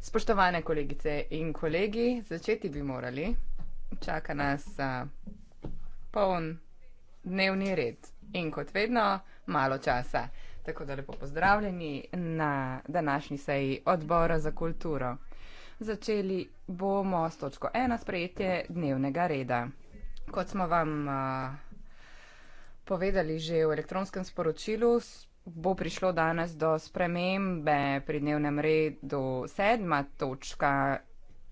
Spoštovane kolegice in kolegi, začeti bi morali. Čaka nas uh, poln dnevni red in kot vedno malo časa. Tako da lepo pozdravljeni na današnji seji odbora za kulturo. Začeli bomo s točko ena sprejetje dnevnega reda. Kot smo vam uh, povedali že v elektronskem sporočilu, bo prišlo danes do spremembe pri dnevnem redu. Sedma točka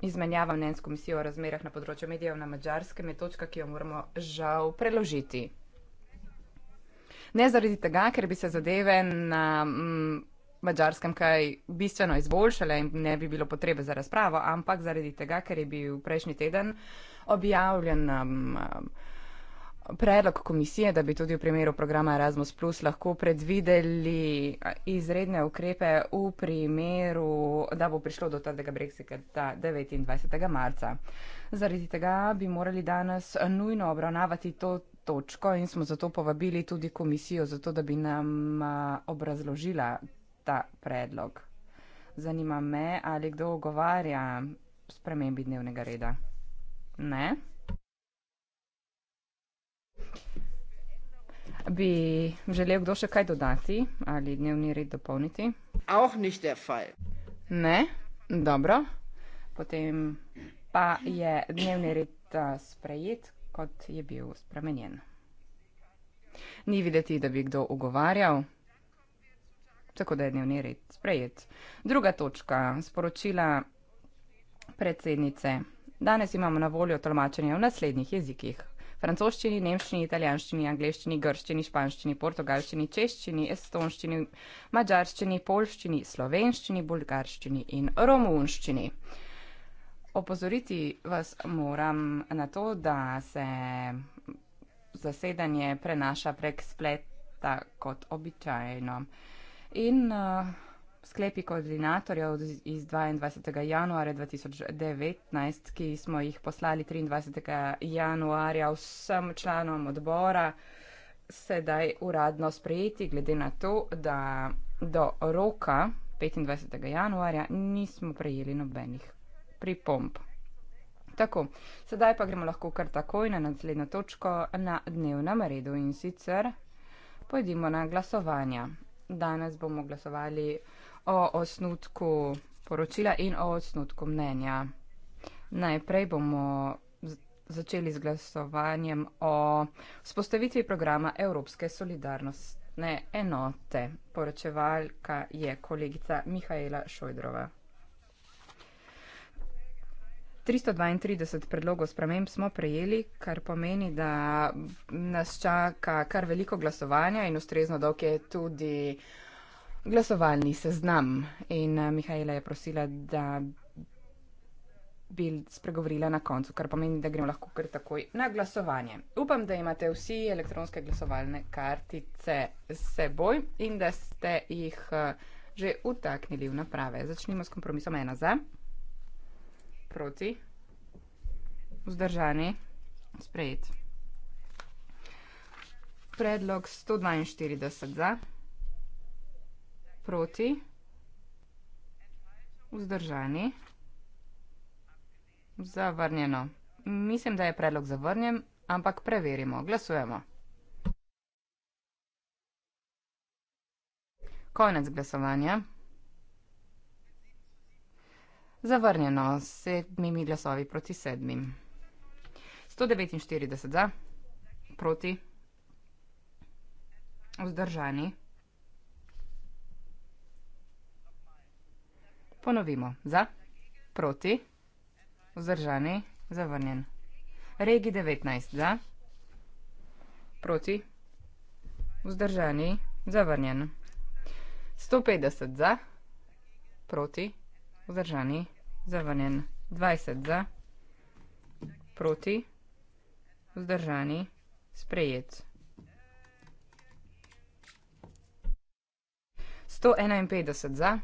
izmenjava mnen s komisijo o razmerah na področju medijev na mačarskem je točka, ki jo moramo žal preložiti. Ne zaradi tega, ker bi se zadeve na mm, mačarskem kaj bistveno izboljšale in ne bi bilo potrebe za razpravo, ampak zaradi tega, ker je bil prejšnji teden objavljen. Um, predlog komisije, da bi tudi v primeru programa Erasmus Plus lahko predvideli izredne ukrepe v primeru, da bo prišlo do tega brexita 29. marca. Zaradi tega bi morali danes nujno obravnavati to točko in smo zato povabili tudi komisijo, zato da bi nam obrazložila ta predlog. Zanima me, ali kdo ogovarja spremembi dnevnega reda. Ne? Bi želel kdo še kaj dodati ali dnevni red dopolniti? Auch nicht der Fall. Ne, dobro. Potem pa je dnevni red sprejet, kot je bil spremenjen. Ni videti, da bi kdo ugovarjal, tako da je dnevni red sprejet. Druga točka, sporočila predsednice. Danes imamo na voljo tolmačenje v naslednjih jezikih francoščini, nemščini, italijanščini, angliščini, grščini, španščini, portugalščini, češčini, estonščini, mačarščini, polščini, slovenščini, bulgarščini in romunščini. Opozoriti vas moram na to, da se zasedanje prenaša prek spleta kot običajno. In uh, Sklepi koordinatorjev iz 22. januarja 2019, ki smo jih poslali 23. januarja vsem članom odbora, sedaj uradno sprejeti, glede na to, da do roka 25. januarja nismo prejeli nobenih pripomb. Tako, sedaj pa gremo lahko kar takoj na naslednjo točko na dnevnem redu in sicer pojdimo na glasovanja. Danes bomo glasovali o osnutku poročila in o osnutku mnenja. Najprej bomo začeli z glasovanjem o spostavitvi programa Evropske solidarnostne enote. Poročevalka je kolegica Mihajla Šojdrova. 332 predlogov sprememb smo prejeli, kar pomeni, da nas čaka kar veliko glasovanja in ustrezno dolg je tudi uh, glasovalni seznam in uh, eh, Mihajla je prosila, da bi spregovorila na koncu, kar pomeni, da gremo lahko kar takoj na glasovanje. Upam, da imate vsi elektronske glasovalne kartice s seboj in da ste jih uh, že utaknili v naprave. Začnimo s kompromisom ena za, proti, vzdržani, sprejet. Predlog 142 za. Proti. Vzdržani. Zavrnjeno. Mislim, da je predlog zavrnjen, ampak preverimo. Glasujemo. Konec glasovanja. Zavrnjeno s sedmimi glasovi proti sedmim. 149 za, proti, vzdržani. Ponovimo. Za, proti, vzdržani, zavrnjen. Regi 19. Za, proti, vzdržani, zavrnjen. 150 za, proti, vzdržani, zavrnjen. 20 za, proti, vzdržani, sprejet. 151 za, proti, vzdržani, zavrnjen.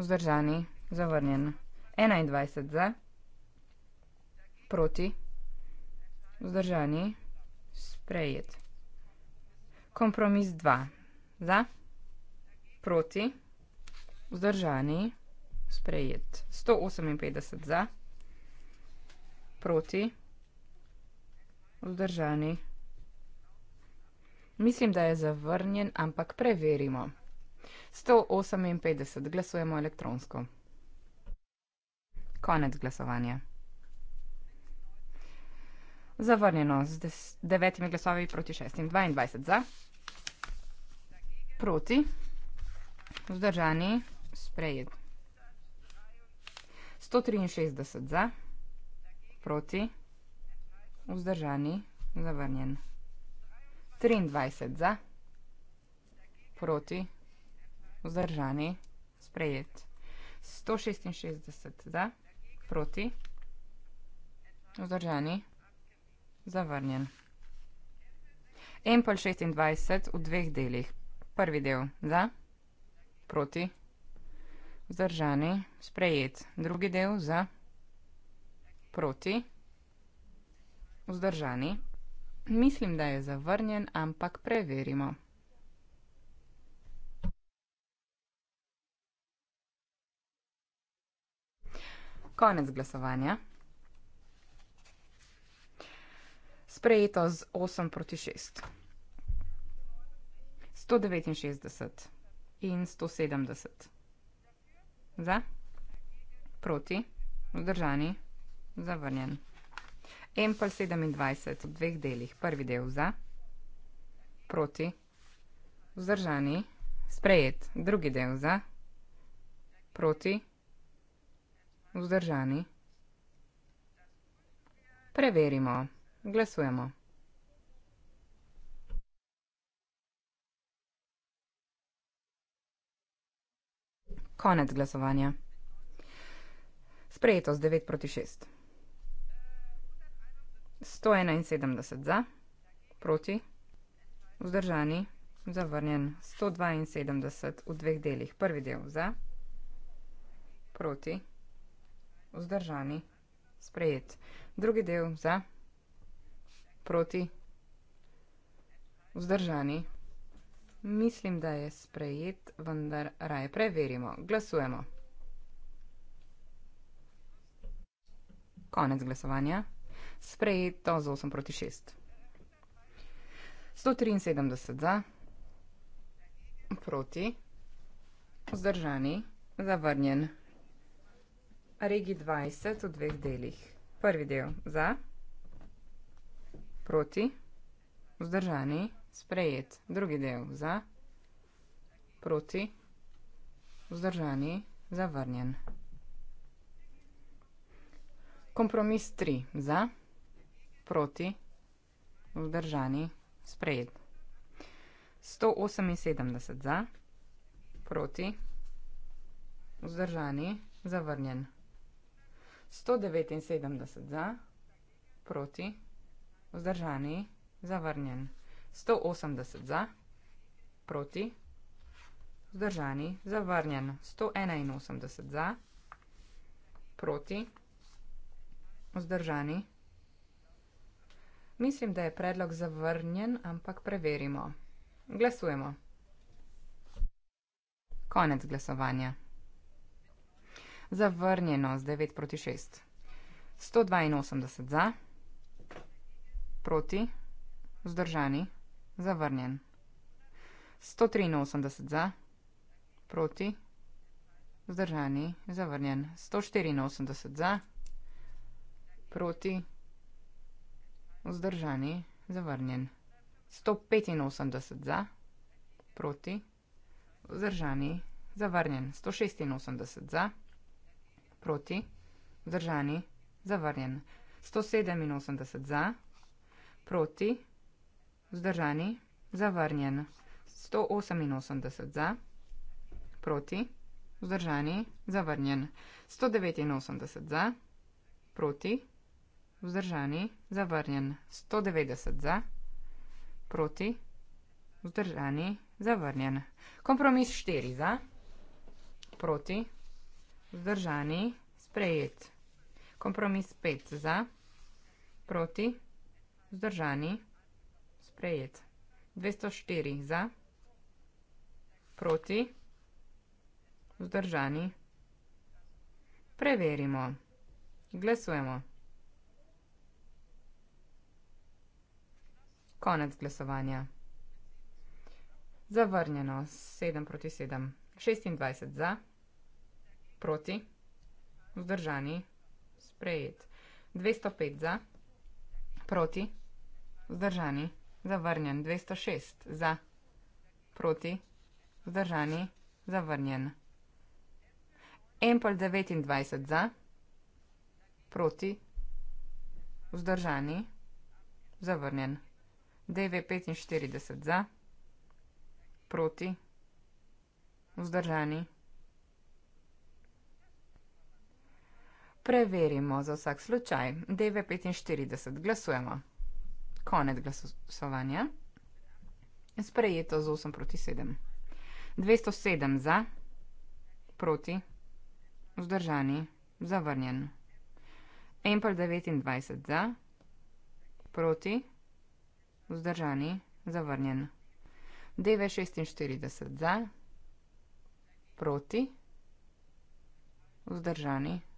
Vzdržani, zavrnjen. 21 za, proti, vzdržani, sprejet. Kompromis 2 za, proti, vzdržani, sprejet. 158 za, proti, vzdržani. Mislim, da je zavrnjen, ampak preverimo. 158, glasujemo elektronsko. Konec glasovanja. Zavrnjeno z devetimi glasovi proti šestim, 22 za, proti, vzdržani, sprejet. 163 za, proti, vzdržani, zavrnjen. 23 za, proti, vzdržani vzdržani, sprejet. 166 za, proti, vzdržani, zavrnjen. Empel 26 v dveh delih. Prvi del za, proti, vzdržani, sprejet. Drugi del za, proti, vzdržani. Mislim, da je zavrnjen, ampak preverimo. Konec glasovanja. Sprejeto z 8 proti 6. 169 in 170. Za? Proti? Vzdržani? Zavrnjen. Empel 27 v dveh delih. Prvi del za? Proti? Vzdržani? Sprejet. Drugi del za? Proti? Proti? Vzdržani. Preverimo. Glasujemo. Konec glasovanja. Sprejeto z 9 proti 6. 171 za, proti, vzdržani, zavrnjen. 172 v dveh delih. Prvi del za, proti vzdržani, sprejet. Drugi del za, proti, vzdržani. Mislim, da je sprejet, vendar raje preverimo. Glasujemo. Konec glasovanja. Sprejeto z 8 proti 6. 173 za, proti, vzdržani, zavrnjen. Regi 20 v dveh delih. Prvi del za, proti, vzdržani, sprejet. Drugi del za, proti, vzdržani, zavrnjen. Kompromis 3 za, proti, vzdržani, sprejet. 178 za, proti, vzdržani, zavrnjen. 179 za, proti, vzdržani, zavrnjen. 180 za, proti, vzdržani, zavrnjen. 181 za, proti, vzdržani. Mislim, da je predlog zavrnjen, ampak preverimo. Glasujemo. Konec glasovanja zavrnjeno z 9 proti 6. 182 za, proti, vzdržani, zavrnjen. 183 za, proti, vzdržani, zavrnjen. 184 za, proti, vzdržani, zavrnjen. 185 za, proti, vzdržani, zavrnjen. 186 za, proti, vzdržani, zavrnjen. 186 za, proti, vzdržani, zavrnjen. 187 za, proti, vzdržani, zavrnjen. 188 za, proti, vzdržani, zavrnjen. 189 za, proti, vzdržani, zavrnjen. 190 za, proti, vzdržani, zavrnjen. Kompromis 4 za, proti, Vzdržani. Sprejet. Kompromis 5 za. Proti. Vzdržani. Sprejet. 204 za. Proti. Vzdržani. Preverimo. Glasujemo. Konec glasovanja. Zavrnjeno 7 proti 7. 26 za. Proti. Vzdržani. Sprejet. 205 za. Proti. Vzdržani. Zavrnjen. 206 za. Proti. Vzdržani. Zavrnjen. Empel 29 za. Proti. Vzdržani. Zavrnjen. DV 45 za. Proti. Vzdržani. Preverimo za vsak slučaj. DV45 glasujemo. Konec glasovanja. Sprejeto z 8 proti 7. 207 za, proti, vzdržani, zavrnjen. Ampel 29 za, proti, vzdržani, zavrnjen. DV46 za, proti, vzdržani, zavrnjen.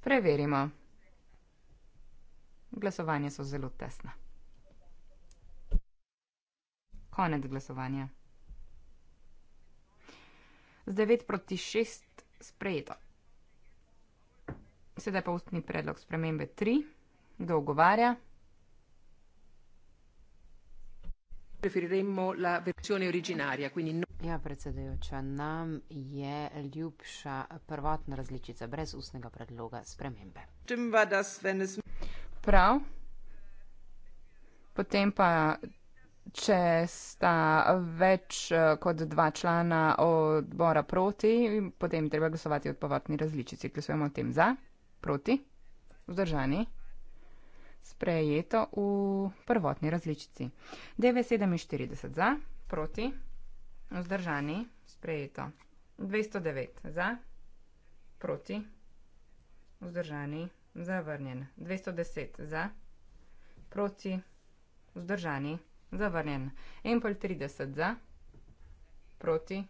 Preverimo. Glasovanje so zelo tesna. Konec glasovanja. Z 9 proti 6 sprejeto. Sedaj pa ustni predlog spremembe 3. Kdo ogovarja? Preferiremo la versione originaria, quindi no. Ja, predsedujoča, nam je ljubša prvotna različica brez ustnega predloga spremembe. Prav. Potem pa, če sta več eh, kot dva člana odbora proti, potem treba glasovati o prvotni različici. Glasujemo o tem za, proti, vzdržani. Sprejeto v prvotni različici. 947 za, proti. Vzdržani, sprejeto. 209 za, proti, vzdržani, zavrnjen. 210 za, proti, vzdržani, zavrnjen. Empol 30 za, proti,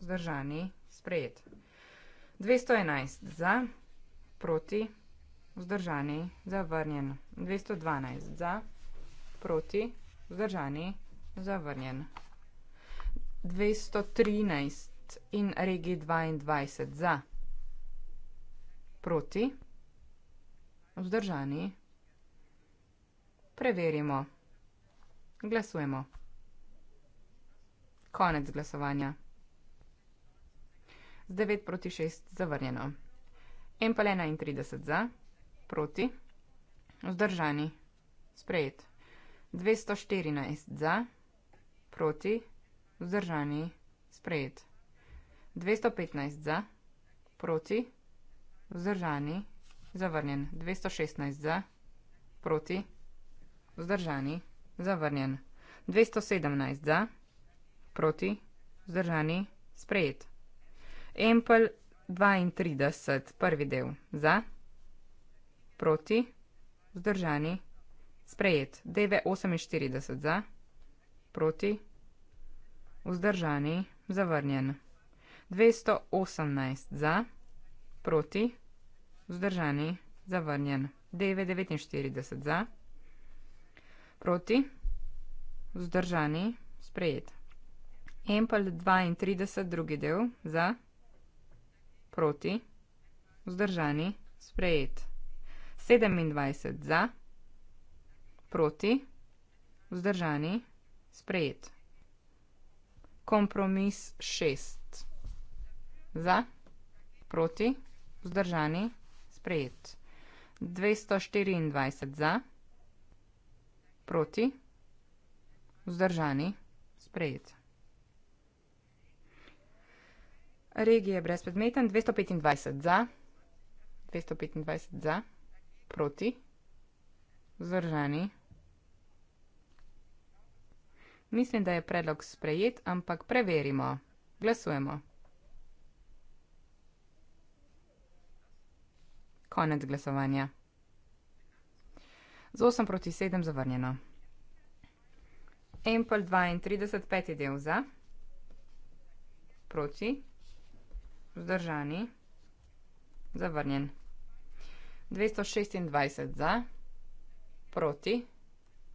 vzdržani, sprejet. 211 za, proti, vzdržani, zavrnjen. 212 za, proti, vzdržani, zavrnjen. 213 in regi 22 za. Proti. Vzdržani. Preverimo. Glasujemo. Konec glasovanja. Z 9 proti 6 zavrnjeno. MPL 31 za. Proti. Vzdržani. Sprejet. 214 za. Proti. Vzdržani. Sprejet. 215 za. Proti. Vzdržani. Zavrnjen. 216 za. Proti. Vzdržani. Zavrnjen. 217 za. Proti. Vzdržani. Sprejet. Empel 32. Prvi del. Za. Proti. Vzdržani. Sprejet. DV 48 za. Proti vzdržani, zavrnjen. 218 za, proti, vzdržani, zavrnjen. 949 za, proti, vzdržani, sprejet. Empel 32, drugi del, za, proti, vzdržani, sprejet. 27 za, proti, vzdržani, sprejet kompromis šest. Za, proti, vzdržani, sprejet. Dvesto štiriindvajset za, proti, vzdržani, sprejet. Regije brezpredmeten, dvesto petindvajset za, dvesto petindvajset za, proti, vzdržani, sprejet. Mislim, da je predlog sprejet, ampak preverimo. Glasujemo. Konec glasovanja. Z 8 proti 7 zavrnjeno. Empel 32, 5 je del za, proti, vzdržani, zavrnjen. 226 za, proti,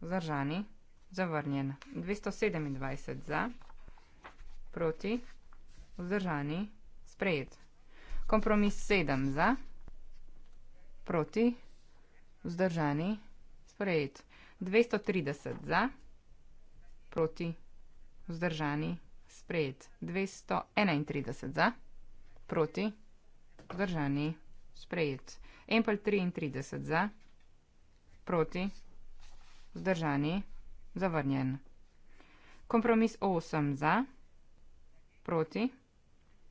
vzdržani, zavrnjen. Zavrnjen. 227 za. Proti. Vzdržani. Sprejet. Kompromis 7 za. Proti. Vzdržani. Sprejet. 230 za. Proti. Vzdržani. Sprejet. 231 za. Proti. Vzdržani. Sprejet. Empel 33 za. Proti. Vzdržani. Sprejet. Zavrnjen. Kompromis 8 za, proti,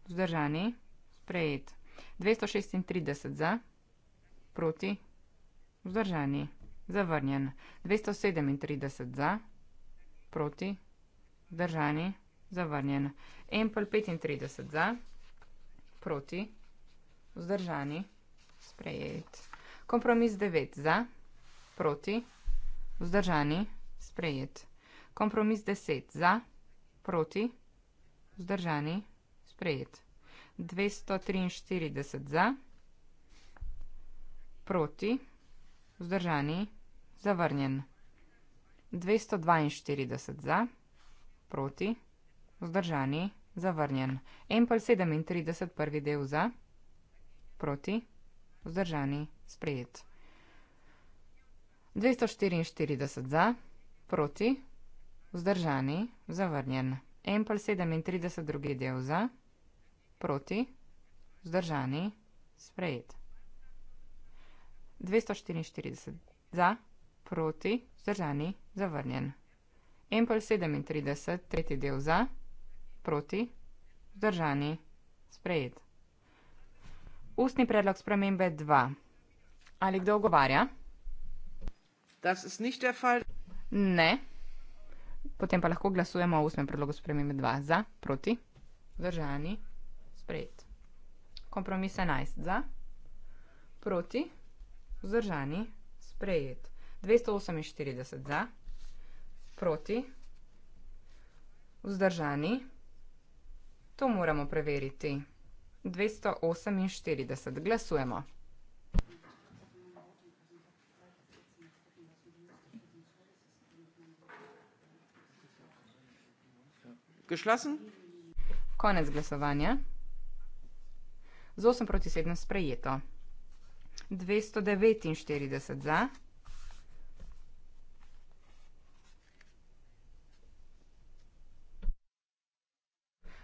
vzdržani, sprejet. 236 za, proti, vzdržani, zavrnjen. 237 za, proti, vzdržani, zavrnjen. Empel 35 za, proti, vzdržani, sprejet. Kompromis 9 za, proti, vzdržani, sprejet sprejet. Kompromis 10 za, proti, vzdržani, sprejet. 243 za, proti, vzdržani, zavrnjen. 242 za, proti, vzdržani, zavrnjen. Empel 37 prvi del za, proti, vzdržani, sprejet. 244 za, proti, vzdržani, sprejet. 244 za, proti, vzdržani, zavrnjen. Ampel 37, drugi del za, proti, vzdržani, sprejet. 244 za, proti, vzdržani, zavrnjen. Ampel 37, tretji del za, proti, vzdržani, sprejet. Ustni predlog spremembe 2. Ali kdo ogovarja? Das ist nicht der Fall. Ne. Potem pa lahko glasujemo o ustnem predlogu spremembe 2 za, proti, vzdržani, sprejet. Kompromis 11 za, proti, vzdržani, sprejet. 248 za, proti, vzdržani. To moramo preveriti. 248 glasujemo. geschlossen. Konec glasovanja. Z 8 proti 7 sprejeto. 249 za.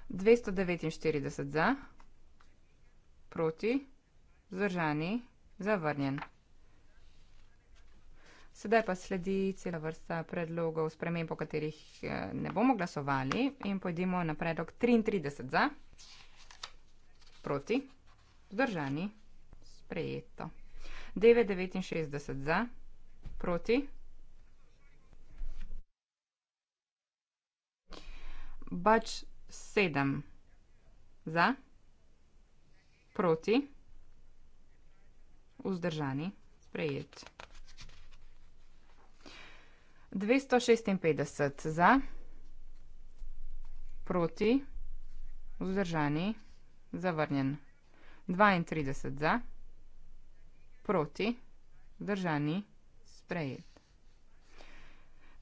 Dvesto devetinštirideset za, proti, zdržani, zavrnjen. Sedaj pa sledi cela vrsta predlogov, sprememb, po katerih eh, ne bomo glasovali in pojdimo na predlog 33 za, proti, vzdržani, sprejeto. 969 za, proti. Bač 7 za, proti, vzdržani, sprejet. 256 za, proti, vzdržani, zavrnjen. 32 za, proti, vzdržani, sprejet.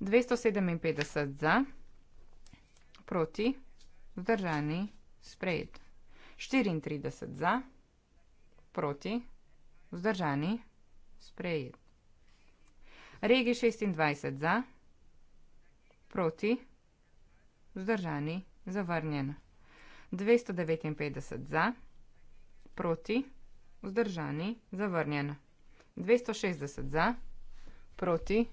257 za, proti, vzdržani, sprejet. 34 za, proti, vzdržani, sprejet. Regi 26 za, proti, vzdržani, zavrnjen. 259 za, proti, vzdržani, zavrnjen. 260 za, proti,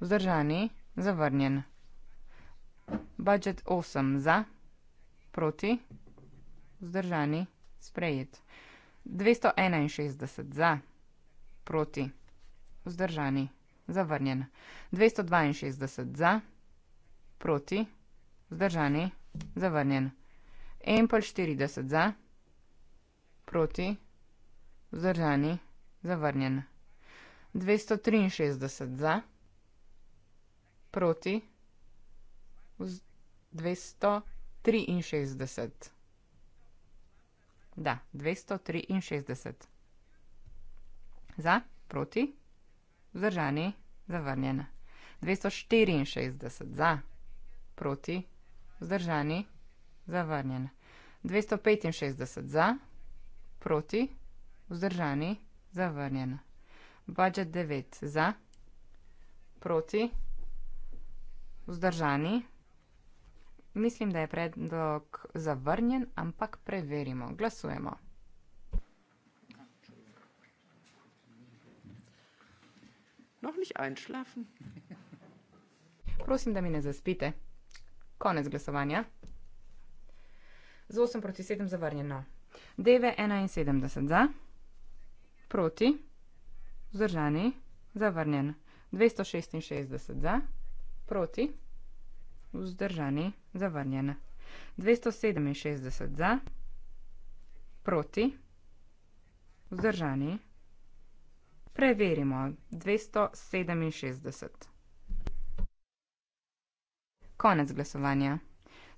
vzdržani, zavrnjen. Budget 8 za, proti, vzdržani, sprejet. 261 za, proti, vzdržani, zavrnjen zavrnjen. 262 za, proti, vzdržani, zavrnjen. Empel 40 za, proti, vzdržani, zavrnjen. 263 za, proti, vz, 263. Da, 263. Za, proti. Zdržani, zavrnjen. 264 za, proti, zdržani, zavrnjen. 265 za, proti, vzdržani, zavrnjen. Budget 9 za, proti, vzdržani. Mislim, da je predlog zavrnjen, ampak preverimo. Glasujemo. Noch nicht einschlafen. Prosim, da mi ne zaspite. Konec glasovanja. Z 8 proti 7 zavrnjeno. DV 71 za, proti, vzdržani, zavrnjen. 266 za, proti, vzdržani, zavrnjen. 267 za, proti, vzdržani. Preverimo. 267. Konec glasovanja.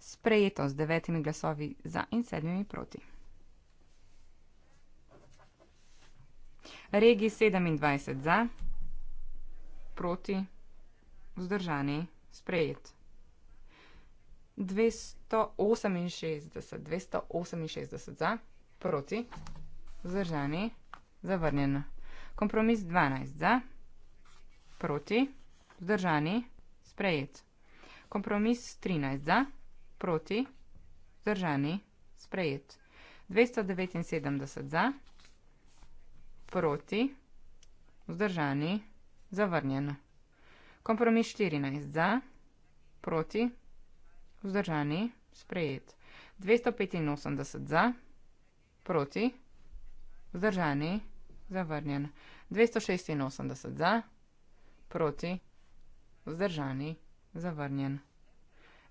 Sprejeto z devetimi glasovi za in sedmimi proti. Regi 27 za, proti, vzdržani, sprejet. 268, 268 za, proti, vzdržani, zavrnjen. Kompromis 12 za, proti, vzdržani, sprejet. Kompromis 13 za, proti, vzdržani, sprejet. 279 za, proti, vzdržani, zavrnjen. Kompromis 14 za, proti, vzdržani, sprejet. 285 za, proti, vzdržani, sprejet zavrnjen. 286 za, proti, vzdržani, zavrnjen.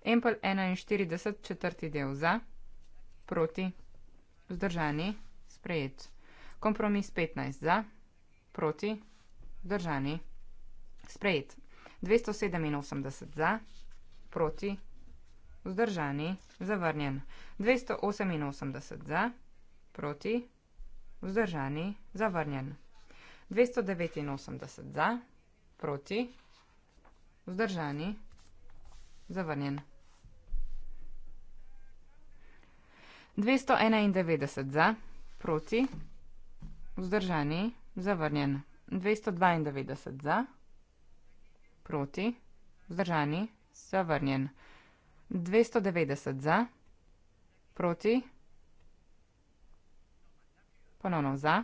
Empel 41, četrti del za, proti, vzdržani, sprejet. Kompromis 15 za, proti, vzdržani, sprejet. 287 za, proti, vzdržani, zavrnjen. 288 za, proti, vzdržani vzdržani, zavrnjen. 289 za, proti, vzdržani, zavrnjen. 291 za, proti, vzdržani, zavrnjen. 292 za, proti, vzdržani, zavrnjen. 290 za, proti, vzdržani, zavrnjen. Ponovno za.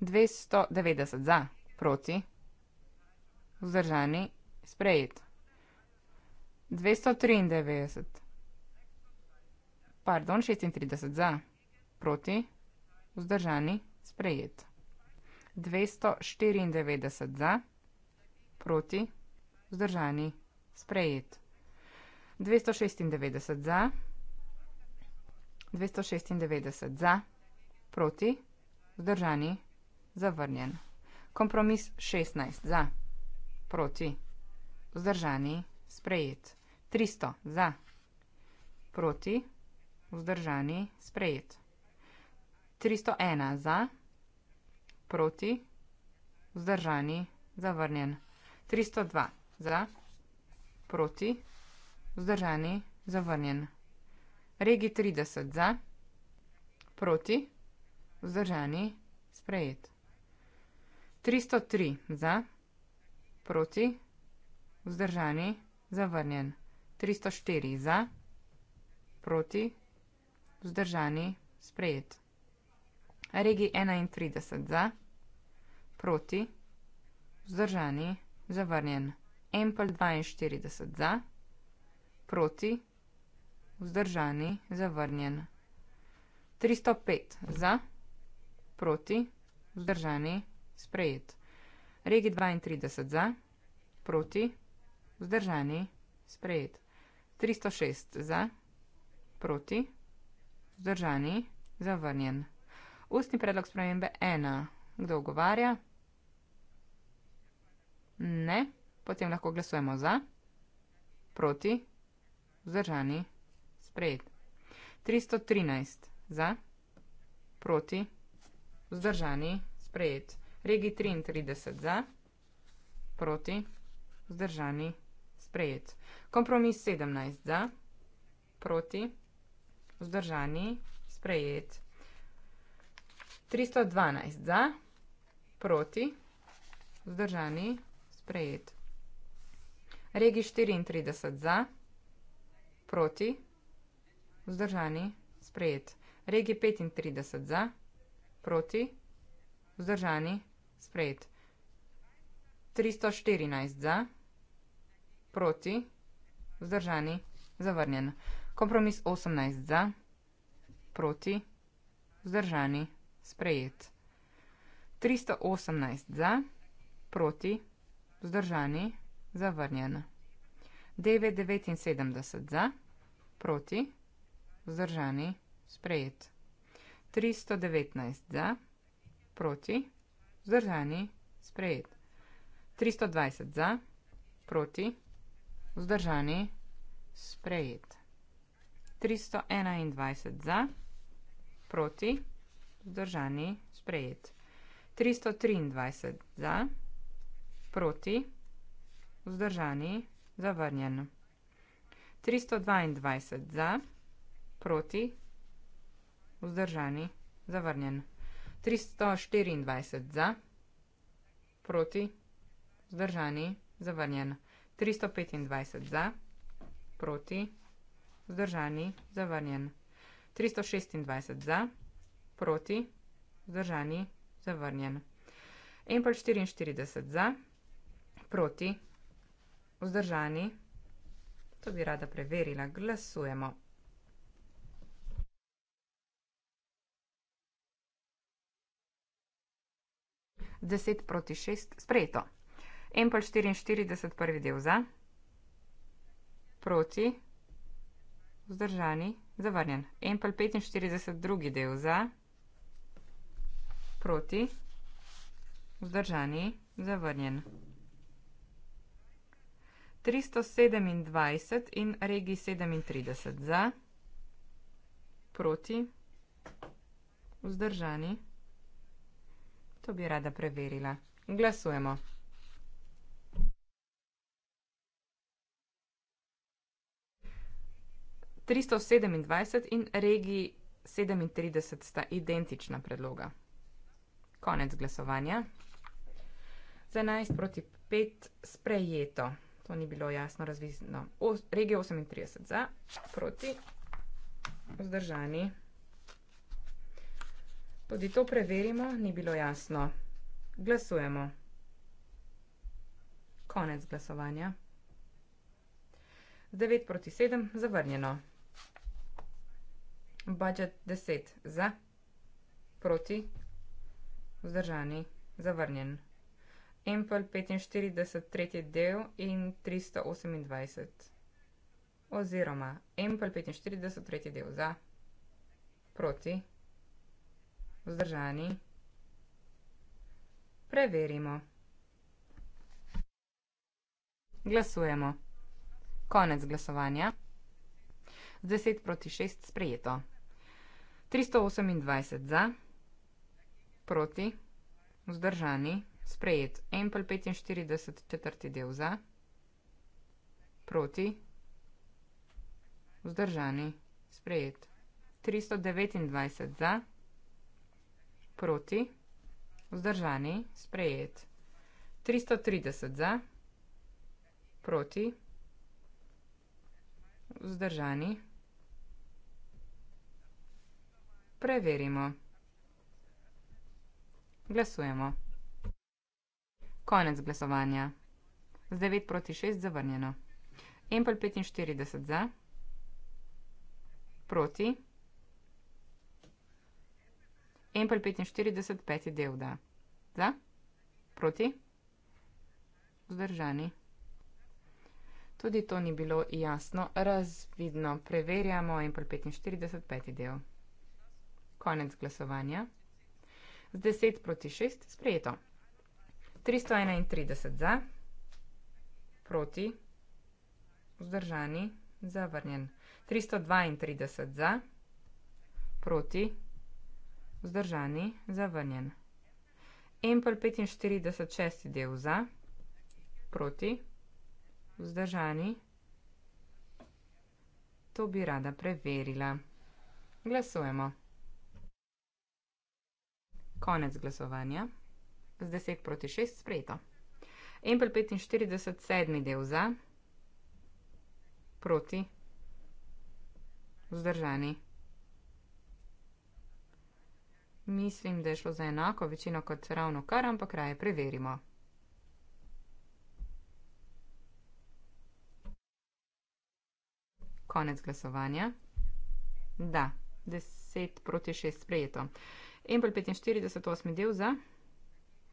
290 za, proti, vzdržani, sprejet. 293, pardon, 36 za, proti, vzdržani, sprejet. 294 za, proti, vzdržani, sprejet. 296 za, 296 za, proti, vzdržani, zavrnjen. Kompromis 16 za, proti, vzdržani, sprejet. 300 za, proti, vzdržani, sprejet. 301 za, proti, vzdržani, zavrnjen. 302 za, proti, vzdržani, zavrnjen. Regi 30 za, proti, vzdržani, sprejet. 303 za, proti, vzdržani, zavrnjen. 304 za, proti, vzdržani, sprejet. Regi 31 za, proti, vzdržani, zavrnjen. Empel 42 za, proti, vzdržani, zavrnjen vzdržani, zavrnjen. 305 za, proti, vzdržani, sprejet. Regi 32 za, proti, vzdržani, sprejet. 306 za, proti, vzdržani, zavrnjen. Ustni predlog spremembe 1. Kdo ogovarja? Ne. Potem lahko glasujemo za, proti, vzdržani, sprejet sprejet. 313 za, proti, vzdržani, sprejet. Regi 33 za, proti, vzdržani, sprejet. Kompromis 17 za, proti, vzdržani, sprejet. 312 za, proti, vzdržani, sprejet. Regi 34 za, proti, vzdržani, sprejet. Vzdržani. Sprejet. Regi 35 za. Proti. Vzdržani. Sprejet. 314 za. Proti. Vzdržani. Zavrnjen. Kompromis 18 za. Proti. Vzdržani. Sprejet. 318 za. Proti. Vzdržani. Zavrnjen. 979 za. Proti. Vzdržani. Sprejet. 319 za. Proti. Vzdržani. Sprejet. 320 za. Proti. Vzdržani. Sprejet. 321 za. Proti. Vzdržani. Sprejet. 323 za. Proti. Vzdržani. Zavrnjen. 322 za. Proti proti, vzdržani, zavrnjen. 324 za, proti, vzdržani, zavrnjen. 325 za, proti, vzdržani, zavrnjen. 326 za, proti, vzdržani, zavrnjen. Empel 44 za, proti, vzdržani. To bi rada preverila, glasujemo. 10 proti 6 sprejeto. Empel 44, prvi del za, proti, vzdržani, zavrnjen. Empel 45, drugi del za, proti, vzdržani, zavrnjen. 327 in regi 37 za, proti, vzdržani to bi rada preverila. Glasujemo. Tristo sedemindvajset in regiji sedemintrideset sta identična predloga. Konec glasovanja. Za enajst proti pet sprejeto. To ni bilo jasno razvizno. Regija osemintrideset za, proti vzdržani. Tudi to preverimo, ni bilo jasno. Glasujemo. Konec glasovanja. 9 proti 7, zavrnjeno. Budget 10 za, proti, vzdržani, zavrnjen. Ampel 45, tretji del in 328. Oziroma, Ampel 45, tretji del za, proti, vzdržani vzdržani? Preverimo. Glasujemo. Konec glasovanja. Z 10 proti 6 sprejeto. 328 za, proti, vzdržani, sprejet. Ampel 45 četrti del za, proti, vzdržani, sprejet. 329 za, proti, vzdržani, sprejet. 330 za, proti, vzdržani. Preverimo. Glasujemo. Konec glasovanja. Z 9 proti 6 zavrnjeno. Empel 45 za, proti, vzdržani. Empel 45, peti del da. Za? Proti? Vzdržani. Tudi to ni bilo jasno, razvidno. Preverjamo Empel 45, peti del. Konec glasovanja. Z 10 proti 6 sprejeto. 331 za, proti, vzdržani, zavrnjen. 332 za, proti, vzdržani, zavrnjen. Empel 45 šesti del za, proti, vzdržani. To bi rada preverila. Glasujemo. Konec glasovanja. Z 10 proti 6 sprejeto. Empel 45 sedmi del za, proti, vzdržani. Mislim, da je šlo za enako večino kot ravno kar, ampak raje preverimo. Konec glasovanja. Da, 10 proti 6 sprejeto. Empel 45, 8 del za,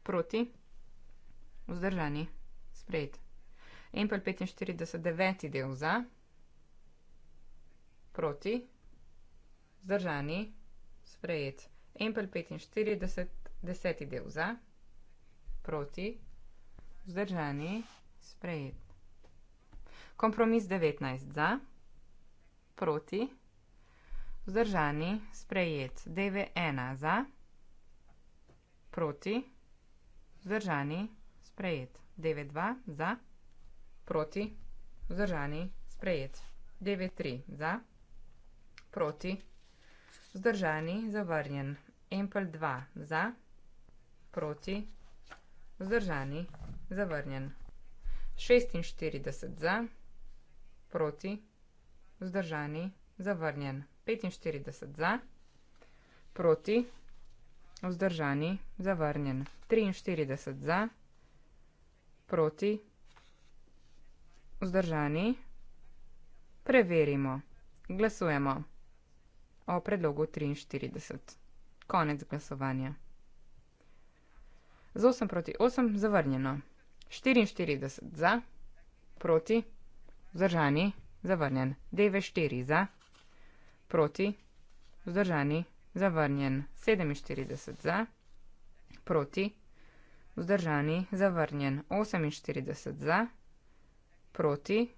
proti, vzdržani, sprejet. Empel 45, 9 del za, proti, vzdržani, sprejet. Empel 45, deseti del za, proti, vzdržani, sprejet. Kompromis 19 za, proti, vzdržani, sprejet. DV 1 za, proti, vzdržani, sprejet. DV 2 za, proti, vzdržani, sprejet. DV 3 za, proti, vzdržani, zavrnjen. Empel 2 za, proti, vzdržani, zavrnjen. 46 za, proti, vzdržani, zavrnjen. 45 za, proti, vzdržani, zavrnjen. 43 za, proti, vzdržani, preverimo. Glasujemo o predlogu 43. Konec glasovanja. Z 8 proti 8 zavrnjeno. 44 za, proti, vzdržani, zavrnjen. 94 za, proti, vzdržani, zavrnjen. 47 za, proti, vzdržani, zavrnjen. 48 za, proti,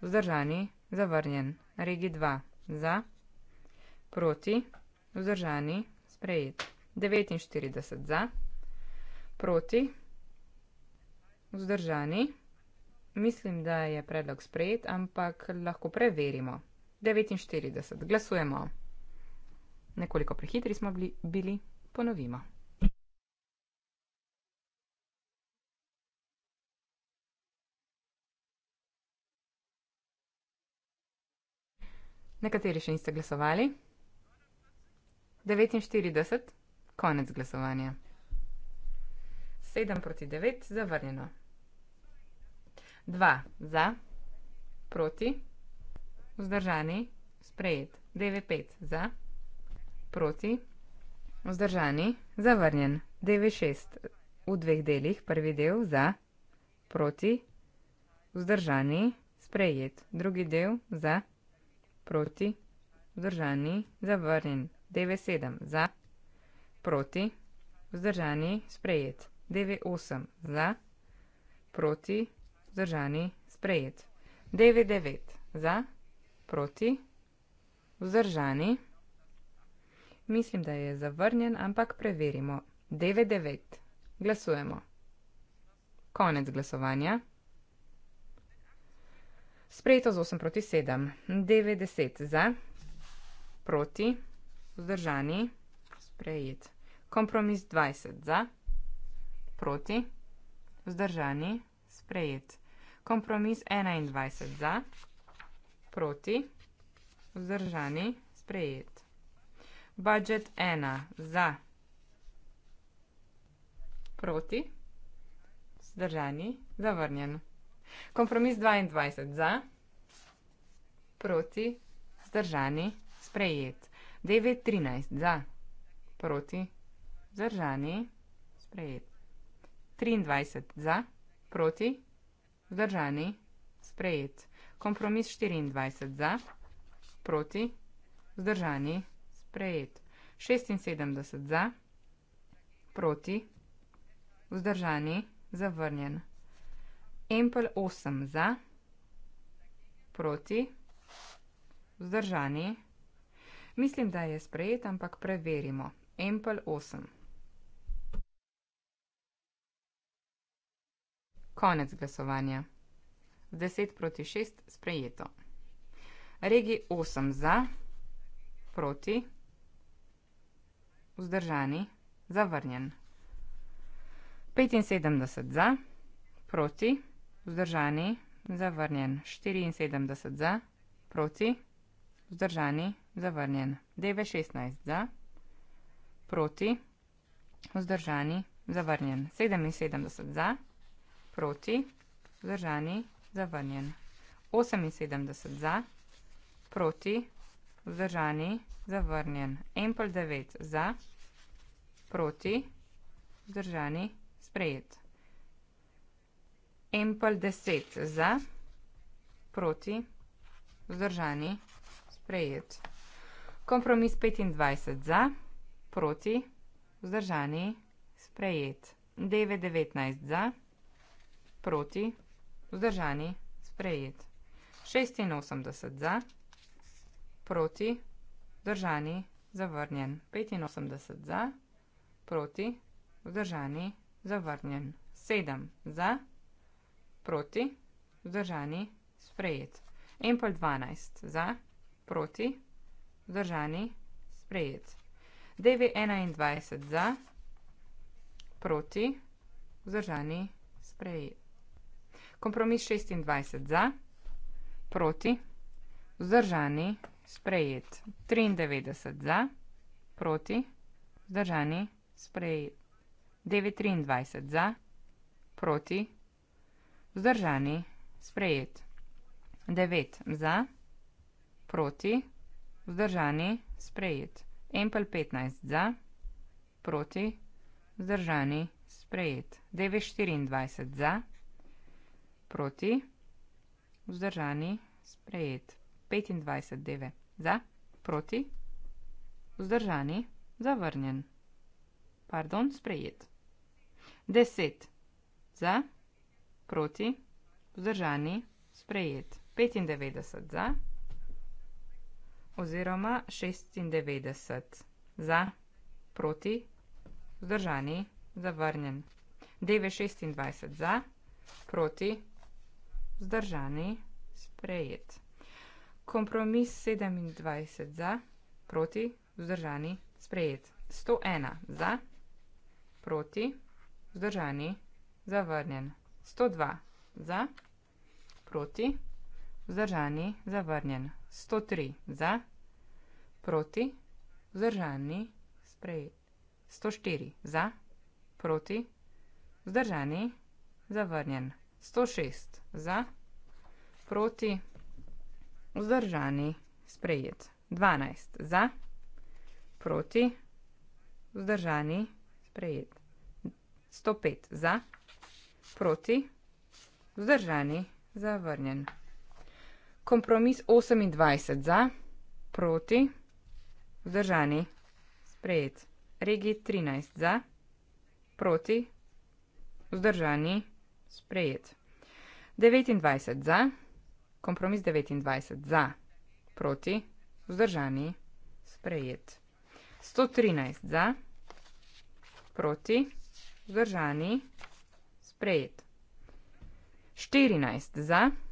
vzdržani, zavrnjen. Regi 2 za, proti, vzdržani, zavrnjen sprejet. 49 za, proti, vzdržani. Mislim, da je predlog sprejet, ampak lahko preverimo. 49, glasujemo. Nekoliko prehitri smo bili, bili. ponovimo. Nekateri še niste glasovali. 49, konec glasovanja. 7 proti 9, zavrnjeno. 2 za, proti, vzdržani, sprejet. 9, 5 za, proti, vzdržani, zavrnjen. 9, 6 v dveh delih, prvi del za, proti, vzdržani, sprejet. Drugi del za, proti, vzdržani, zavrnjen. DV7 za, proti, vzdržani, sprejet. DV8 za, proti, vzdržani, sprejet. DV9 za, proti, vzdržani. Mislim, da je zavrnjen, ampak preverimo. DV9. Glasujemo. Konec glasovanja. Sprejeto z 8 proti 7. DV10 za, proti, vzdržani. Vzdržani. Sprejet. Kompromis 20 za. Proti. Vzdržani. Sprejet. Kompromis 21 za. Proti. Vzdržani. Sprejet. Budget 1 za. Proti. Vzdržani. Zavrnjen. Kompromis 22 za. Proti. Vzdržani. Sprejet. 9.13 za, proti, zdržani, sprejet. 23 za, proti, zdržani, sprejet. Kompromis 24 za, proti, zdržani, sprejet. 76 za, proti, vzdržani, zavrnjen. Empel 8 za, proti, vzdržani, zavrnjen. Mislim, da je sprejet, ampak preverimo. Ampel 8. Konec glasovanja. Z 10 proti 6 sprejeto. Regi 8 za, proti, vzdržani, zavrnjen. 75 za, proti, vzdržani, zavrnjen. 74 za, proti, vzdržani, zavrnjen zavrnjen. DV16 za, proti, vzdržani, zavrnjen. 77 za, proti, vzdržani, zavrnjen. 78 za, proti, vzdržani, zavrnjen. Empel 9 za, proti, vzdržani, sprejet. Empel 10 za, proti, vzdržani, sprejet. Sprejet. Kompromis 25 za, proti, vzdržani, sprejet. DV19 za, proti, vzdržani, sprejet. 86 za, proti, vzdržani, zavrnjen. 85 za, proti, vzdržani, zavrnjen. 7 za, proti, vzdržani, sprejet. Empel 12 za, proti, vzdržani, sprejet. Vzdržani. Sprejet. DV enaindvajset za. Proti. Vzdržani. Sprejet. Kompromis šestindvajset za. Proti. Vzdržani. Sprejet. Triindevetdeset za. Proti. Vzdržani. Sprejet. DV triindvajset za. Proti. Vzdržani. Sprejet. Devet za. Proti. Vzdržani. Sprejet. Empel 15 za. Proti. Vzdržani. Sprejet. Deve 24 za. Proti. Vzdržani. Sprejet. 25 deve za. Proti. Vzdržani. Zavrnjen. Pardon. Sprejet. 10 za. Proti. Vzdržani. Sprejet. 95 za oziroma 96 za, proti, vzdržani, zavrnjen. DV 26 za, proti, vzdržani, sprejet. Kompromis 27 za, proti, vzdržani, sprejet. 101 za, proti, vzdržani, zavrnjen. 102 za, proti, vzdržani vzdržani, zavrnjen, 103 za, proti, vzdržani, sprejet, 104 za, proti, vzdržani, zavrnjen, 106 za, proti, vzdržani, sprejet, 12 za, proti, vzdržani, sprejet, 105 za, proti, vzdržani, zavrnjen kompromis 28 za, proti, vzdržani, sprejet. Regi 13 za, proti, vzdržani, sprejet. 29 za, kompromis 29 za, proti, vzdržani, sprejet. 113 za, proti, vzdržani, sprejet. 14 za, proti, vzdržani, sprejet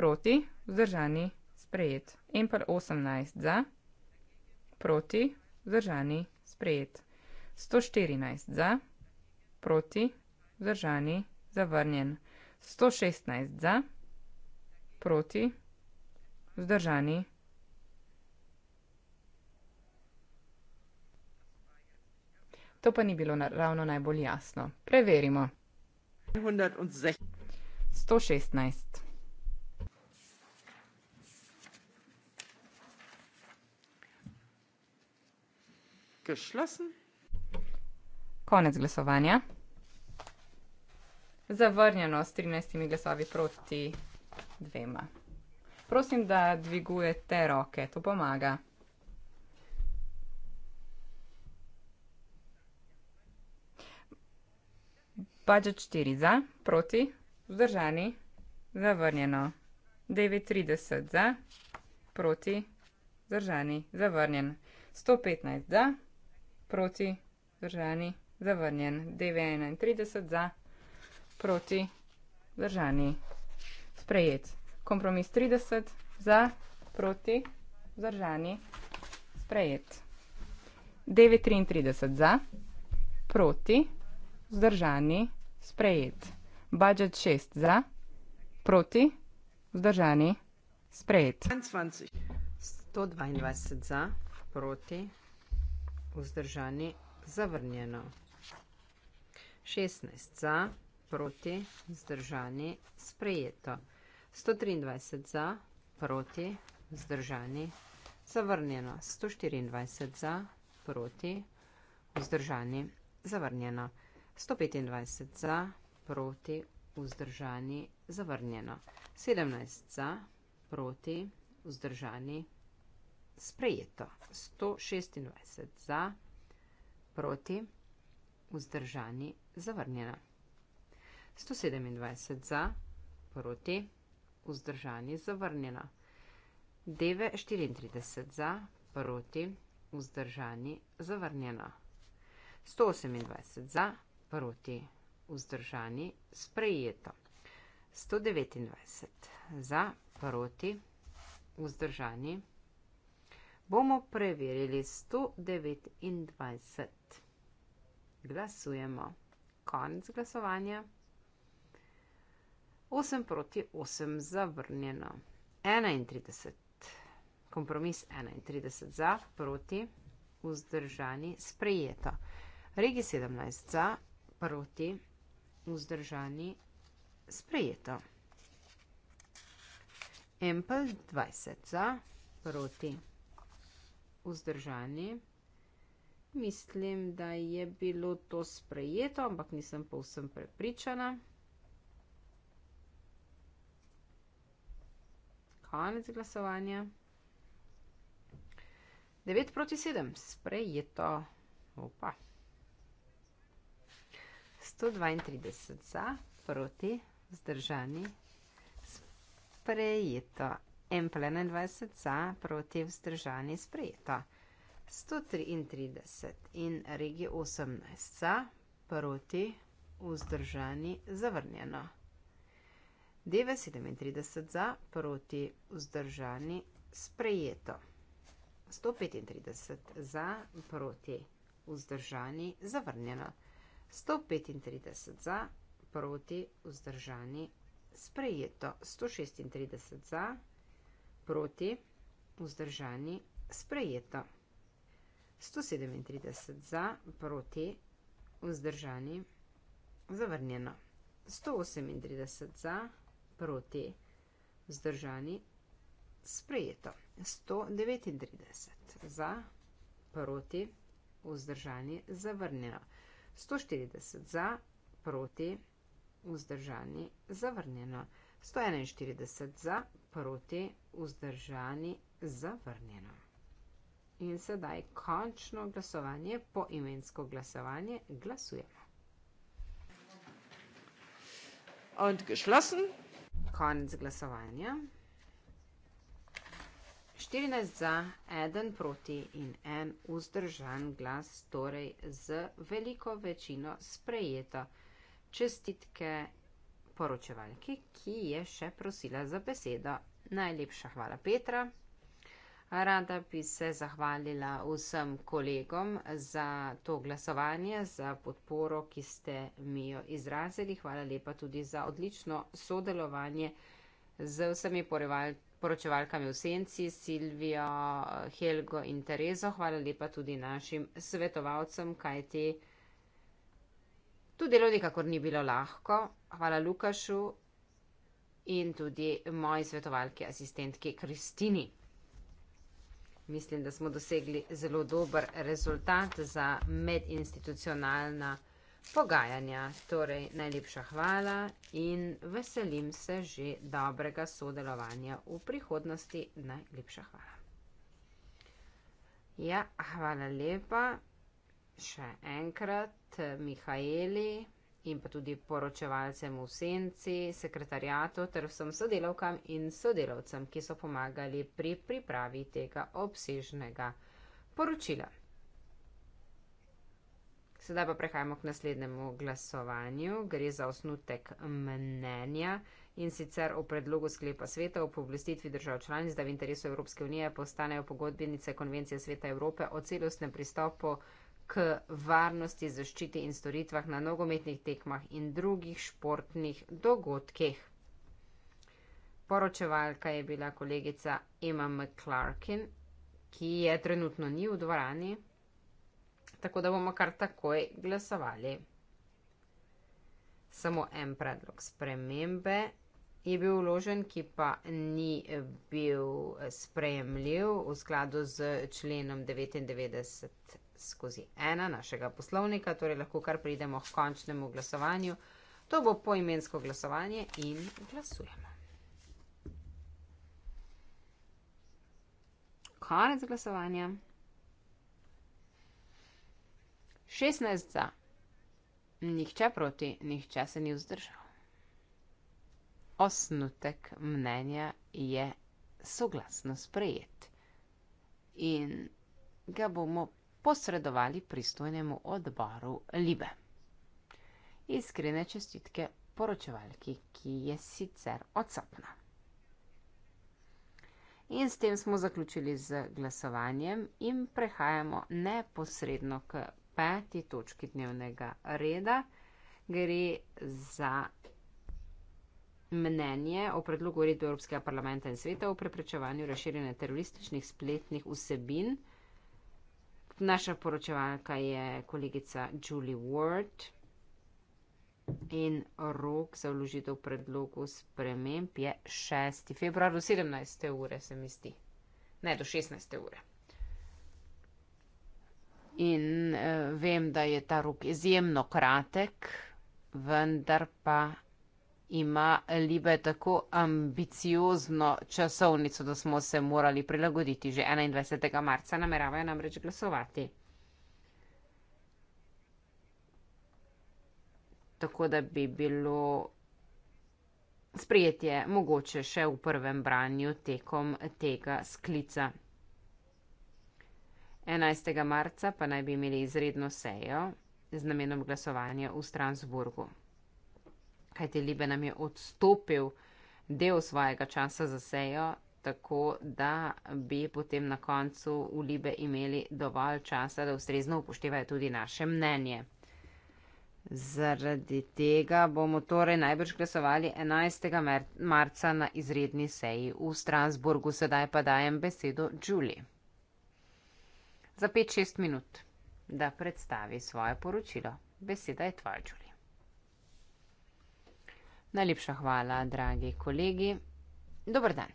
proti, vzdržani, sprejet. En pa 18 za, proti, vzdržani, sprejet. 114 za, proti, vzdržani, zavrnjen. 116 za, proti, vzdržani. To pa ni bilo na, ravno najbolj jasno. Preverimo. 116. geschlossen. Konec glasovanja. Zavrnjeno s 13 glasovi proti dvema. Prosim, da dvigujete roke, to pomaga. Budget 4 za, proti, vzdržani, zavrnjeno. 9.30 za, proti, vzdržani, zavrnjen. 115 za proti, vzdržani, zavrnjen. DV31 za, proti, vzdržani, sprejet. Kompromis 30 za, proti, vzdržani, sprejet. DV33 za, proti, vzdržani, sprejet. Budget 6 za, proti, vzdržani, sprejet. 122 za, proti, vzdržani vzdržani, zavrnjeno. 16 za, proti, vzdržani, sprejeto. 123 za, proti, vzdržani, zavrnjeno. 124 za, proti, vzdržani, zavrnjeno. 125 za, proti, vzdržani, zavrnjeno. 17 za, proti, vzdržani, zavrnjeno sprejeto. 126 za, proti, vzdržani, zavrnjena. 127 za, proti, vzdržani, zavrnjena. 934 za, proti, vzdržani, zavrnjena. 128 za, proti, vzdržani, sprejeto. 129 za, proti, vzdržani, zavrnjena bomo preverili 129. Glasujemo. Konec glasovanja. 8 proti 8 zavrnjeno. 31. Kompromis 31 za, proti, vzdržani, sprejeto. Regi 17 za, proti, vzdržani, sprejeto. Empel 20 za, proti vzdržani. Mislim, da je bilo to sprejeto, ampak nisem povsem prepričana. Konec glasovanja. 9 proti 7. Sprejeto. Opa. 132 za proti vzdržani. Sprejeto. M21 za proti vzdržani sprejeta. 133 in regi 18 za proti vzdržani zavrnjeno. DV37 za proti vzdržani sprejeto. 135 za proti vzdržani zavrnjeno. 135 za proti vzdržani sprejeto. 136 za proti vzdržani sprejeto proti, vzdržani, sprejeto. 137 za, proti, vzdržani, zavrnjeno. 138 za, proti, vzdržani, sprejeto. 139 za, proti, vzdržani, zavrnjeno. 140 za, proti, vzdržani, zavrnjeno. 141 za, proti, vzdržani, zavrnjeno vzdržani zavrnjeno. In sedaj končno glasovanje, poimensko glasovanje, glasujemo. Und geschlossen. Konec glasovanja. 14 za, 1 proti in 1 vzdržan glas, torej z veliko večino sprejeto. Čestitke poročevalki, ki je še prosila za besedo Najlepša hvala, Petra. Rada bi se zahvalila vsem kolegom za to glasovanje, za podporo, ki ste mi jo izrazili. Hvala lepa tudi za odlično sodelovanje z vsemi poročevalkami v senci, Silvijo, Helgo in Terezo. Hvala lepa tudi našim svetovalcem, kaj te. Tudi delo nikakor ni bilo lahko. Hvala Lukašu in tudi moji svetovalki, asistentki Kristini. Mislim, da smo dosegli zelo dober rezultat za medinstitucionalna pogajanja. Torej, najlepša hvala in veselim se že dobrega sodelovanja v prihodnosti. Najlepša hvala. Ja, hvala lepa. Še enkrat, Mihaeli in pa tudi poročevalcem v senci, sekretarjatu ter vsem sodelovkam in sodelovcem, ki so pomagali pri pripravi tega obsežnega poročila. Sedaj pa prehajamo k naslednjemu glasovanju. Gre za osnutek mnenja in sicer o predlogu sklepa sveta o povlastitvi držav članic, da v interesu Evropske unije postanejo pogodbenice konvencije sveta Evrope o celostnem pristopu k varnosti, zaščiti in storitvah na nogometnih tekmah in drugih športnih dogodkih. Poročevalka je bila kolegica Emma McClarkin, ki je trenutno ni v dvorani, tako da bomo kar takoj glasovali. Samo en predlog spremembe je bil vložen, ki pa ni bil sprejemljiv v skladu z členom 99 skozi ena našega poslovnika, torej lahko kar pridemo k končnemu glasovanju. To bo poimensko glasovanje in glasujemo. Konec glasovanja. 16 za. Nihče proti, nihče se ni vzdržal. Osnutek mnenja je soglasno sprejet in ga bomo posredovali pristojnemu odboru Libe. Iskrene čestitke poročevalki, ki je sicer odsotna. In s tem smo zaključili z glasovanjem in prehajamo neposredno k peti točki dnevnega reda. Gre za mnenje o predlogu uredbe Evropskega parlamenta in sveta o preprečevanju razširjanja terorističnih spletnih vsebin. Naša poročevalka je kolegica Julie Ward in rok za vložitev predlogov sprememb je 6. februar do 17. ure, se mi zdi. Ne, do 16. ure. In uh, vem, da je ta rok izjemno kratek, vendar pa ima Libe tako ambiciozno časovnico, da smo se morali prilagoditi. Že 21. marca nameravajo namreč glasovati. Tako da bi bilo sprijetje mogoče še v prvem branju tekom tega sklica. 11. marca pa naj bi imeli izredno sejo z namenom glasovanja v Strasburgu kajte Libe nam je odstopil del svojega časa za sejo, tako da bi potem na koncu v Libe imeli dovolj časa, da ustrezno upoštevajo tudi naše mnenje. Zaradi tega bomo torej najbrž glasovali 11. marca na izredni seji v Strasburgu, sedaj pa dajem besedo Julie za 5-6 minut, da predstavi svoje poročilo. Beseda je tvoja, Julie. Najlepša hvala, dragi kolegi. Dober dan.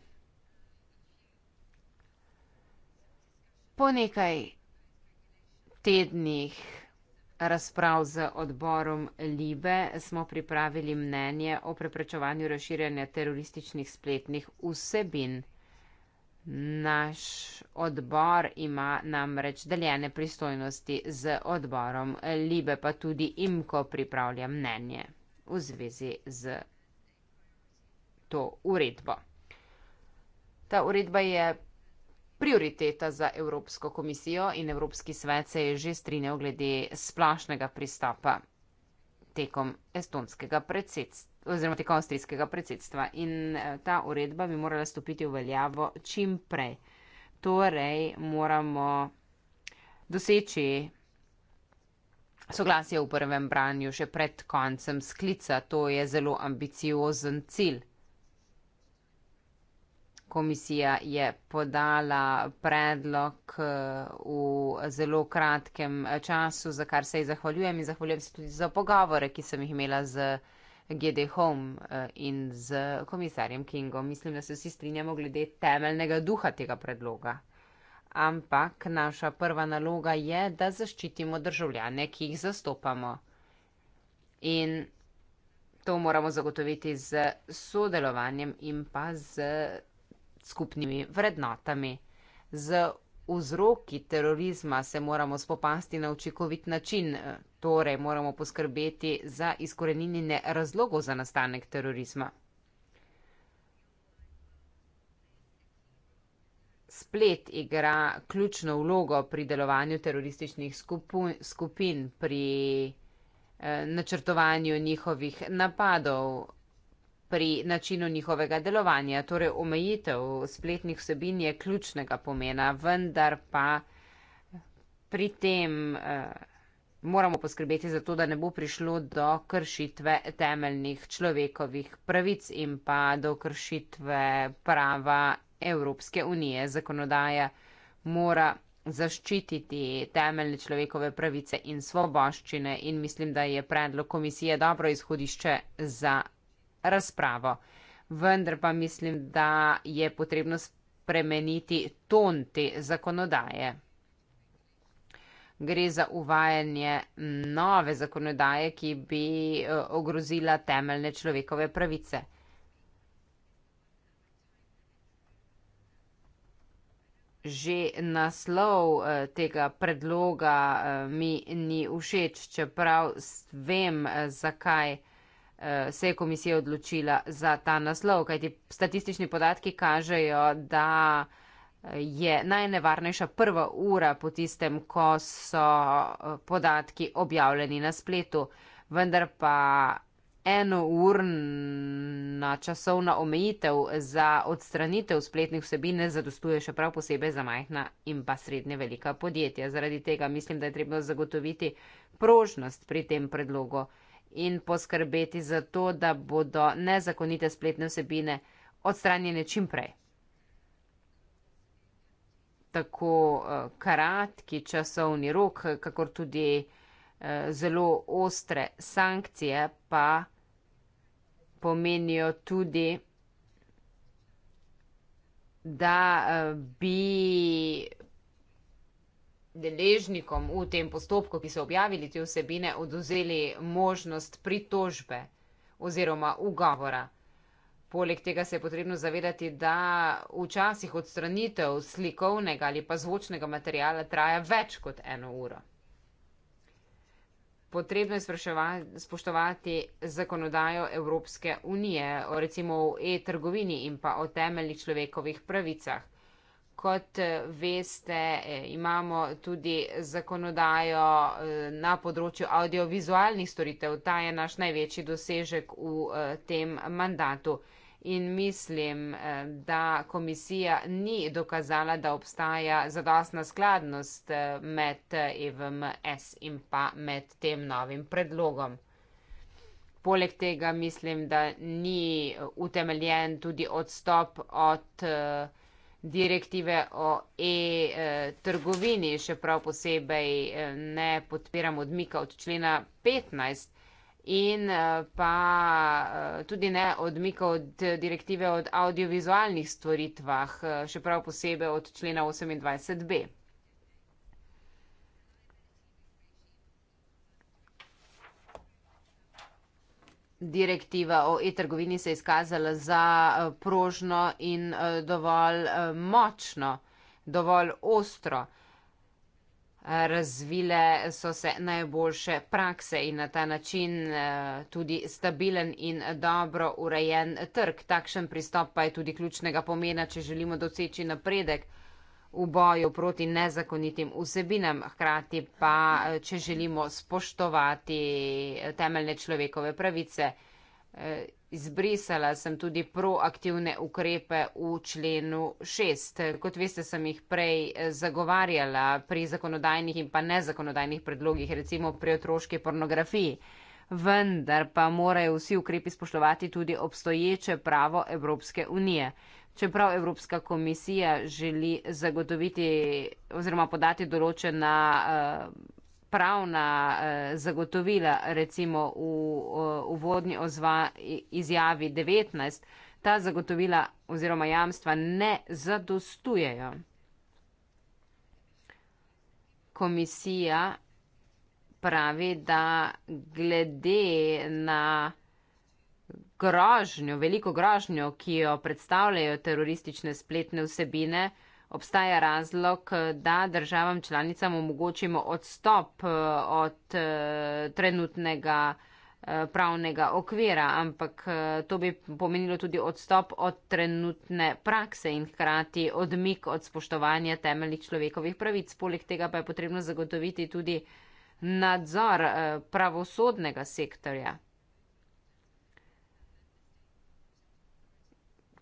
Po nekaj tednih razprav z odborom Libe smo pripravili mnenje o preprečevanju razširjanja terorističnih spletnih vsebin. Naš odbor ima namreč deljene pristojnosti z odborom Libe, pa tudi Imko pripravlja mnenje v zvezi z to uredbo. Ta uredba je prioriteta za Evropsko komisijo in Evropski svet se je že strinjal glede splašnega pristopa tekom estonskega predsedstva oziroma tekom avstrijskega predsedstva in eh, ta uredba bi morala stopiti v veljavo čim prej. Torej moramo doseči Soglasje v prvem branju še pred koncem sklica, to je zelo ambiciozen cilj. Komisija je podala predlog eh, v zelo kratkem eh, času, za kar se ji zahvaljujem in zahvaljujem se tudi za pogovore, ki sem jih imela z eh, GD Home in z komisarjem Kingom. Mislim, da se vsi strinjamo glede temeljnega duha tega predloga ampak naša prva naloga je, da zaščitimo državljane, ki jih zastopamo. In to moramo zagotoviti z sodelovanjem in pa z skupnimi vrednotami. Z vzroki terorizma se moramo spopasti na učinkovit način, torej moramo poskrbeti za izkoreninjenje razlogov za nastanek terorizma. splet igra ključno vlogo pri delovanju terorističnih skupu, skupin, pri eh, načrtovanju njihovih napadov, pri načinu njihovega delovanja. Torej, omejitev spletnih vsebin je ključnega pomena, vendar pa pri tem. Eh, Moramo poskrbeti za to, da ne bo prišlo do kršitve temeljnih človekovih pravic in pa do kršitve prava Evropske unije. Zakonodaja mora zaščititi temeljne človekove pravice in svoboščine in mislim, da je predlog komisije dobro izhodišče za razpravo. Vendar pa mislim, da je potrebno spremeniti ton te zakonodaje. Gre za uvajanje nove zakonodaje, ki bi eh, ogrozila temeljne človekove pravice. že naslov eh, tega predloga eh, mi ni všeč, čeprav vem, eh, zakaj se je komisija odločila za ta naslov, kajti statistični podatki kažejo, da je najnevarnejša prva ura po tistem, ko so podatki objavljeni na spletu. Vendar pa enourna časovna omejitev za odstranitev spletnih vsebin ne zadostuje še prav posebej za majhna in pa srednje velika podjetja. Zaradi tega mislim, da je treba zagotoviti prožnost pri tem predlogu in poskrbeti za to, da bodo nezakonite spletne vsebine odstranjene čim prej. Tako eh, kratki časovni rok, kakor tudi eh, zelo ostre sankcije pa pomenijo tudi, da eh, bi deležnikom v tem postopku, ki so objavili te vsebine, oduzeli možnost pritožbe oziroma ugovora. Poleg tega se je potrebno zavedati, da včasih odstranitev slikovnega ali pa zvočnega materijala traja več kot eno uro potrebno je spoštovati zakonodajo Evropske unije, recimo o e-trgovini in pa o temeljnih človekovih pravicah. Kot veste, imamo tudi zakonodajo na področju audiovizualnih storitev. Ta je naš največji dosežek v tem mandatu in mislim, eh, da komisija ni dokazala, da obstaja zadostna skladnost eh, med EVMS eh, e in pa med tem novim predlogom. Poleg tega mislim, da ni utemeljen tudi odstop od direktive o e-trgovini, še prav posebej ne podpiram odmika od člena 15 in eh, pa eh, tudi ne odmika od direktive o audiovizualnih stvaritvah, eh, še prav posebej od člena 28b. Direktiva o e-trgovini se je izkazala za prožno in dovolj močno, dovolj ostro razvile so se najboljše prakse in na ta način eh, tudi stabilen in dobro urejen trg. Takšen pristop pa je tudi ključnega pomena, če želimo doseči napredek v boju proti nezakonitim vsebinam, hkrati pa, eh, če želimo spoštovati eh, temeljne človekove pravice Izbrisala sem tudi proaktivne ukrepe v členu 6. Kot veste, sem jih prej eh, zagovarjala pri zakonodajnih in pa nezakonodajnih predlogih, recimo pri otroški pornografiji. Vendar pa morajo vsi ukrepi spoštovati tudi obstoječe pravo Evropske unije. Čeprav Evropska komisija želi zagotoviti oziroma podati določena. Uh, pravna eh, zagotovila, recimo v, v eh, vodni ozva, izjavi 19, ta zagotovila oziroma jamstva ne zadostujejo. Komisija pravi, da glede na grožnjo, veliko grožnjo, ki jo predstavljajo teroristične spletne vsebine, obstaja razlog, da državam članicam omogočimo odstop eh, od eh, trenutnega eh, pravnega okvira, ampak to bi pomenilo tudi odstop od trenutne prakse in hkrati odmik od spoštovanja temeljnih človekovih pravic. Poleg tega pa je potrebno zagotoviti tudi nadzor pravosodnega sektorja.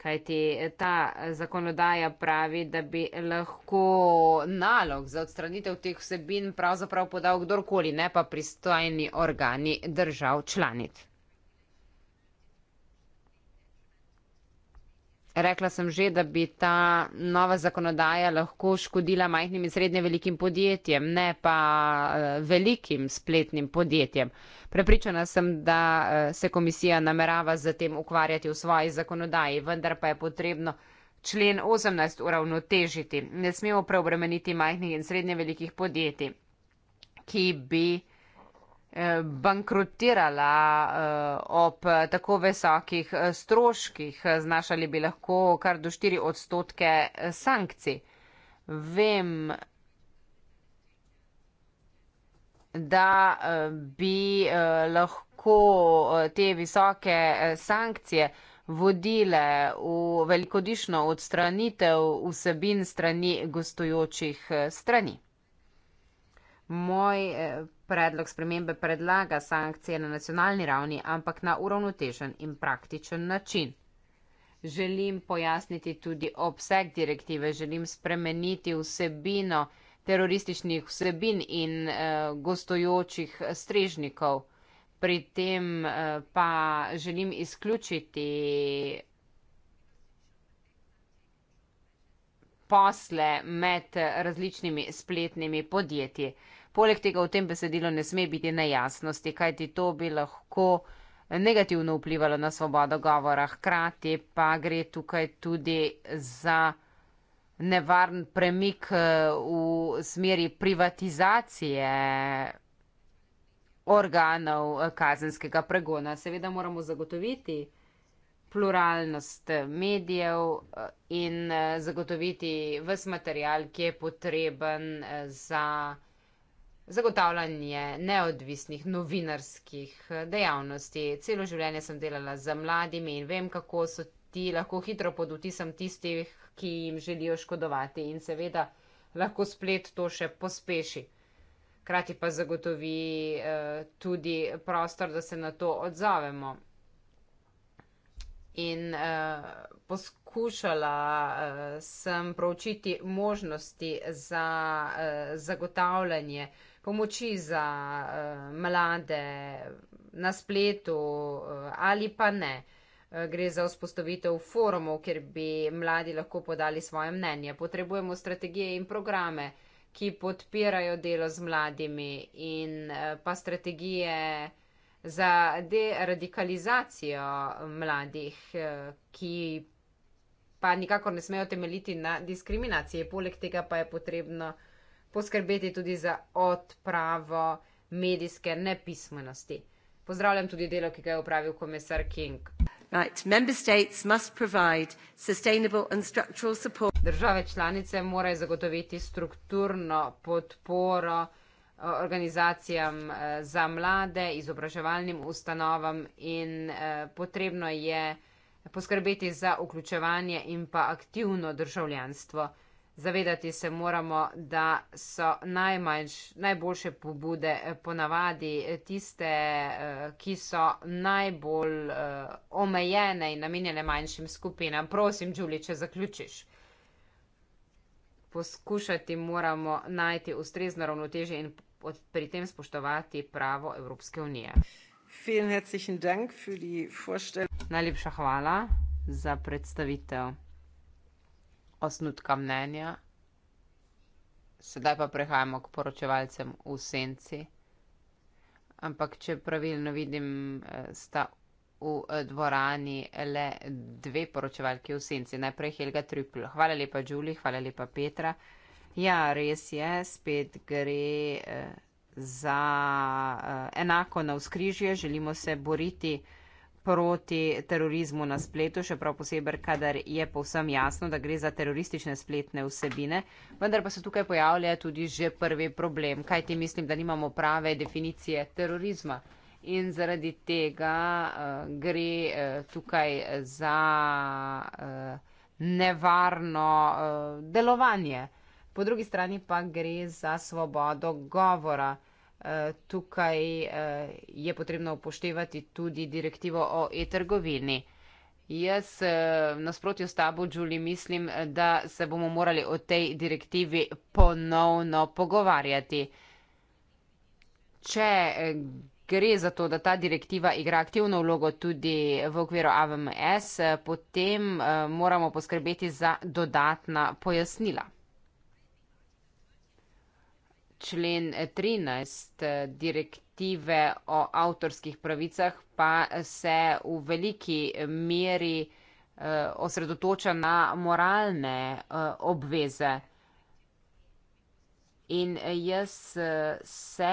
kajti ta zakonodaja pravi, da bi lahko nalog za odstranitev teh vsebin pravzaprav podal kdorkoli, ne pa pristojni organi držav članic. Rekla sem že, da bi ta nova zakonodaja lahko škodila majhnim in srednje velikim podjetjem, ne pa eh, velikim spletnim podjetjem. Prepričana sem, da eh, se komisija namerava z tem ukvarjati v svoji zakonodaji, vendar pa je potrebno člen 18 uravnotežiti. Ne smemo preobremeniti majhnih in srednje velikih podjetij, ki bi. Eh, bankrotirala eh, ob tako visokih eh, stroških, znašali bi lahko kar do 4 odstotke sankcij. Vem, da bi lahko te visoke sankcije vodile v velikodišno odstranitev vsebin strani gostujočih strani moj eh, predlog spremembe predlaga sankcije na nacionalni ravni, ampak na uravnotežen in praktičen način. Želim pojasniti tudi obseg direktive, želim spremeniti vsebino terorističnih vsebin in eh, gostujočih strežnikov. Pri tem eh, pa želim izključiti posle med različnimi spletnimi podjetji. Poleg tega v tem besedilu ne sme biti nejasnosti, kajti to bi lahko negativno vplivalo na svobodo govora. Hkrati pa gre tukaj tudi za nevaren premik eh, v smeri privatizacije organov eh, kazenskega pregona. Seveda moramo zagotoviti pluralnost eh, medijev in zagotoviti vse material, ki je potreben za zagotavljanje neodvisnih novinarskih eh, dejavnosti. Celo življenje sem delala z mladimi in vem, kako so ti lahko hitro pod vtisom tistih, ki jim želijo škodovati in seveda lahko splet to še pospeši. Krati pa zagotovi eh, tudi prostor, da se na to odzovemo. In eh, poskušala eh, sem proučiti možnosti za eh, zagotavljanje eh, pomoči za uh, mlade na spletu uh, ali pa ne. Eh, gre za vzpostavitev forumov, kjer bi mladi lahko podali svoje mnenje. Potrebujemo strategije in programe, ki podpirajo delo z mladimi, in pa strategije za deradikalizacijo mladih, ki pa nikakor ne smejo temeljiti na diskriminaciji. Poleg tega pa je potrebno uh, poskrbeti tudi za odpravo medijske nepismenosti. Pozdravljam tudi delo, ki ga je upravil komisar King. Right. Države članice morajo zagotoviti strukturno podporo eh, organizacijam eh, za mlade, izobraževalnim ustanovam in eh, potrebno je poskrbeti za vključevanje in pa aktivno državljanstvo. Zavedati se moramo, da so najmanjš, najboljše pobude eh, ponavadi eh, tiste, eh, ki so najbolj omejene in namenjene manjšim skupinam. Prosim, Đuli, če zaključiš. Poskušati moramo najti ustrezno ravnoteže in pri tem spoštovati pravo Evropske unije. Najlepša hvala za predstavitev osnutka mnenja. Sedaj pa prehajamo k poročevalcem v senci. Ampak, če pravilno vidim, eh, sta v eh, dvorani le dve poročevalki v senci. Najprej Helga Trupl. Hvala lepa, Đuli, hvala lepa, Petra. Ja, res je, spet gre eh, za enako na vzkrižje, želimo se boriti proti terorizmu na spletu, še prav posebej, kadar je povsem jasno, da gre za teroristične spletne vsebine, vendar pa se tukaj pojavlja tudi že prvi problem, kaj ti mislim, da nimamo prave definicije terorizma. In zaradi tega uh, gre uh, tukaj za uh, nevarno uh, delovanje. Po drugi strani pa gre za svobodo govora tukaj eh, je potrebno upoštevati tudi direktivo o e-trgovini. Jaz eh, nasprotju s tabo, Đuli, mislim, da se bomo morali o tej direktivi ponovno pogovarjati. Če eh, gre za to, da ta direktiva igra aktivno vlogo tudi v okviru AVMS, potem moramo poskrbeti za dodatna pojasnila člen 13 eh, direktive o avtorskih pravicah pa se v veliki meri eh, osredotoča na moralne eh, obveze. In jaz se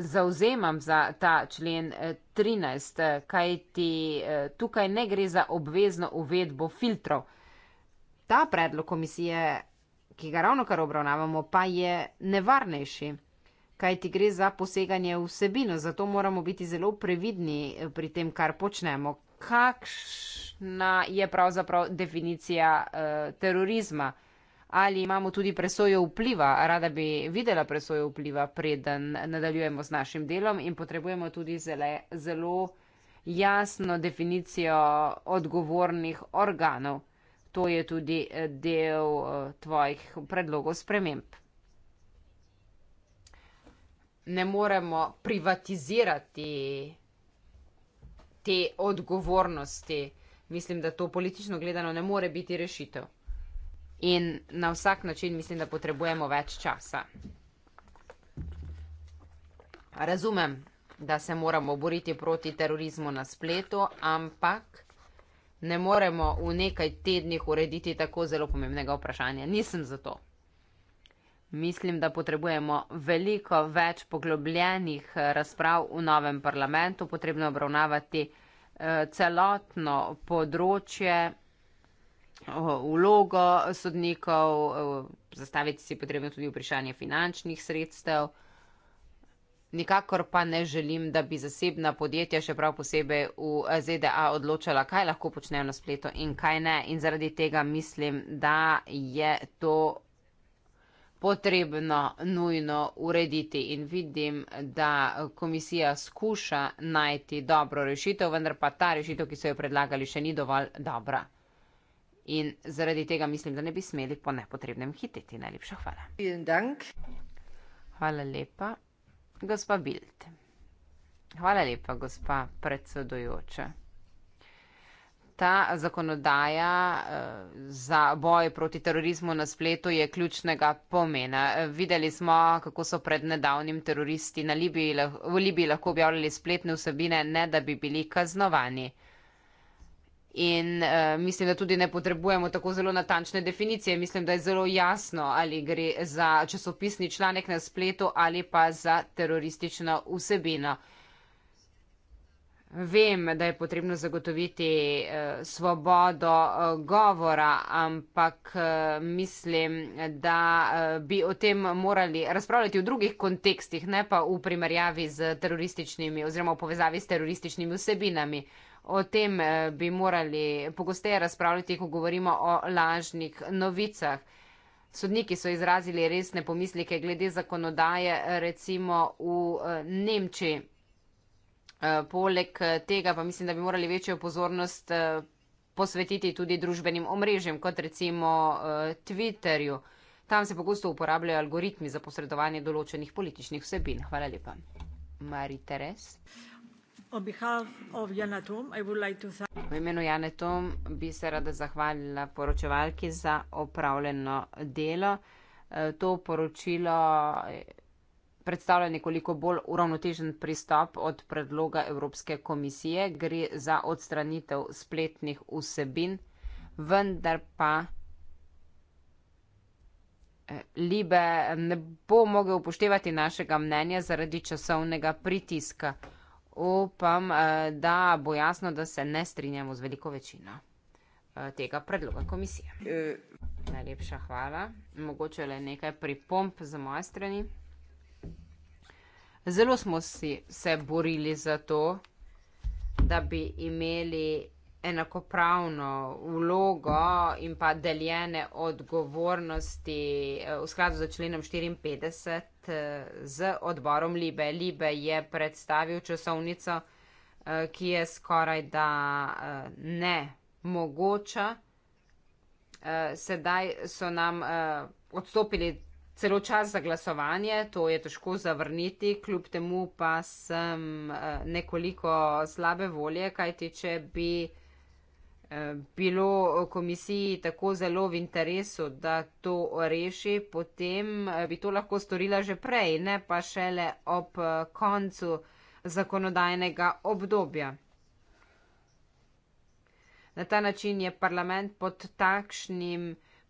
zauzemam za ta člen 13, kaj ti tukaj ne gre za obvezno uvedbo filtrov. Ta predlog komisije ki ga ravno kar obravnavamo, pa je nevarnejši, kaj ti gre za poseganje vsebino. Zato moramo biti zelo previdni eh, pri tem, kar počnemo. Kakšna je pravzaprav definicija uh, terorizma? Ali imamo tudi presojo vpliva? Rada bi videla presojo vpliva, preden nadaljujemo s našim delom in potrebujemo tudi zelo, zelo jasno definicijo odgovornih organov to je tudi eh, del eh, tvojih predlogov sprememb. Ne moremo privatizirati te odgovornosti. Mislim, da to politično gledano ne more biti rešitev. In na vsak način mislim, da potrebujemo več časa. Razumem, da se moramo boriti proti terorizmu na spletu, ampak ne moremo v nekaj tednih urediti tako zelo pomembnega vprašanja. Nisem za to. Mislim, da potrebujemo veliko več poglobljenih eh, razprav v novem parlamentu, potrebno obravnavati eh, celotno področje, vlogo sodnikov, zastaviti si potrebno tudi vprašanje finančnih sredstev. Nikakor pa ne želim, da bi zasebna podjetja, še prav posebej v eh, ZDA, odločala, kaj lahko počnejo na spletu in kaj ne. In zaradi tega mislim, da je to potrebno nujno urediti in vidim, da komisija skuša najti dobro rešitev, vendar pa ta rešitev, ki so jo predlagali, še ni dovolj dobra. In zaradi tega mislim, da ne bi smeli po nepotrebnem hiteti. Najlepša hvala. Hvala lepa. Gospa Bild. Hvala lepa, gospa predsedujoča. Ta zakonodaja eh, za boj proti terorizmu na spletu je ključnega pomena. Videli smo, kako so pred nedavnim teroristi Libiji, v Libiji lahko objavljali spletne vsebine, ne da bi bili kaznovani. In uh, mislim, da tudi ne potrebujemo tako zelo natančne definicije. Mislim, da je zelo jasno, ali gre za časopisni članek na spletu ali pa za teroristično vsebino. Vem, da je potrebno zagotoviti uh, svobodo uh, govora, ampak uh, mislim, da uh, bi o tem morali razpravljati v drugih kontekstih, ne pa v primerjavi z terorističnimi oziroma v povezavi s terorističnimi vsebinami. O tem eh, bi morali pogosteje razpravljati, ko govorimo o lažnih novicah. Sodniki so izrazili resne pomislike glede zakonodaje, recimo v eh, Nemčiji. Eh, poleg tega pa mislim, da bi morali večjo pozornost posvetiti tudi družbenim omrežjem, kot recimo Twitterju. Tam se pogosto uporabljajo algoritmi za posredovanje določenih političnih vsebin. Hvala lepa. Marie Therese. V imenu Jana Tom bi se rada zahvalila poročevalki za opravljeno delo. E, to poročilo e, predstavlja nekoliko bolj uravnotežen pristop od predloga Evropske komisije. Gre za odstranitev spletnih vsebin, vendar pa. E, Libe ne bo mogel upoštevati našega mnenja zaradi časovnega pritiska upam, eh, da bo jasno, da se ne strinjamo z veliko večino eh, tega predloga komisije. Najlepša hvala. Mogoče le nekaj pripomp za moje strani. Zelo smo si se borili za to, da bi imeli enakopravno vlogo in pa deljene odgovornosti eh, v skladu z členom 54 eh, z odborom Libe. Libe je predstavil časovnico, eh, ki je skoraj da ne mogoča. Sedaj so nam odstopili celo čas za glasovanje, to je težko zavrniti, kljub temu pa sem nekoliko slabe volje, kajti če bi bilo komisiji tako zelo v interesu, da to reši, potem eh, bi to lahko storila že prej, ne pa šele ob eh, koncu zakonodajnega obdobja. Na ta način je parlament pod takšnim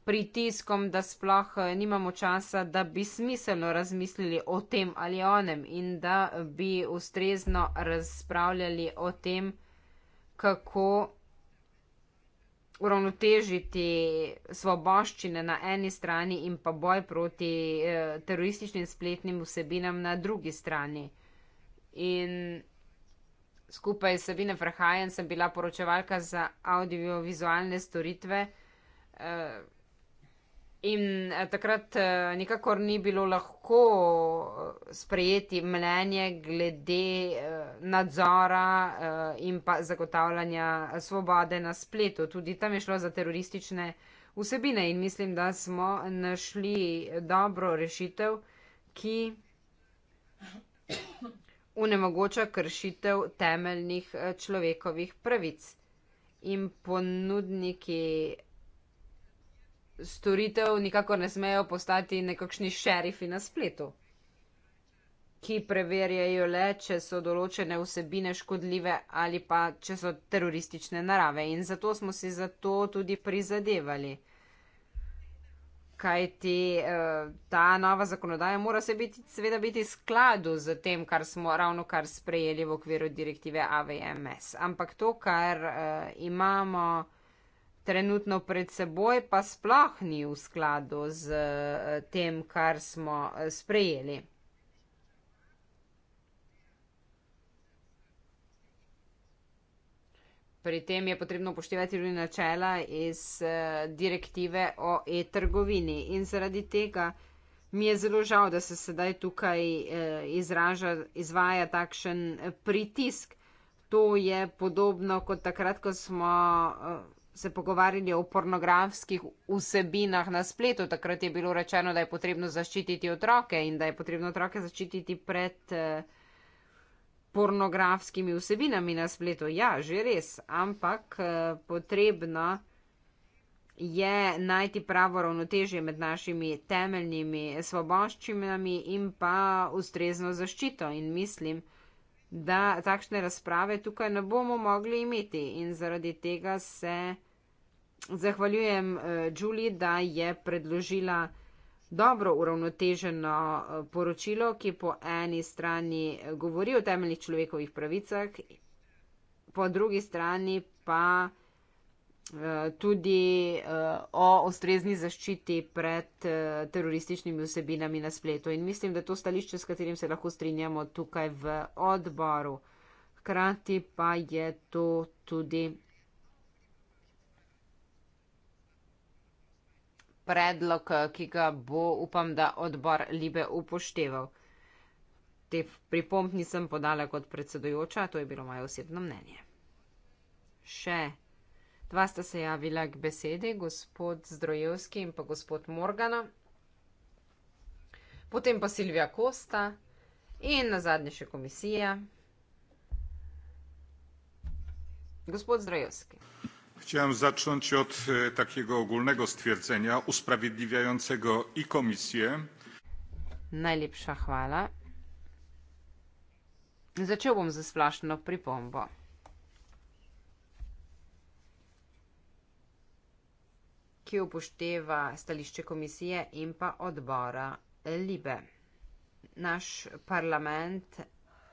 pritiskom, da sploh eh, nimamo časa, da bi smiselno razmislili o tem ali onem in da bi ustrezno razpravljali o tem, kako uravnotežiti svoboščine na eni strani in pa boj proti eh, terorističnim spletnim vsebinam na drugi strani. In skupaj s Sabine Frahajen sem bila poročevalka za audiovizualne storitve. Eh, In eh, takrat eh, nikakor ni bilo lahko eh, sprejeti mnenje glede nadzora in pa zagotavljanja svobode na spletu. Tudi tam je šlo za teroristične vsebine in mislim, da smo našli dobro rešitev, ki unemogoča kršitev temeljnih človekovih pravic. In ponudniki storitev nikakor ne smejo postati nekakšni šerifi na spletu, ki preverjajo le, če so določene vsebine škodljive ali pa če so teroristične narave. In zato smo si za to tudi prizadevali. Kaj ti eh, ta nova zakonodaja mora se biti, seveda biti skladu z tem, kar smo ravno kar sprejeli v okviru direktive AVMS. Ampak to, kar eh, imamo trenutno pred seboj, pa sploh ni v skladu z eh, tem, kar smo eh, sprejeli. Pri tem je potrebno upoštevati tudi načela iz eh, direktive o e-trgovini in zaradi tega mi je zelo žal, da se sedaj tukaj izraža, izvaja takšen pritisk. To je podobno kot takrat, ko smo se pogovarjali o pornografskih vsebinah na spletu. Takrat je bilo rečeno, da je potrebno zaščititi otroke in da je potrebno otroke zaščititi pred eh, pornografskimi vsebinami na spletu. Ja, že res, ampak eh, potrebno je najti pravo ravnotežje med našimi temeljnimi svoboščinami in pa ustrezno zaščito. In mislim, da takšne razprave tukaj ne bomo mogli imeti in zaradi tega se zahvaljujem eh, Julie, da je predložila dobro uravnoteženo eh, poročilo, ki po eni strani govori o temeljnih človekovih pravicah, po drugi strani pa. Eh, tudi uh, o ustrezni zaščiti pred uh, terorističnimi vsebinami na spletu. In mislim, da to stališče, s katerim se lahko strinjamo tukaj v odboru. Hkrati pa je to tudi predlog, ki ga bo, upam, da odbor Libe upošteval. Te pripomp nisem podala kot predsedojoča, to je bilo moje osebno mnenje. Še Dva sta se javila k besedi, gospod Zdrojevski in pa gospod Morgana, potem pa Silvija Kosta in na zadnje še komisija. Gospod Zdrojevski. Chciałem zacząć od e, takiego ogólnego stwierdzenia usprawiedliwiającego i komisję. Najlepsza chwała. Zacząłbym ze splaszną przypombą. ki upošteva stališče komisije in pa odbora Libe. Naš parlament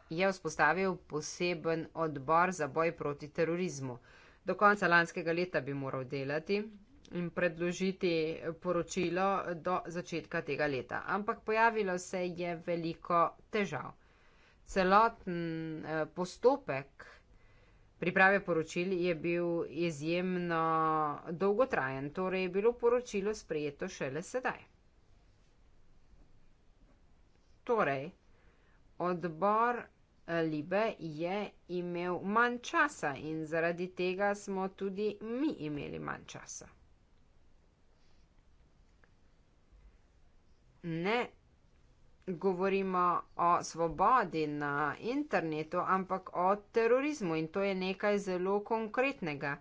je vzpostavil poseben odbor za boj proti terorizmu. Do konca lanskega leta bi moral delati in predložiti poročilo do začetka tega leta. Ampak pojavilo se je veliko težav. Celoten eh, postopek priprave poročil je bil izjemno dolgotrajen, torej je bilo poročilo sprejeto šele sedaj. Torej, odbor eh, Libe je imel manj časa in zaradi tega smo tudi mi imeli manj časa. Ne govorimo o svobodi na internetu, ampak o terorizmu in to je nekaj zelo konkretnega.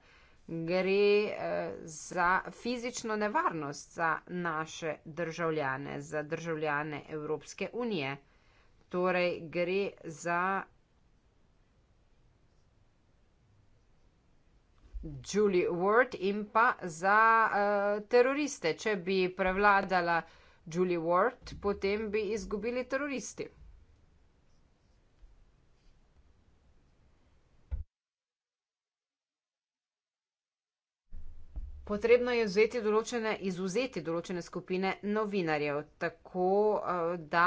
Gre eh, za fizično nevarnost za naše državljane, za državljane Evropske unije. Torej gre za Julie Ward in pa za uh, teroriste. Če bi prevladala Julie Ward, potem bi izgubili teroristi. Potrebno je vzeti določene, izuzeti določene skupine novinarjev, tako eh, da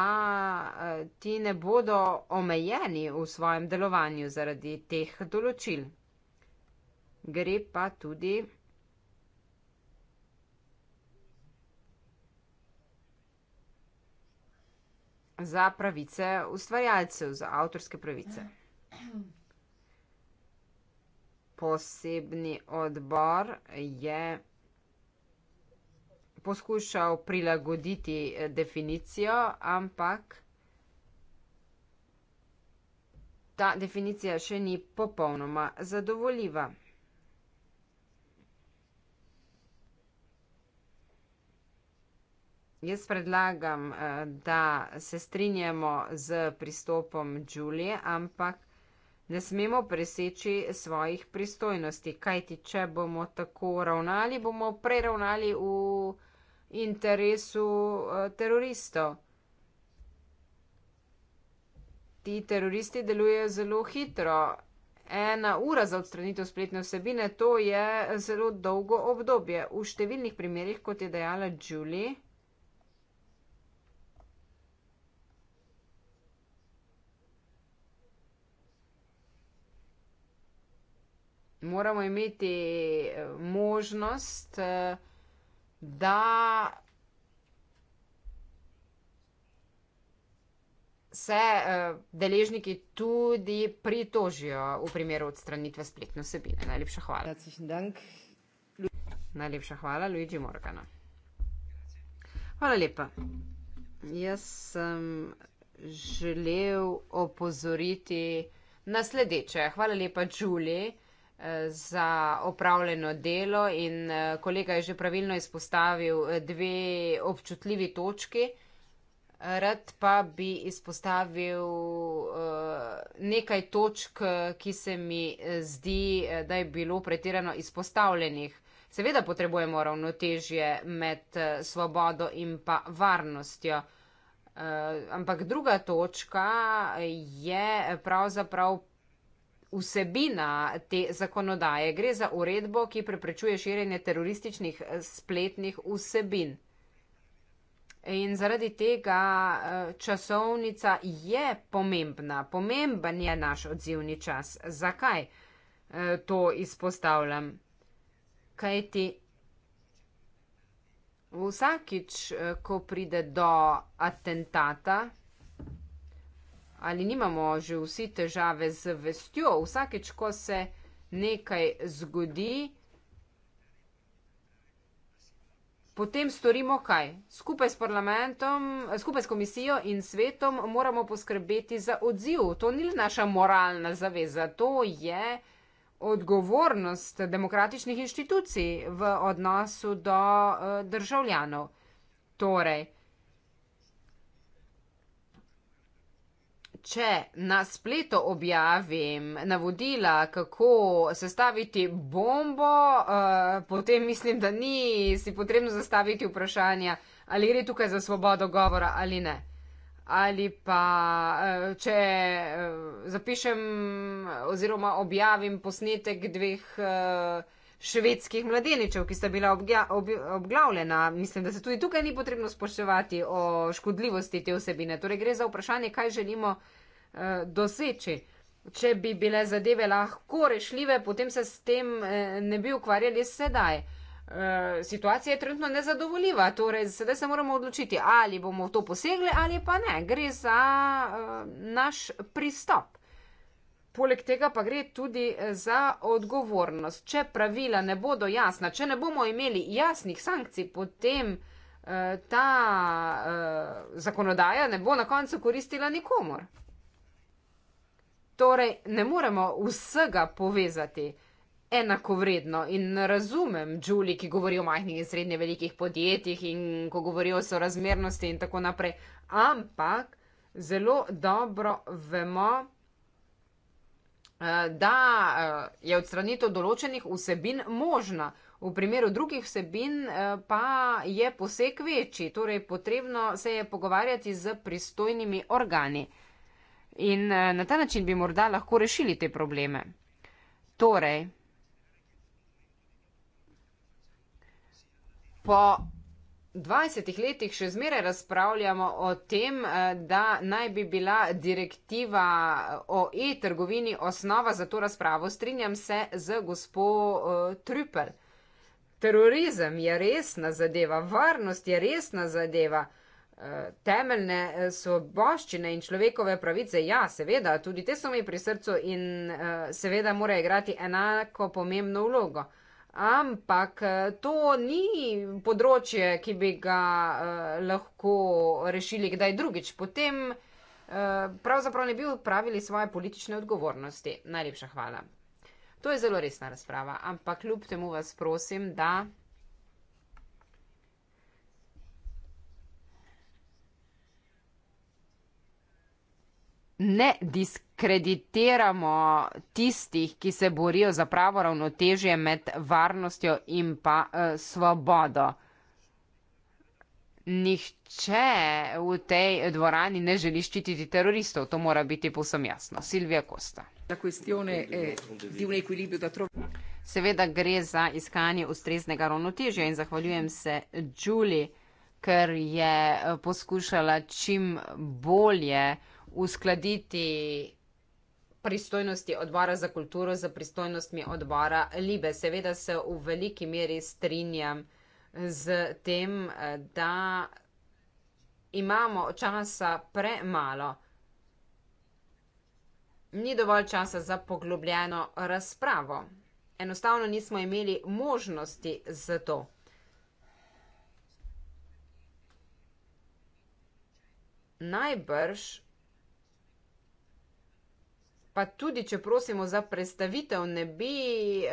eh, ti ne bodo omejeni v svojem delovanju zaradi teh določil. Gre pa tudi za pravice ustvarjalcev, za avtorske pravice. Posebni odbor je poskušal prilagoditi eh, definicijo, ampak ta definicija še ni popolnoma zadovoljiva. Jaz predlagam, eh, da se strinjamo z pristopom Julie, ampak ne smemo preseči svojih pristojnosti, kajti če bomo tako ravnali, bomo preravnali v interesu eh, teroristov. Ti teroristi delujejo zelo hitro. Ena ura za odstranitev spletne vsebine, to je zelo dolgo obdobje. V številnih primerjih, kot je dejala Julie, moramo imeti eh, možnost, eh, da se eh, deležniki tudi pritožijo v primeru odstranitve spletne vsebine. Najlepša hvala. Najlepša hvala, Luigi Morgana. Hvala lepa. Jaz sem želel opozoriti na sledeče. Hvala lepa, Julie za opravljeno delo in eh, kolega je že pravilno izpostavil eh, dve občutljivi točki. Rad pa bi izpostavil eh, nekaj točk, ki se mi zdi, da je bilo pretirano izpostavljenih. Seveda potrebujemo ravnotežje med svobodo in pa varnostjo. Ampak druga točka je pravzaprav vsebina te zakonodaje. Gre za uredbo, ki preprečuje širjenje terorističnih eh, spletnih vsebin. In zaradi tega eh, časovnica je pomembna. Pomemben je naš odzivni čas. Zakaj eh, to izpostavljam? Kaj ti? Vsakič, ko pride do atentata, ali nimamo že vsi težave z vestjo, vsakeč, ko se nekaj zgodi, potem storimo kaj? Skupaj s parlamentom, skupaj s komisijo in svetom moramo poskrbeti za odziv. To ni naša moralna zaveza, to je odgovornost demokratičnih inštitucij v odnosu do eh, državljanov. Torej, če na spletu objavim navodila, kako sestaviti bombo, eh, potem mislim, da ni si potrebno zastaviti vprašanja, ali gre tukaj za svobodo govora ali ne. Ali pa, eh, če eh, zapišem oziroma objavim posnetek dveh švedskih mladeničev, ki sta bila obja, ob, obglavljena. Mislim, da se tudi tukaj ni potrebno spoštovati o škodljivosti te osebine. Torej gre za vprašanje, kaj želimo eh, doseči. Če bi bile zadeve lahko rešljive, potem se s tem eh, ne bi ukvarjali sedaj. Eh, situacija je trenutno nezadovoljiva, torej sedaj se moramo odločiti, ali bomo v to posegli ali pa ne. Gre za eh, naš pristop. Poleg tega pa gre tudi eh, za odgovornost. Če pravila ne bodo jasna, če ne bomo imeli jasnih sankcij, potem eh, ta eh, zakonodaja ne bo na koncu koristila nikomor. Torej, ne moremo vsega povezati enakovredno in razumem Đuli, ki govori o majhnih in srednje velikih podjetjih in ko govori o sorazmernosti in tako naprej, ampak zelo dobro vemo, Eh, da eh, je odstranitev določenih vsebin možna. V primeru drugih vsebin eh, pa je poseg večji, torej potrebno se je pogovarjati z pristojnimi organi. In na ta način bi morda lahko rešili te probleme. Torej, po 20 letih še zmeraj razpravljamo o tem, eh, da naj bi bila direktiva eh, o e-trgovini osnova za to razpravo. Strinjam se z gospo eh, Trupel. Terorizem je resna zadeva, varnost je resna zadeva, temeljne svoboščine in človekove pravice, ja, seveda, tudi te so mi pri srcu in seveda morajo igrati enako pomembno vlogo. Ampak eh, to ni področje, ki bi ga uh, lahko rešili kdaj drugič. Potem uh, pravzaprav ne bi upravili svoje politične odgovornosti. Najlepša hvala. To je zelo resna razprava, ampak kljub temu vas prosim, da ne diskreditiramo tistih, ki se borijo za pravo ravnotežje med varnostjo in pa eh, svobodo. Nihče v tej dvorani ne želi ščititi teroristov, to mora biti povsem jasno. Silvija Kosta. Seveda gre za iskanje ustreznega ravnotežja in zahvaljujem se Julie, ker je eh, poskušala čim bolje uskladiti pristojnosti odbora za kulturo z pristojnostmi odbora Libe. Seveda se v veliki meri strinjam z tem, da imamo časa premalo. Ni dovolj časa za poglobljeno razpravo. Enostavno nismo imeli možnosti za to. Najbrž pa tudi, če prosimo za predstavitev, ne bi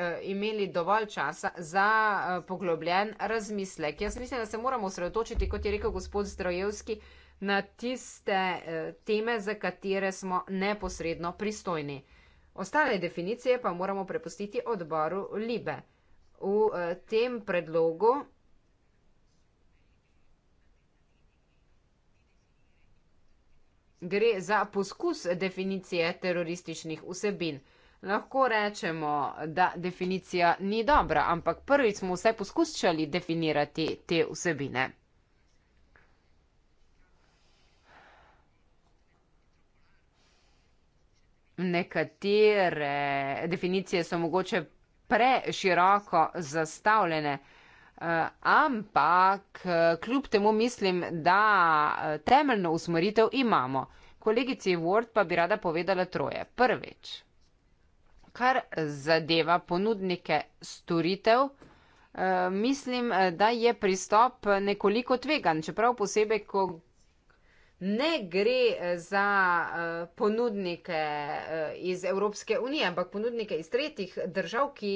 eh, imeli dovolj časa za eh, poglobljen razmislek. Jaz mislim, da se moramo osredotočiti, kot je rekel gospod Zdrojevski, na tiste eh, teme, za katere smo neposredno pristojni. Ostale definicije pa moramo prepustiti odboru Libe. V tem predlogu gre za poskus definicije terorističnih vsebin. Lahko rečemo, da definicija ni dobra, ampak prvič smo vse poskušali definirati te vsebine. Nekatere definicije so mogoče preširoko zastavljene. Eh, ampak eh, kljub temu mislim, da eh, temeljno usmeritev imamo. Kolegici Ward pa bi rada povedala troje. Prvič, kar zadeva ponudnike storitev, mislim, da je pristop nekoliko tvegan, čeprav posebej, ko ne gre eh, za eh, ponudnike eh, iz Evropske unije, ampak ponudnike iz tretjih držav, ki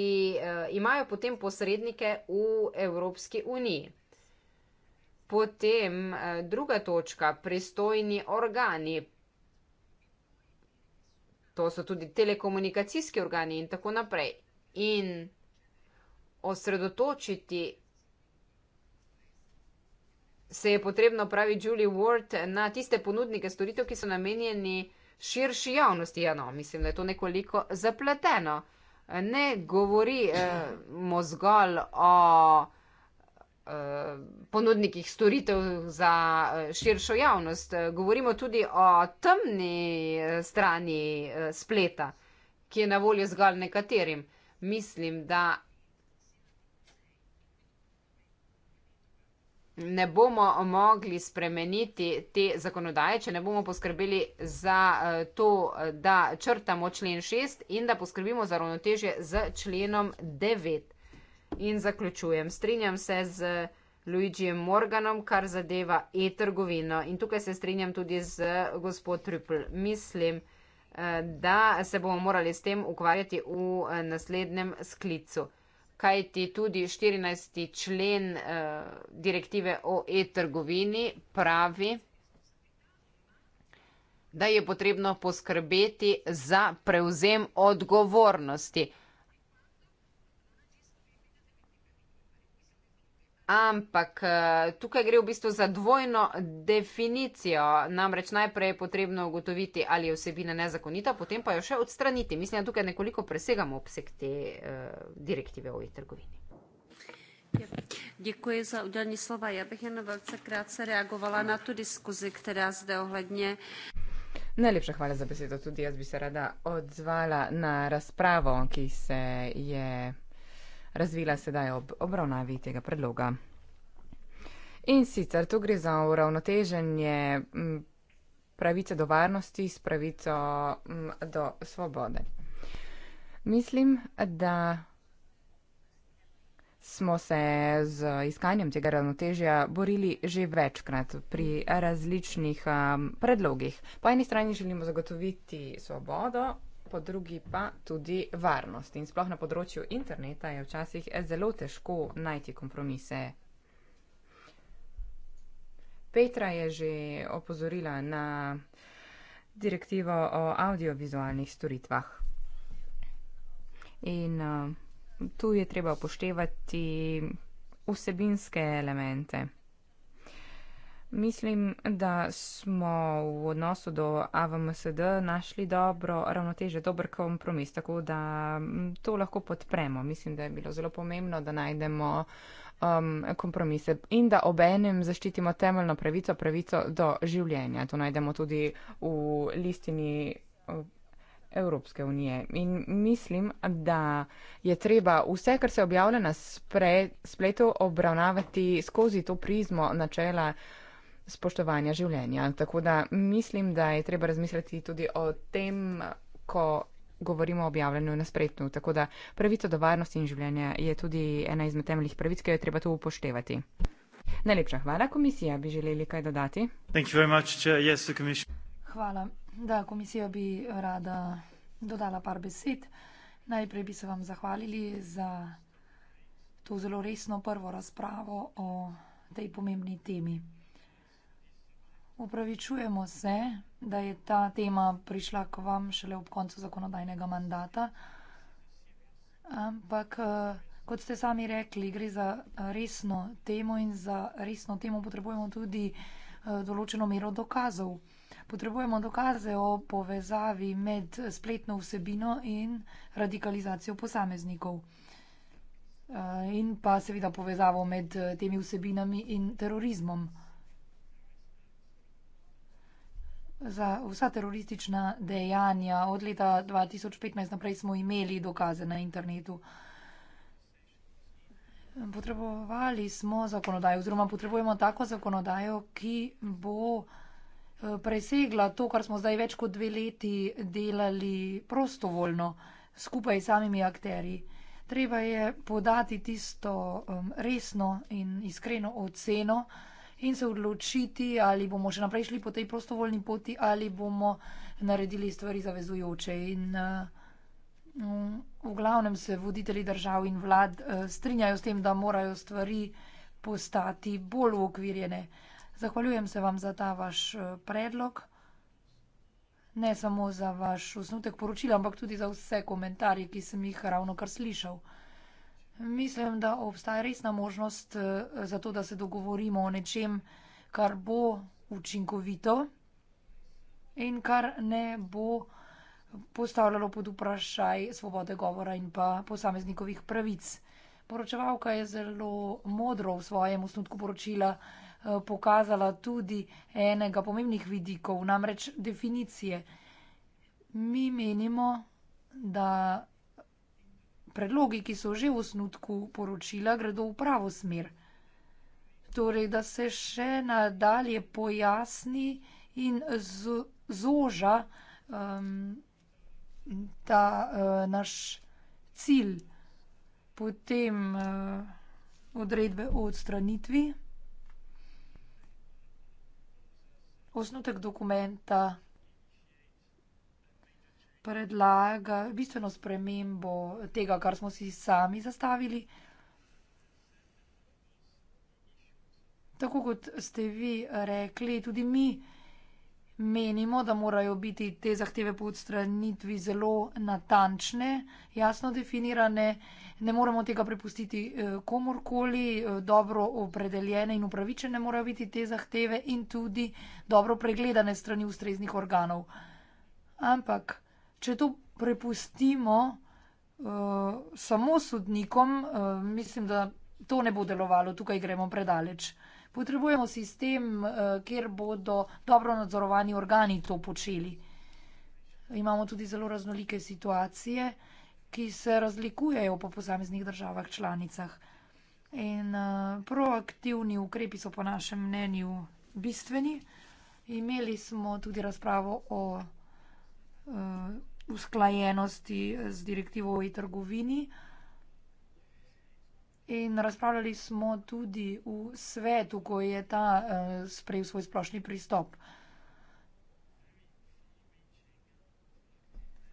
imajo potem posrednike v Evropski uniji. Potem druga točka, pristojni organi. To so tudi telekomunikacijski organi in tako naprej. In osredotočiti se je potrebno, pravi Julie Ward, na tiste ponudnike storitev, ki so namenjeni širši javnosti. Ja, no, mislim, da je to nekoliko zapleteno. Ne govorimo eh, zgolj o eh, ponudnikih storitev za eh, širšo javnost, govorimo tudi o temni eh, strani eh, spleta, ki je na voljo zgolj nekaterim. Mislim, da ne bomo mogli spremeniti te zakonodaje, če ne bomo poskrbeli za eh, to, eh, da črtamo člen 6 in da poskrbimo za ravnotežje z členom 9. In zaključujem. Strinjam se z Luigijem Morganom, kar zadeva e-trgovino. In tukaj se strinjam tudi z gospod Triple. Mislim, eh, da se bomo morali s tem ukvarjati v naslednjem sklicu kajti tudi 14. člen eh, direktive o e-trgovini pravi, da je potrebno poskrbeti za prevzem odgovornosti. Ampak eh, tukaj gre v bistvu za dvojno definicijo. Namreč najprej je potrebno ugotoviti, ali je vsebina nezakonita, potem pa jo še odstraniti. Mislim, da tukaj nekoliko presegamo obseg te uh, direktive o e-trgovini. Ja, děkuji za udělení slova. Já bych jen velice krátce reagovala na tu diskuzi, která zde ohledně. Najlepša hvala za besedo. Tudi jaz bi se rada odzvala na razpravo, ki se je razvila sedaj ob obravnavi tega predloga. In sicer tu gre za uravnoteženje pravice do varnosti s pravico do svobode. Mislim, da smo se z iskanjem tega ravnotežja borili že večkrat pri različnih um, predlogih. Po eni strani želimo zagotoviti svobodo, po drugi pa tudi varnost. In sploh na področju interneta je včasih zelo težko najti kompromise. Petra je že opozorila na direktivo o audiovizualnih storitvah. In uh, tu je treba upoštevati vsebinske elemente. Mislim, da smo v odnosu do AVMSD našli dobro ravnoteže, dober kompromis, tako da to lahko podpremo. Mislim, da je bilo zelo pomembno, da najdemo um, kompromise in da obenem zaščitimo temeljno pravico, pravico do življenja. To najdemo tudi v listini. Uh, Evropske unije. In mislim, da je treba vse, kar se objavlja na spletu, obravnavati skozi to prizmo načela spoštovanja življenja. Tako da mislim, da je treba razmisliti tudi o tem, ko govorimo o objavljanju na spletu. Tako da pravica do varnosti in življenja je tudi ena izmed temeljih pravic, ki jo je treba tu upoštevati. Najlepša hvala, komisija. Bi želeli kaj dodati? Hvala. Da, komisija bi rada dodala par besed. Najprej bi se vam zahvalili za to zelo resno prvo razpravo o tej pomembni temi. Upravičujemo se, da je ta tema prišla k vam šele ob koncu zakonodajnega mandata. Ampak, eh, kot ste sami rekli, gre za resno temo in za resno temo potrebujemo tudi eh, določeno mero dokazov. Potrebujemo dokaze o povezavi med spletno vsebino in radikalizacijo posameznikov. Eh, in pa seveda povezavo med temi vsebinami in terorizmom. Za vsa teroristična dejanja od leta 2015 naprej smo imeli dokaze na internetu. Potrebovali smo zakonodajo, oziroma potrebujemo tako zakonodajo, ki bo eh, presegla to, kar smo zdaj več kot dve leti delali prostovoljno skupaj s samimi akteri. Treba je podati tisto eh, resno in iskreno oceno, in se odločiti, ali bomo še naprej šli po tej prostovoljni poti ali bomo naredili stvari zavezujoče. In eh, v glavnem se voditelji držav in vlad eh, strinjajo s tem, da morajo stvari postati bolj ukvirjene. Zahvaljujem se vam za ta vaš eh, predlog. Ne samo za vaš osnutek poročila, ampak tudi za vse komentarje, ki sem jih ravno kar slišal. Mislim, da obstaja resna možnost eh, za to, da se dogovorimo o nečem, kar bo učinkovito in kar ne bo postavljalo pod vprašaj svobode govora in pa posameznikovih pravic. Poročevalka je zelo modro v svojem osnutku poročila eh, pokazala tudi enega pomembnih vidikov, namreč definicije. Mi menimo, da predlogi, ki so že v osnutku poročila, gredo v pravo smer. Torej, da se še nadalje pojasni in zoža um, ta uh, naš cilj potem uh, odredbe o odstranitvi. Osnutek dokumenta predlaga bistveno spremembo tega, kar smo si sami zastavili. Tako kot ste vi rekli, tudi mi menimo, da morajo biti te zahteve po odstranitvi zelo natančne, jasno definirane, ne moremo tega prepustiti eh, komorkoli, eh, dobro opredeljene in upravičene morajo biti te zahteve in tudi dobro pregledane strani ustreznih organov. Ampak če to prepustimo uh, samo sodnikom, uh, mislim, da to ne bo delovalo, tukaj gremo predaleč. Potrebujemo sistem, uh, kjer bodo dobro nadzorovani organi to počeli. Imamo tudi zelo raznolike situacije, ki se razlikujejo po posameznih državah članicah. In uh, proaktivni ukrepi so po našem mnenju bistveni. Imeli smo tudi razpravo o uh, usklajenosti z direktivo o e-trgovini. In razpravljali smo tudi v svetu, ko je ta eh, sprejel svoj splošni pristop.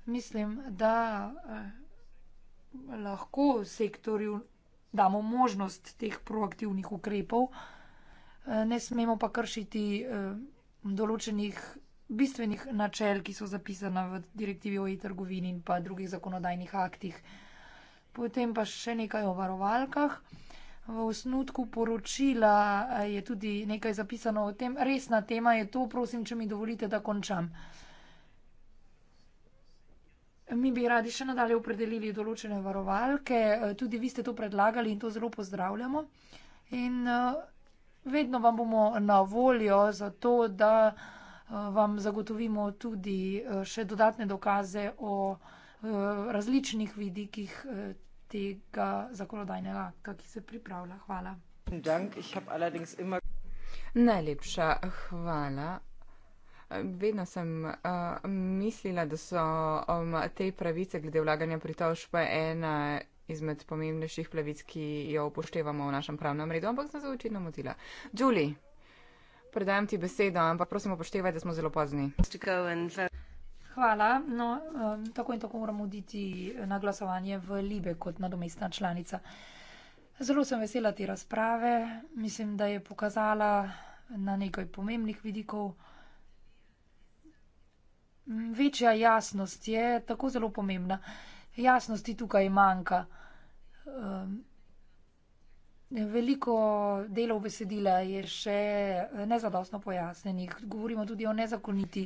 Mislim, da eh, lahko sektorju damo možnost teh proaktivnih ukrepov, eh, ne smemo pa kršiti določenih bistvenih načel, ki so zapisana v direktivi o e-trgovini in pa drugih zakonodajnih aktih. Potem pa še nekaj o varovalkah. V osnutku poročila je tudi nekaj zapisano o tem. Resna tema je to, prosim, če mi dovolite, da končam. Mi bi radi še nadalje opredelili določene varovalke. Tudi vi ste to predlagali in to zelo pozdravljamo. In vedno vam bomo na voljo za to, da vam zagotovimo tudi eh, še dodatne dokaze o eh, različnih vidikih eh, tega zakonodajnega akta, ki se pripravlja. Hvala. Najlepša hvala. Vedno sem uh, mislila, da so um, te pravice glede vlaganja pritožb ena izmed pomembnejših pravic, ki jo upoštevamo v našem pravnem redu, ampak sem se očitno motila. Julie predajam ti besedo, ampak prosim upoštevaj, da smo zelo pozni. Hvala. No, um, tako in tako moram oditi na glasovanje v Libe kot nadomestna članica. Zelo sem vesela te razprave. Mislim, da je pokazala na nekaj pomembnih vidikov. Večja jasnost je tako zelo pomembna. Jasnosti tukaj manjka. Um, Veliko delov besedila je še eh, nezadostno pojasnenih. Govorimo tudi o nezakoniti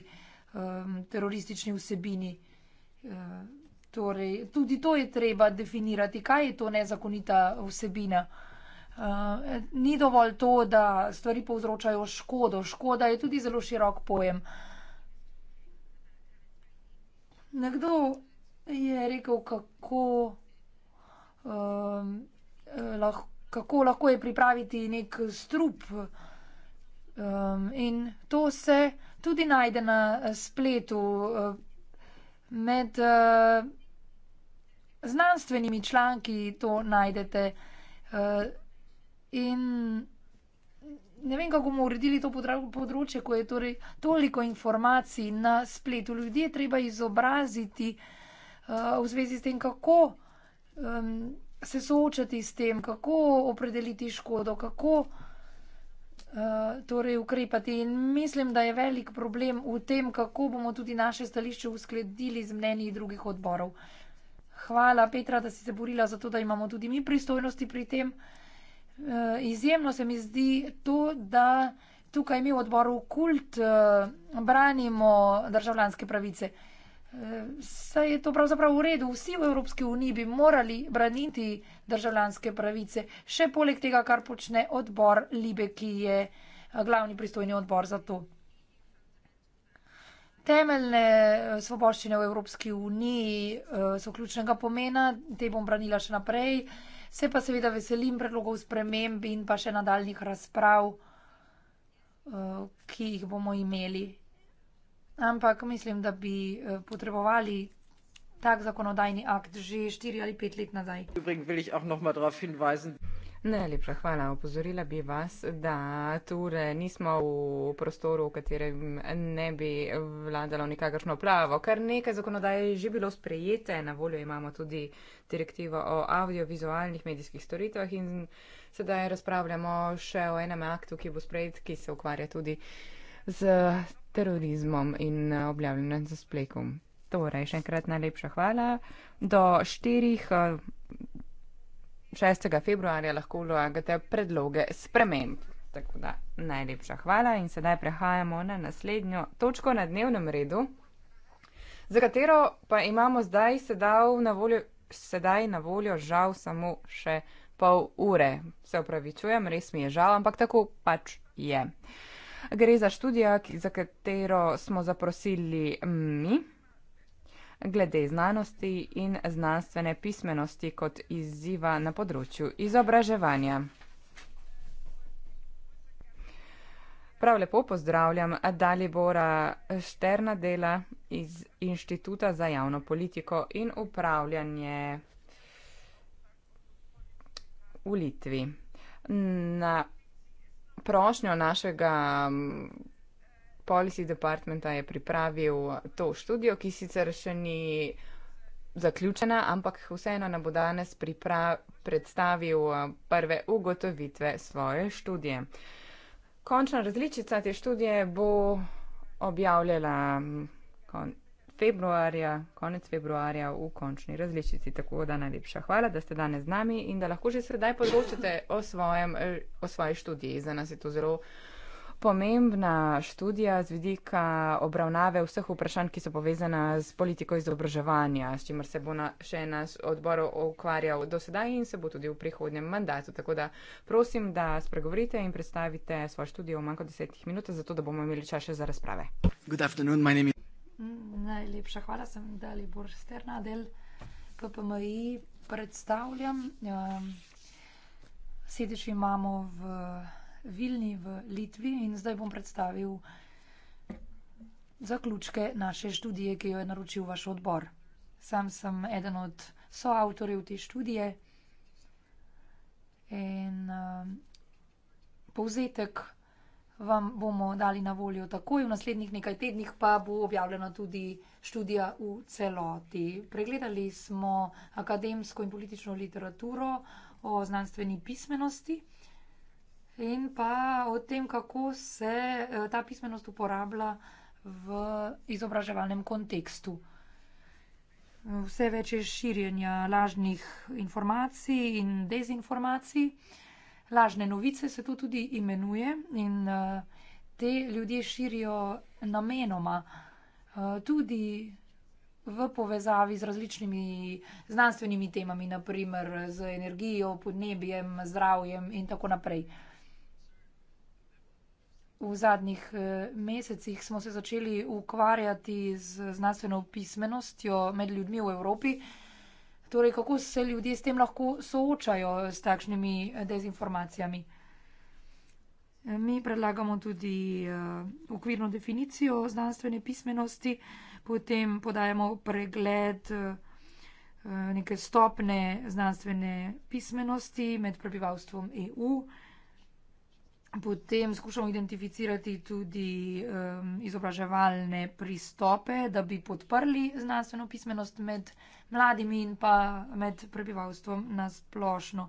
um, teroristični vsebini. Um, torej, tudi to je treba definirati, kaj je to nezakonita vsebina. Uh, ni dovolj to, da stvari povzročajo škodo. Škoda je tudi zelo širok pojem. Nekdo je rekel, kako uh, lahko kako lahko je pripraviti nek strup. Um, in to se tudi najde na eh, spletu eh, med uh, znanstvenimi članki, to najdete. Uh, in ne vem, kako bomo uredili to področje, ko je torej toliko informacij na spletu. Ljudje treba izobraziti uh, v zvezi s tem, kako. Um, se soočati s tem, kako opredeliti škodo, kako uh, torej ukrepati. In mislim, da je velik problem v tem, kako bomo tudi naše stališče uskladili z mnenji drugih odborov. Hvala, Petra, da si se borila za to, da imamo tudi mi pristojnosti pri tem. E, izjemno se mi zdi to, da tukaj mi v odboru kult e, branimo državljanske pravice. Saj je to pravzaprav v redu. Vsi v Evropski uniji bi morali braniti državljanske pravice, še poleg tega, kar počne odbor Libe, ki je eh, glavni pristojni odbor za to. Temeljne eh, svoboščine v Evropski uniji eh, so ključnega pomena, te bom branila še naprej. Se pa seveda veselim predlogov sprememb in pa še nadaljnih razprav, ki jih bomo imeli. Ampak mislim, da bi eh, potrebovali tak zakonodajni akt že štiri ali pet let nazaj. Najlepša hvala. Opozorila bi vas, da ture nismo v prostoru, v katerem ne bi vladalo nikakršno pravo, ker nekaj zakonodaje je že bilo sprejete. Na voljo imamo tudi direktivo o audiovizualnih medijskih storitvah in sedaj razpravljamo še o enem aktu, ki bo sprejet, ki se ukvarja tudi z terorizmom in eh, objavljanjem za splekom. Torej, še enkrat najlepša hvala. Do 4. 6. Eh, februarja lahko vlagate predloge sprememb. Tako da najlepša hvala in sedaj prehajamo na naslednjo točko na dnevnem redu, za katero pa imamo zdaj na voljo, sedaj na voljo žal samo še pol ure. Se opravičujem, res mi je žal, ampak tako pač je. Uh, Gre za študijo, za katero smo zaprosili mi, glede znanosti in znanstvene pismenosti kot izziva na področju izobraževanja. Prav lepo pozdravljam Dalibora Šterna dela iz Inštituta za javno politiko in upravljanje v Litvi. Na prošnjo našega mm, policy departmenta je pripravil to študijo, ki sicer še ni zaključena, ampak vseeno nam bo danes predstavil eh, prve ugotovitve svoje študije. Končna različica te študije bo objavljala mm, februarja, konec februarja v končni različici. Tako da najlepša hvala, da ste danes z nami in da lahko že sedaj podločite o, svojem, o svoji študiji. Za nas je to zelo pomembna študija z vidika obravnave vseh vprašanj, ki so povezana s politiko izobraževanja, s čimer se bo na, še nas odbor ukvarjal do sedaj in se bo tudi v prihodnjem mandatu. Tako da prosim, da spregovorite in predstavite svojo študijo v manj kot desetih minut, zato da bomo imeli čas še za razprave. Najlepša hvala, sem Dali Borsterna, del PPMI predstavljam. Ja, sedež imamo v Vilni v Litvi in zdaj bom predstavil zaključke naše študije, ki jo je naročil vaš odbor. Sam sem eden od soavtorjev te študije in eh, povzetek vam bomo dali na voljo takoj, v naslednjih nekaj tednih pa bo objavljena tudi študija v celoti. Pregledali smo akademsko in politično literaturo o znanstveni pismenosti in pa o tem, kako se eh, ta pismenost uporablja v izobraževalnem kontekstu. Vse več je širjenja lažnih informacij in dezinformacij lažne novice se to tudi imenuje in eh, te ljudje širijo namenoma, eh, tudi v povezavi z različnimi znanstvenimi temami, na primer z energijo, podnebjem, zdravjem in tako naprej. V zadnjih eh, mesecih smo se začeli ukvarjati z znanstveno pismenostjo med ljudmi v Evropi. Torej, kako se ljudje s tem lahko soočajo, s takšnimi dezinformacijami? Mi predlagamo tudi uh, okvirno definicijo znanstvene pismenosti, potem podajemo pregled uh, neke stopne znanstvene pismenosti med prebivalstvom EU. Uh, Potem skušamo identificirati tudi um, izobraževalne pristope, da bi podprli znanstveno pismenost med mladimi in pa med prebivalstvom na splošno.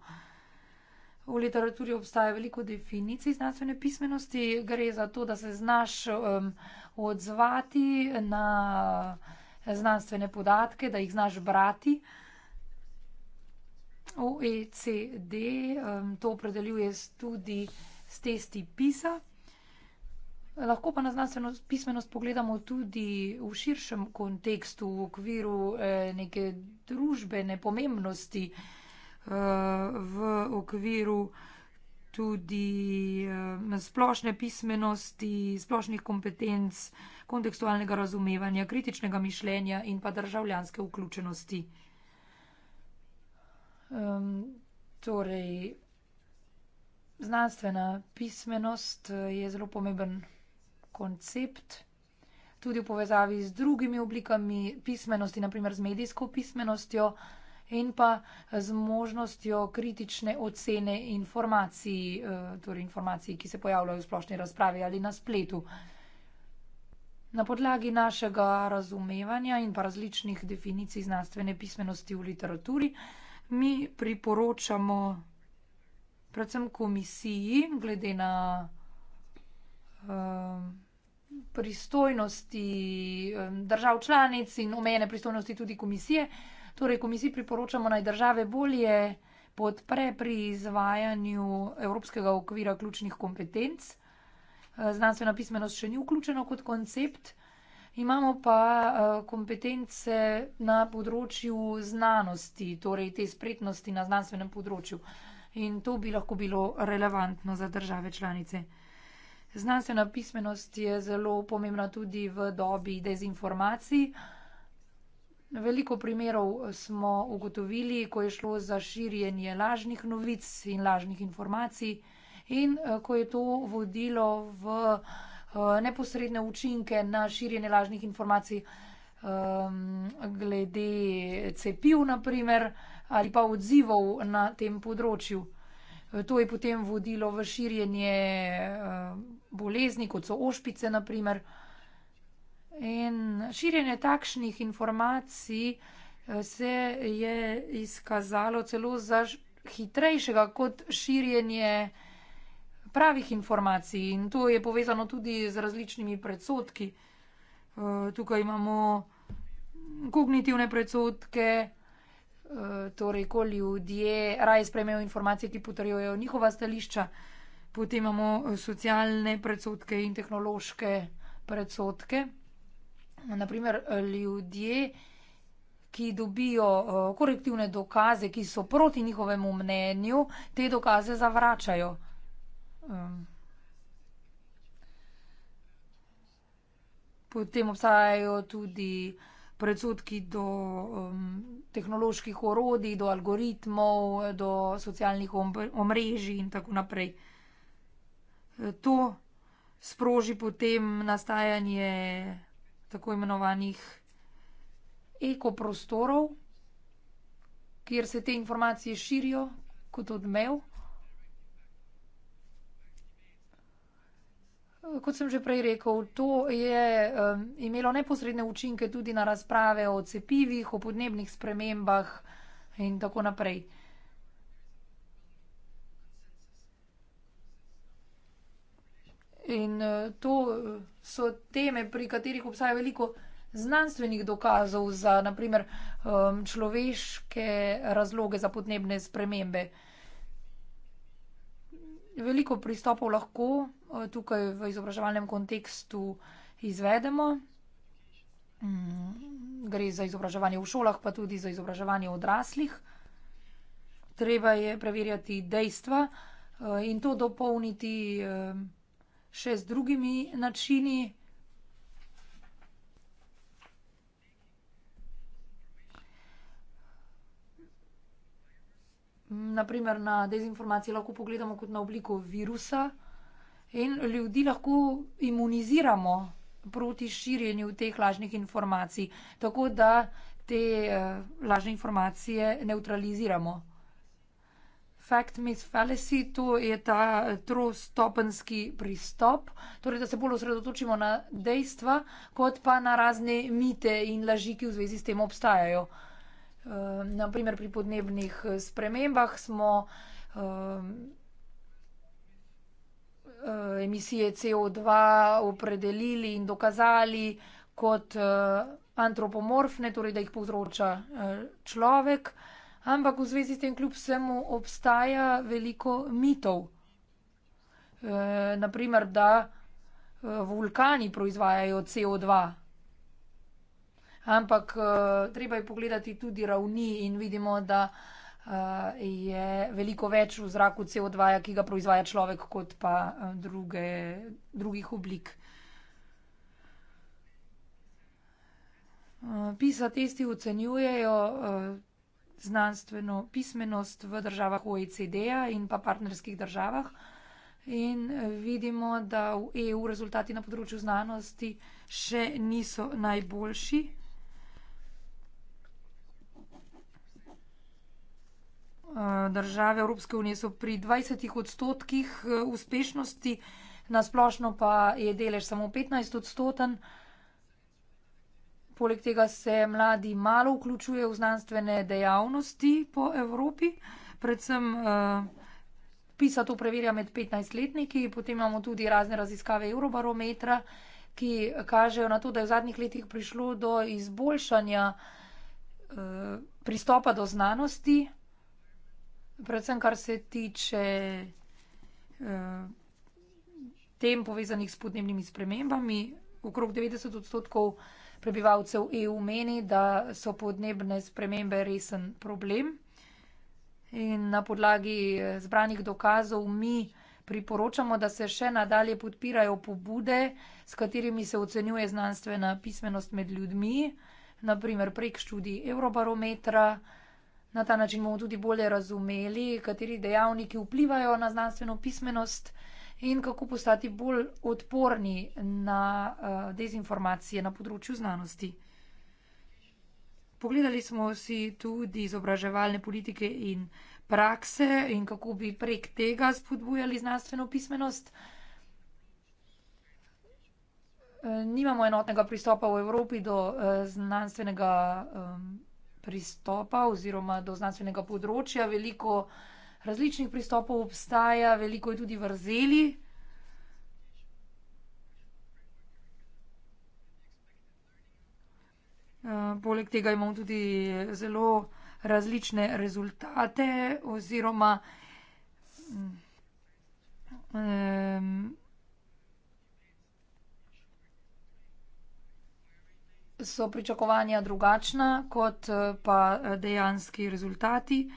V literaturi obstaja veliko definicij znanstvene pismenosti. Gre za to, da se znaš um, odzvati na znanstvene podatke, da jih znaš brati. OECD um, to opredeljuje tudi s testi PISA. Lahko pa na znanstveno pismenost pogledamo tudi v širšem kontekstu, v okviru eh, neke družbene pomembnosti, eh, v okviru tudi eh, splošne pismenosti, splošnih kompetenc, kontekstualnega razumevanja, kritičnega mišljenja in pa državljanske vključenosti. Ehm, torej, znanstvena pismenost eh, je zelo pomemben koncept, tudi v povezavi z drugimi oblikami pismenosti, naprimer z medijsko pismenostjo in pa z možnostjo kritične ocene informacij, eh, torej informacij, ki se pojavljajo v splošni razpravi ali na spletu. Na podlagi našega razumevanja in pa različnih definicij znanstvene pismenosti v literaturi mi priporočamo predvsem komisiji, glede na, um, pristojnosti, um, držav članic in omejene pristojnosti tudi komisije. Torej, komisiji priporočamo, naj države bolje podpre pri izvajanju evropskega okvira ključnih kompetenc. Uh, znanstvena pismenost še ni vključena kot koncept, imamo pa uh, kompetence na področju znanosti, torej te spretnosti na znanstvenem področju in to bi lahko bilo relevantno za države članice. Znanstvena pismenost je zelo pomembna tudi v dobi dezinformacij. Veliko primerov smo ugotovili, ko je šlo za širjenje lažnih novic in lažnih informacij in eh, ko je to vodilo v eh, neposredne učinke na širjenje lažnih informacij ehm, glede cepiv, naprimer ali pa odzivov na tem področju. E, to je potem vodilo v širjenje e, bolezni, kot so ošpice, naprimer. In širjenje takšnih informacij e, se je izkazalo celo za hitrejšega kot širjenje pravih informacij in to je povezano tudi z različnimi predsotki. Tukaj imamo kognitivne predsotke, torej ko ljudje raje sprejmejo informacije, ki potrjujejo njihova stališča, potem imamo eh, socialne predsotke in tehnološke predsotke. Naprimer, eh, ljudje, ki dobijo eh, korektivne dokaze, ki so proti njihovemu mnenju, te dokaze zavračajo. Ehm. Potem obstajajo tudi predsotki do um, tehnoloških orodij, do algoritmov, do socialnih omrežij in tako naprej. E, to sproži potem nastajanje tako imenovanih ekoprostorov, kjer se te informacije širijo kot odmev. Kot sem že prej rekel, to je um, imelo neposredne učinke tudi na razprave o cepivih, o podnebnih spremembah in tako naprej. In uh, to eh, so teme, pri katerih obstaja veliko znanstvenih dokazov za naprimer um, človeške razloge za podnebne spremembe. Veliko pristopov lahko Eh, tukaj v izobraževalnem kontekstu izvedemo. Mm, gre za izobraževanje v šolah, pa tudi za izobraževanje odraslih. Treba je preverjati dejstva eh, in to dopolniti eh, še z drugimi načini. Na primer na dezinformacije lahko pogledamo kot na obliko virusa. In ljudi lahko imuniziramo proti širjenju teh lažnih informacij, tako da te uh, lažne informacije neutraliziramo. Fact meets fallacy, to je ta trostopenski pristop, torej da se bolj osredotočimo na dejstva, kot pa na razne mite in laži, ki v zvezi s tem obstajajo. Uh, eh, naprimer, pri podnebnih eh, spremembah smo uh, Eh, emisije CO2 opredelili in dokazali kot eh, antropomorfne, torej da jih povzroča eh, človek, ampak v zvezi s tem kljub vsemu obstaja veliko mitov. Naprimer, da vulkani proizvajajo CO2. Ampak treba je pogledati tudi ravni in vidimo, da Eh, je veliko več v zraku CO2, ki ga proizvaja človek, kot pa eh, druge, drugih oblik. Eh, PISA testi ocenjujejo znanstveno pismenost v državah OECD-ja in pa partnerskih državah. In vidimo, da v EU rezultati na področju znanosti še niso najboljši. Eh, države Evropske unije so pri 20 odstotkih eh, uspešnosti, nasplošno pa je delež samo 15 odstoten. Poleg tega se mladi malo vključujejo v znanstvene dejavnosti po Evropi, predvsem eh, PISA to preverja med 15-letniki, potem imamo tudi razne raziskave Eurobarometra, ki kažejo na to, da je v zadnjih letih prišlo do izboljšanja pristopa do znanosti. Predvsem, kar se tiče eh, tem povezanih s podnebnimi spremembami, okrog 90 odstotkov prebivalcev EU meni, da so podnebne spremembe resen problem. In na podlagi eh, zbranih dokazov mi priporočamo, da se še nadalje podpirajo pobude, s katerimi se ocenjuje znanstvena pismenost med ljudmi, naprimer prek študij Eurobarometra na ta način bomo tudi bolje razumeli, kateri dejavniki vplivajo na znanstveno pismenost in kako postati bolj odporni na eh, dezinformacije na področju znanosti. Pogledali smo si tudi izobraževalne politike in prakse in kako bi prek tega spodbujali znanstveno pismenost. Eh, nimamo enotnega pristopa v Evropi do eh, znanstvenega. Um, pristopa oziroma do znanstvenega področja. Veliko različnih pristopov obstaja, veliko je tudi vrzeli. Eh, poleg tega imamo tudi zelo različne rezultate oziroma um, so pričakovanja drugačna kot eh, pa eh, dejanski rezultati.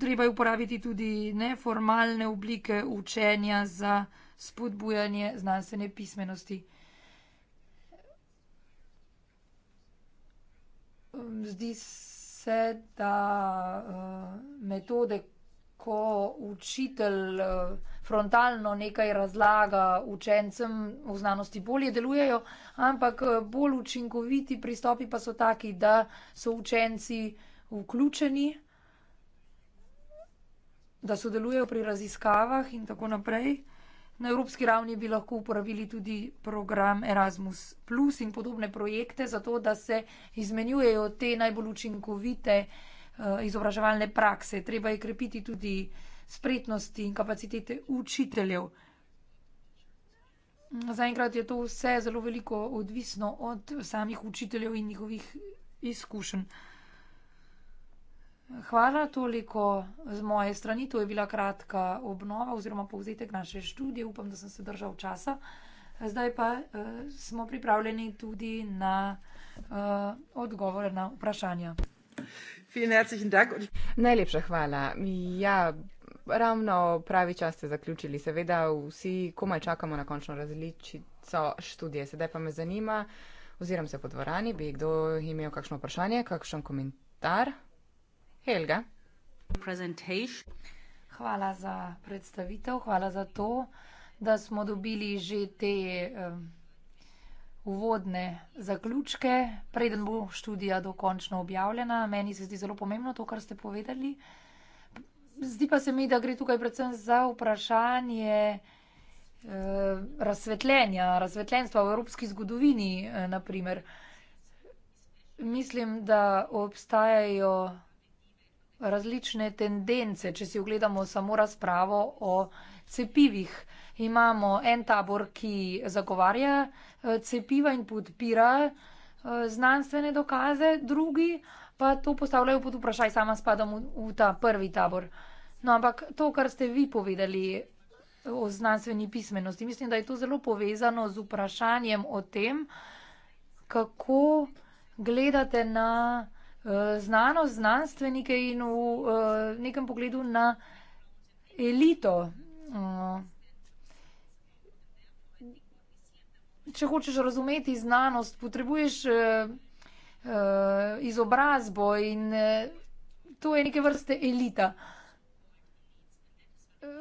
Treba je uporabiti tudi neformalne oblike učenja za spodbujanje znanstvene pismenosti. Zdi se, da eh, metode, ko učitelj frontalno nekaj razlaga učencem v znanosti bolje delujejo, ampak eh, bolj učinkoviti pristopi pa so taki, da so učenci vključeni, da sodelujejo pri raziskavah in tako naprej. Na evropski ravni bi lahko uporabili tudi program Erasmus in podobne projekte, zato da se izmenjujejo te najbolj učinkovite uh, izobraževalne prakse. Treba je krepiti tudi uh, spretnosti in kapacitete učiteljev. Zaenkrat je to vse zelo veliko odvisno od samih učiteljev in njihovih izkušenj. Hvala toliko z moje strani. To je bila kratka obnova oziroma povzetek naše študije. Upam, da sem se držal časa. Zdaj pa uh, smo pripravljeni tudi na uh, odgovore na vprašanja. Najlepša hvala. Ja, ravno pravi čas ste zaključili. Seveda vsi komaj čakamo na končno različico študije. Sedaj pa me zanima, oziroma se po dvorani, bi kdo imel kakšno vprašanje, kakšen komentar? Helga. Hvala za predstavitev, hvala za to, da smo dobili že te um, uvodne zaključke, preden bo študija dokončno objavljena. Meni se zdi zelo pomembno to, kar ste povedali. Zdi pa se mi, da gre tukaj predvsem za vprašanje eh, razsvetljenja, razsvetljenstva v evropski zgodovini, eh, naprimer. Mislim, da obstajajo različne tendence, če si ogledamo samo razpravo o cepivih. Imamo en tabor, ki zagovarja eh, cepiva in podpira znanstvene dokaze, drugi pa to postavljajo pod vprašaj, sama spadam v ta prvi tabor. No, ampak to, kar ste vi povedali o znanstveni pismenosti, mislim, da je to zelo povezano z vprašanjem o tem, kako gledate na eh, znanost, znanstvenike in v eh, nekem pogledu na elito. Eh, če hočeš razumeti znanost, potrebuješ izobrazbo in to je neke vrste elita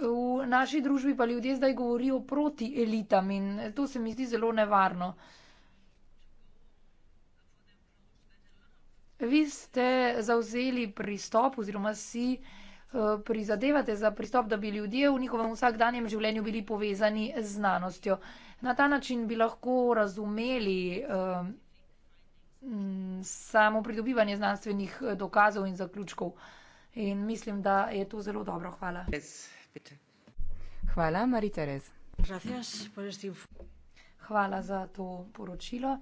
v naši družbi pa ljudje zdaj govorijo proti elitam in to se mi zdi zelo nevarno. Vi ste zavzeli pristop oziroma si eh, prizadevate za pristop, da bi ljudje v njihovem vsakdanjem življenju bili povezani z znanostjo. Na ta način bi lahko razumeli eh, samo pridobivanje znanstvenih dokazov in zaključkov. In mislim, da je to zelo dobro. Hvala. Bitte. Hvala, Mariterez. Hvala za to poročilo.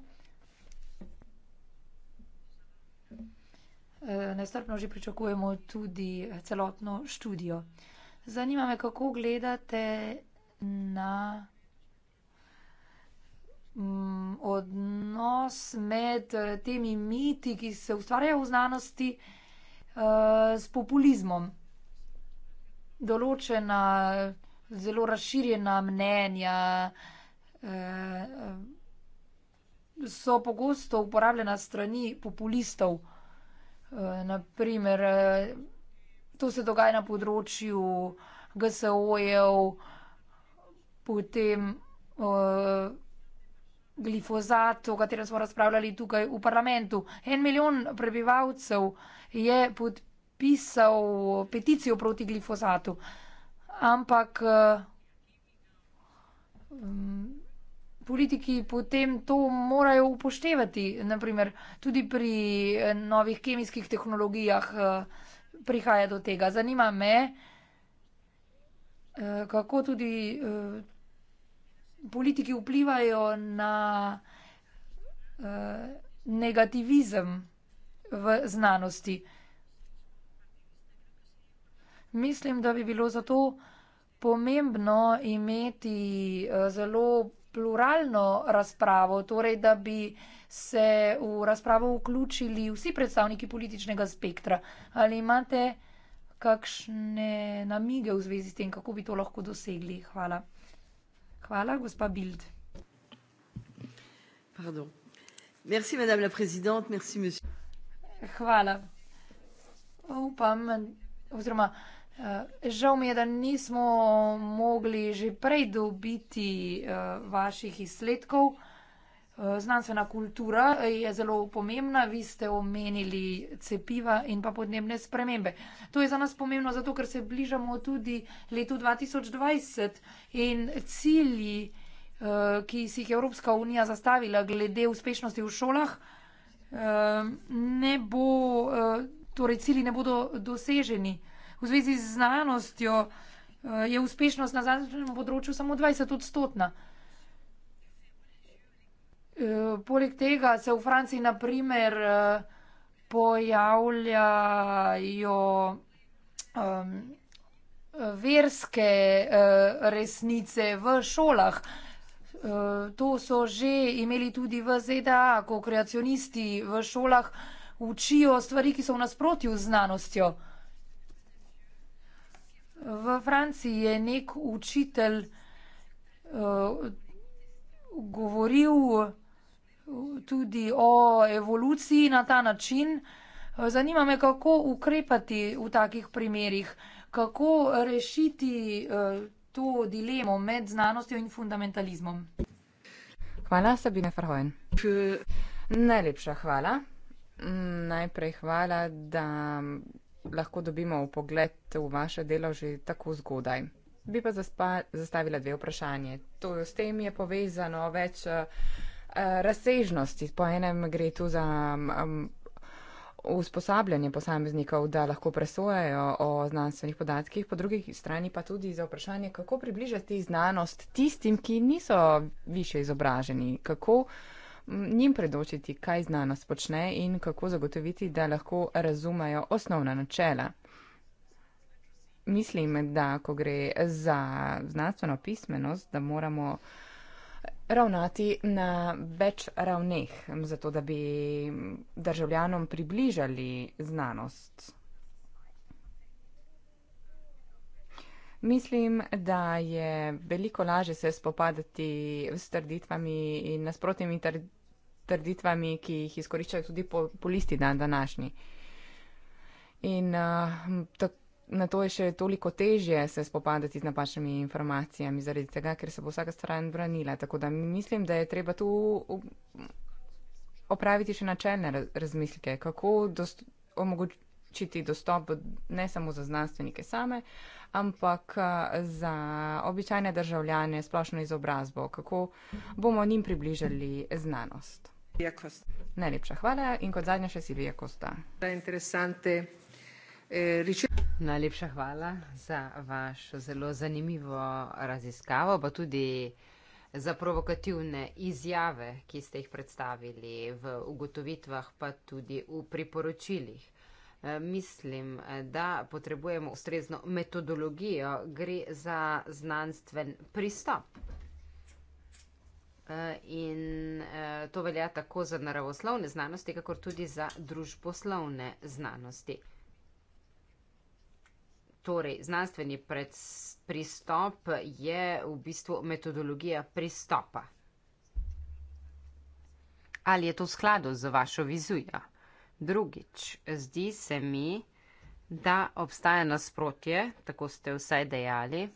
E, nestrpno že pričakujemo tudi celotno študijo. Zanima me, kako gledate na mm, odnos med e, temi miti, ki se ustvarjajo v znanosti, e, s populizmom določena, zelo razširjena mnenja, eh, eh, so pogosto uporabljena strani populistov. Eh, Naprimer, to se dogaja na področju GSO-jev, potem glifozat, o katerem smo razpravljali tukaj v parlamentu. En milijon prebivalcev je podpisal podpisal peticijo proti glifosatu. Ampak um, politiki potem to morajo upoštevati. Naprimer, tudi pri eh, novih kemijskih tehnologijah uh, prihaja do tega. Zanima me, uh, kako tudi uh, politiki vplivajo na uh, negativizem v znanosti. Mislim, da bi bilo zato pomembno imeti eh, zelo pluralno razpravo, torej da bi se v razpravo vključili vsi predstavniki političnega spektra. Ali imate kakšne namige v zvezi s tem, kako bi to lahko dosegli? Hvala. Hvala, gospa Bild. Pardon. Merci, madame la présidente, merci, monsieur. Hvala. Upam, oziroma. Eh, žal mi je, da nismo mogli že prej dobiti eh, vaših izsledkov. Eh, znanstvena kultura je zelo pomembna. Vi ste omenili cepiva in pa podnebne spremembe. To je za nas pomembno, zato ker se bližamo tudi letu 2020 in cilji, ki si jih Evropska unija zastavila glede uspešnosti v šolah, ne bo, torej cilji ne bodo doseženi v zvezi z znanostjo eh, je uspešnost na znanstvenem področju samo 20 odstotna. Eh, poleg tega se v Franciji, na primer, eh, pojavljajo ehm, verske resnice v šolah. To so že imeli tudi v ZDA, ko kreacionisti v šolah učijo stvari, ki so v nasprotju z znanostjo. V Franciji je neki učitelj, eh, govoril, eh, tudi o evoluciji na ta način. Zanima me, kako ukrepati v takih primerih, kako rešiti eh, to dilemo med znanostjo in fundamentalizmom. Hvala, Sabine Farhojen. Najlepša hvala. Najprej hvala, da lahko dobimo v pogled v vaše delo že tako zgodaj. Bi pa zaspa, zastavila dve vprašanje. To, s tem je povezano več uh, razsežnosti. Po enem gre tu za. Um, usposabljanje posameznikov, da lahko presojajo o znanstvenih podatkih, po drugi strani pa tudi za vprašanje, kako približati znanost tistim, ki niso više izobraženi, kako uh, njim predočiti, kaj znanost počne in kako zagotoviti, da lahko razumejo osnovna načela. Mislim, da ko gre za znanstveno pismenost, da moramo ravnati na več ravneh, zato da bi državljanom približali znanost. Mislim, da je veliko laže se spopadati s trditvami in nasprotnimi trditvami trditvami, ki jih izkoriščajo tudi populisti dan današnji. In uh, tak, na to je še toliko težje se spopadati z napačnimi informacijami, zaradi tega, ker se bo vsaka stran branila. Tako da mislim, da je treba tu opraviti še načeljne razmislike, kako dost, omogočiti dostop ne samo za znanstvenike same, ampak eh, za običajne državljane, splošno izobrazbo, kako bomo njim približali znanost. Silvija Kosta. Najlepša hvala in kot zadnja še Silvija Kosta. Eh, Najlepša hvala za vašo zelo zanimivo raziskavo, pa tudi za provokativne izjave, ki ste jih predstavili v ugotovitvah, pa tudi v priporočilih. Eh, mislim, da potrebujemo ustrezno metodologijo, gre za znanstven pristop. Eh, in eh, to velja tako za naravoslovne znanosti, kakor tudi za družboslovne znanosti. Torej, znanstveni pristop je v bistvu metodologija pristopa. Ali je to v skladu z vašo vizijo? Drugič, zdi se mi, da obstaja nasprotje, tako ste vsaj dejali.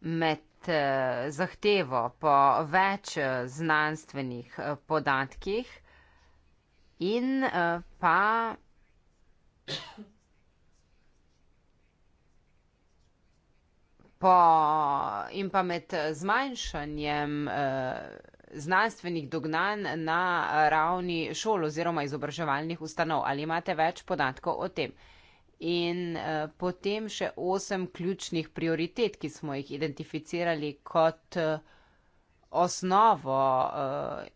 med eh, zahtevo po več eh, znanstvenih eh, podatkih in pa Po, in pa med zmanjšanjem eh, znanstvenih dognanj na ravni šol oziroma izobraževalnih ustanov. Ali imate več podatkov o tem? in eh, potem še osem ključnih prioritet, ki smo jih identificirali kot eh, osnovo eh,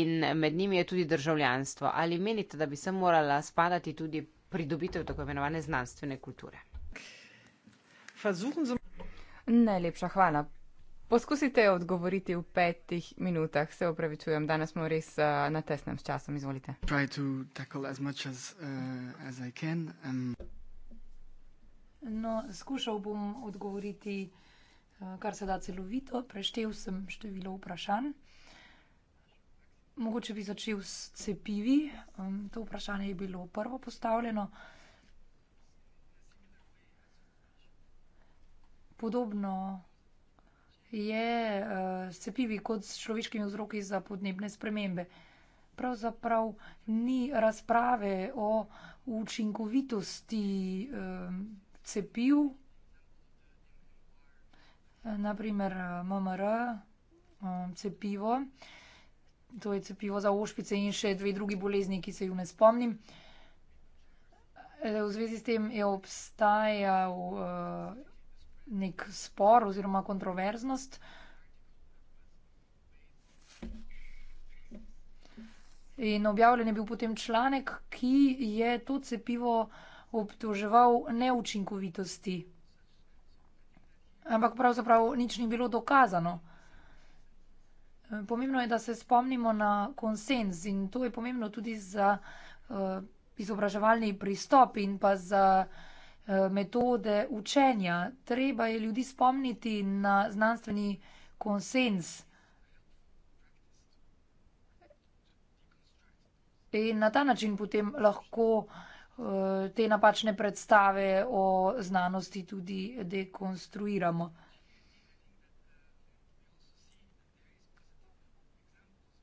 in med njimi je tudi državljanstvo. Ali menite, da bi se morala spadati tudi pridobitev tako imenovane znanstvene kulture? Najlepša hvala. Poskusite odgovoriti v petih minutah, se upravičujem, danes smo res uh, na tesnem s časom, izvolite. No, skušal bom odgovoriti, eh, kar se da celovito. Preštev sem število vprašanj. Mogoče bi začel s cepivi. To vprašanje je bilo prvo postavljeno. Podobno je eh, s cepivi kot s človeškimi vzroki za podnebne spremembe. Pravzaprav ni razprave o učinkovitosti cepiv, eh, na primer, eh, MMR, eh, cepivo, to je cepivo za ošpice in še dve drugi bolezni, ki se ju ne spomnim. V zvezi s tem je obstajal nek spor oziroma kontroverznost. In objavljen je bil potem članek, ki je to cepivo obtoževal neučinkovitosti. Ampak pravzaprav nič ni bilo dokazano. Eh, pomembno je, da se spomnimo na konsens in to je pomembno tudi za uh, izobraževalni pristop in pa za uh, metode učenja. Treba je ljudi spomniti na znanstveni konsens. In na ta način potem lahko uh, Eh, te napačne predstave o znanosti tudi dekonstruiramo.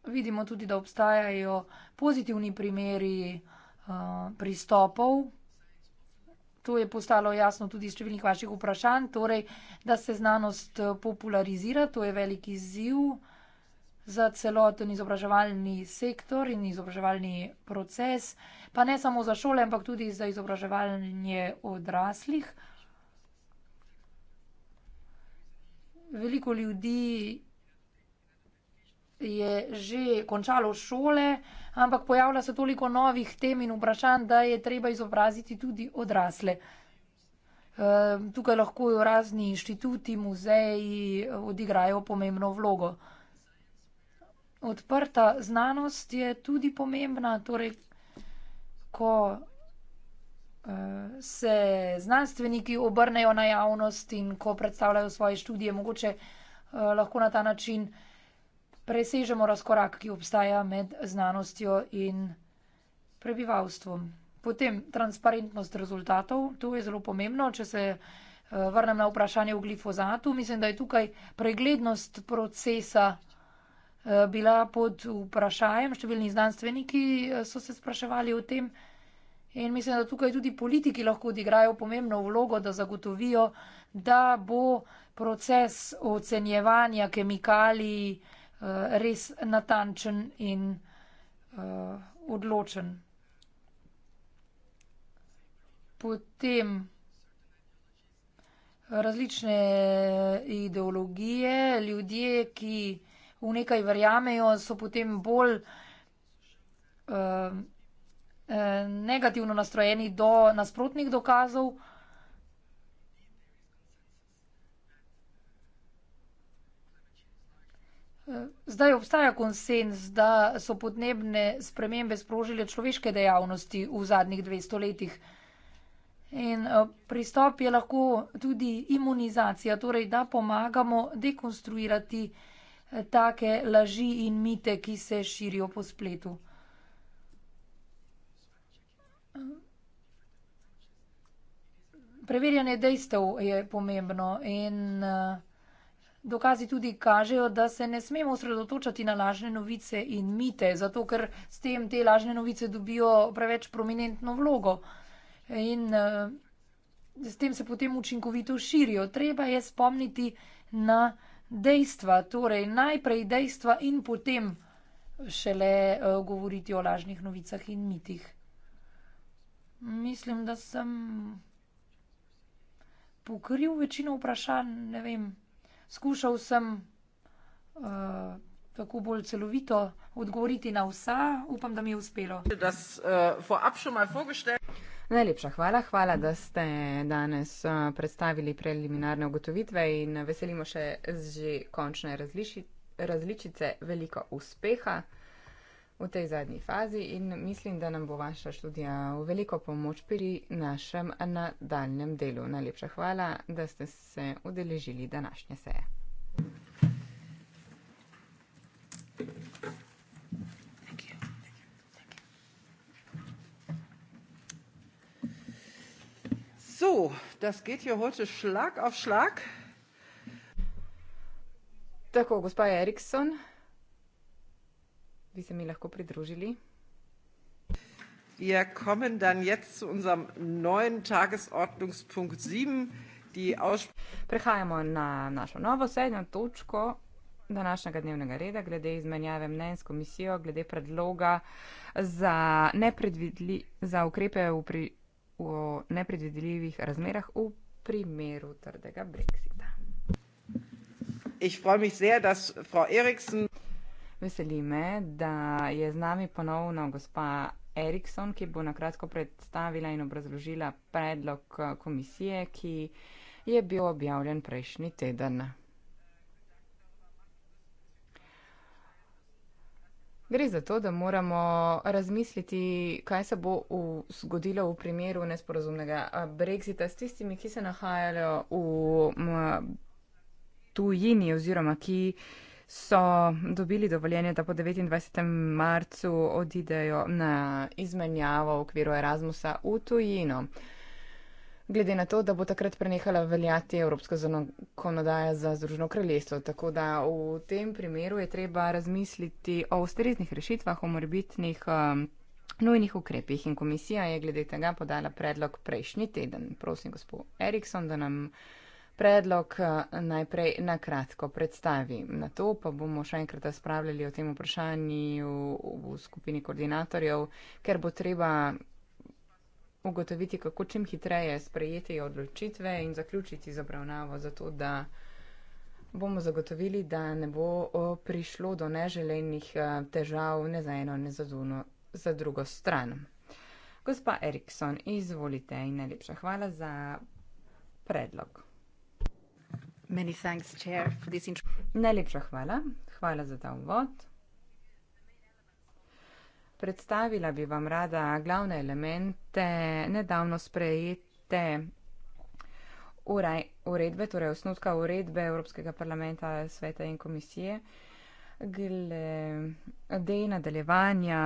Vidimo tudi, da obstajajo pozitivni primeri eh, pristopov. To je postalo jasno tudi iz številnih vaših vprašanj, torej, da se znanost eh, popularizira, to je velik izziv za celoten izobraževalni sektor in izobraževalni proces, pa ne samo za šole, ampak tudi za izobraževanje odraslih. Veliko ljudi je že končalo šole, ampak pojavlja se toliko novih tem in vprašanj, da je treba izobraziti tudi odrasle. Ehm, tukaj lahko razni inštituti, muzeji odigrajo pomembno vlogo odprta znanost je tudi pomembna, torej, ko uh, se znanstveniki obrnejo na javnost in ko predstavljajo svoje študije, mogoče uh, lahko na ta način presežemo razkorak, ki obstaja med znanostjo in prebivalstvom. Potem transparentnost rezultatov, to je zelo pomembno, če se uh, vrnem na vprašanje o glifozatu, mislim, da je tukaj preglednost procesa uh, Eh, bila pod vprašanjem, številni znanstveniki eh, so se spraševali o tem in mislim, da tukaj tudi politiki lahko odigrajo pomembno vlogo, da zagotovijo, da bo proces ocenjevanja kemikalij eh, res natančen in odločen. Potem različne ideologije, ljudje, ki v nekaj verjamejo, so potem bolj uh, negativno nastrojeni do nasprotnih dokazov. Eh, zdaj obstaja konsens, da so podnebne spremembe sprožile človeške dejavnosti v zadnjih dvesto letih. In pristop je lahko tudi imunizacija, torej da pomagamo dekonstruirati take laži in mite, ki se širijo po spletu. Preverjanje dejstev je pomembno in eh, dokazi tudi kažejo, da se ne smemo osredotočati na lažne novice in mite, zato ker s tem te lažne novice dobijo preveč prominentno vlogo in eh, s tem se potem učinkovito širijo. Treba je spomniti na vlogo dejstva, torej najprej dejstva in potem šele eh, govoriti o lažnih novicah in mitih. Mislim, da sem pokril večino vprašanj, ne vem, skušal sem uh, tako bolj celovito odgovoriti na vsa, upam, da mi je uspelo. Das, uh, Najlepša hvala. Hvala, da ste danes predstavili preliminarne ugotovitve in veselimo še z že končne različi, različice. Veliko uspeha v tej zadnji fazi in mislim, da nam bo vaša študija v veliko pomoč pri našem nadaljnem delu. Najlepša hvala, da ste se udeležili današnje seje. Thank you. So, das geht hier heute Schlag auf Schlag. Tako, gospa Eriksson, bi se mi lahko pridružili? Wir kommen dann jetzt zu unserem neuen Tagesordnungspunkt 7, die Prehajamo na našo novo sedmo točko današnjega dnevnega reda glede izmenjave mnen s komisijo, glede predloga za, za ukrepe v pri v nepredvidljivih razmerah v primeru trdega brexita. Veseli me, da je z nami ponovno gospa Eriksson, ki bo nakratko predstavila in obrazložila predlog eh, komisije, ki je bil objavljen prejšnji teden. Gre za to, da moramo razmisliti, kaj se bo v, zgodilo v primeru nesporazumnega brexita s tistimi, ki se nahajajo v m, tujini oziroma ki so dobili dovoljenje, da po 29. marcu odidejo na izmenjavo v okviru Erasmusa v tujino glede na to, da bo takrat prenehala veljati Evropska zakonodaja za Združeno kraljestvo. Tako da v tem primeru je treba razmisliti o ustreznih rešitvah, o morbitnih um, nujnih ukrepih in komisija je glede tega podala predlog prejšnji teden. Prosim, gospod Erikson, da nam predlog uh, najprej nakratko predstavi. Na to pa bomo še enkrat razpravljali o tem vprašanju v, v skupini koordinatorjev, ker bo treba ugotoviti, kako čim hitreje sprejeti odločitve in zaključiti z obravnavo, zato da bomo zagotovili, da ne bo prišlo do neželenih eh, težav ne za eno, ne za, duno, za drugo stran. Gospa Erikson, izvolite in najlepša hvala za predlog. Thanks, Chair, for this intro. Najlepša hvala. Hvala za ta uvod. Predstavila bi vam rada glavne elemente nedavno sprejete uredbe, torej osnutka uredbe Evropskega parlamenta, sveta in komisije glede nadaljevanja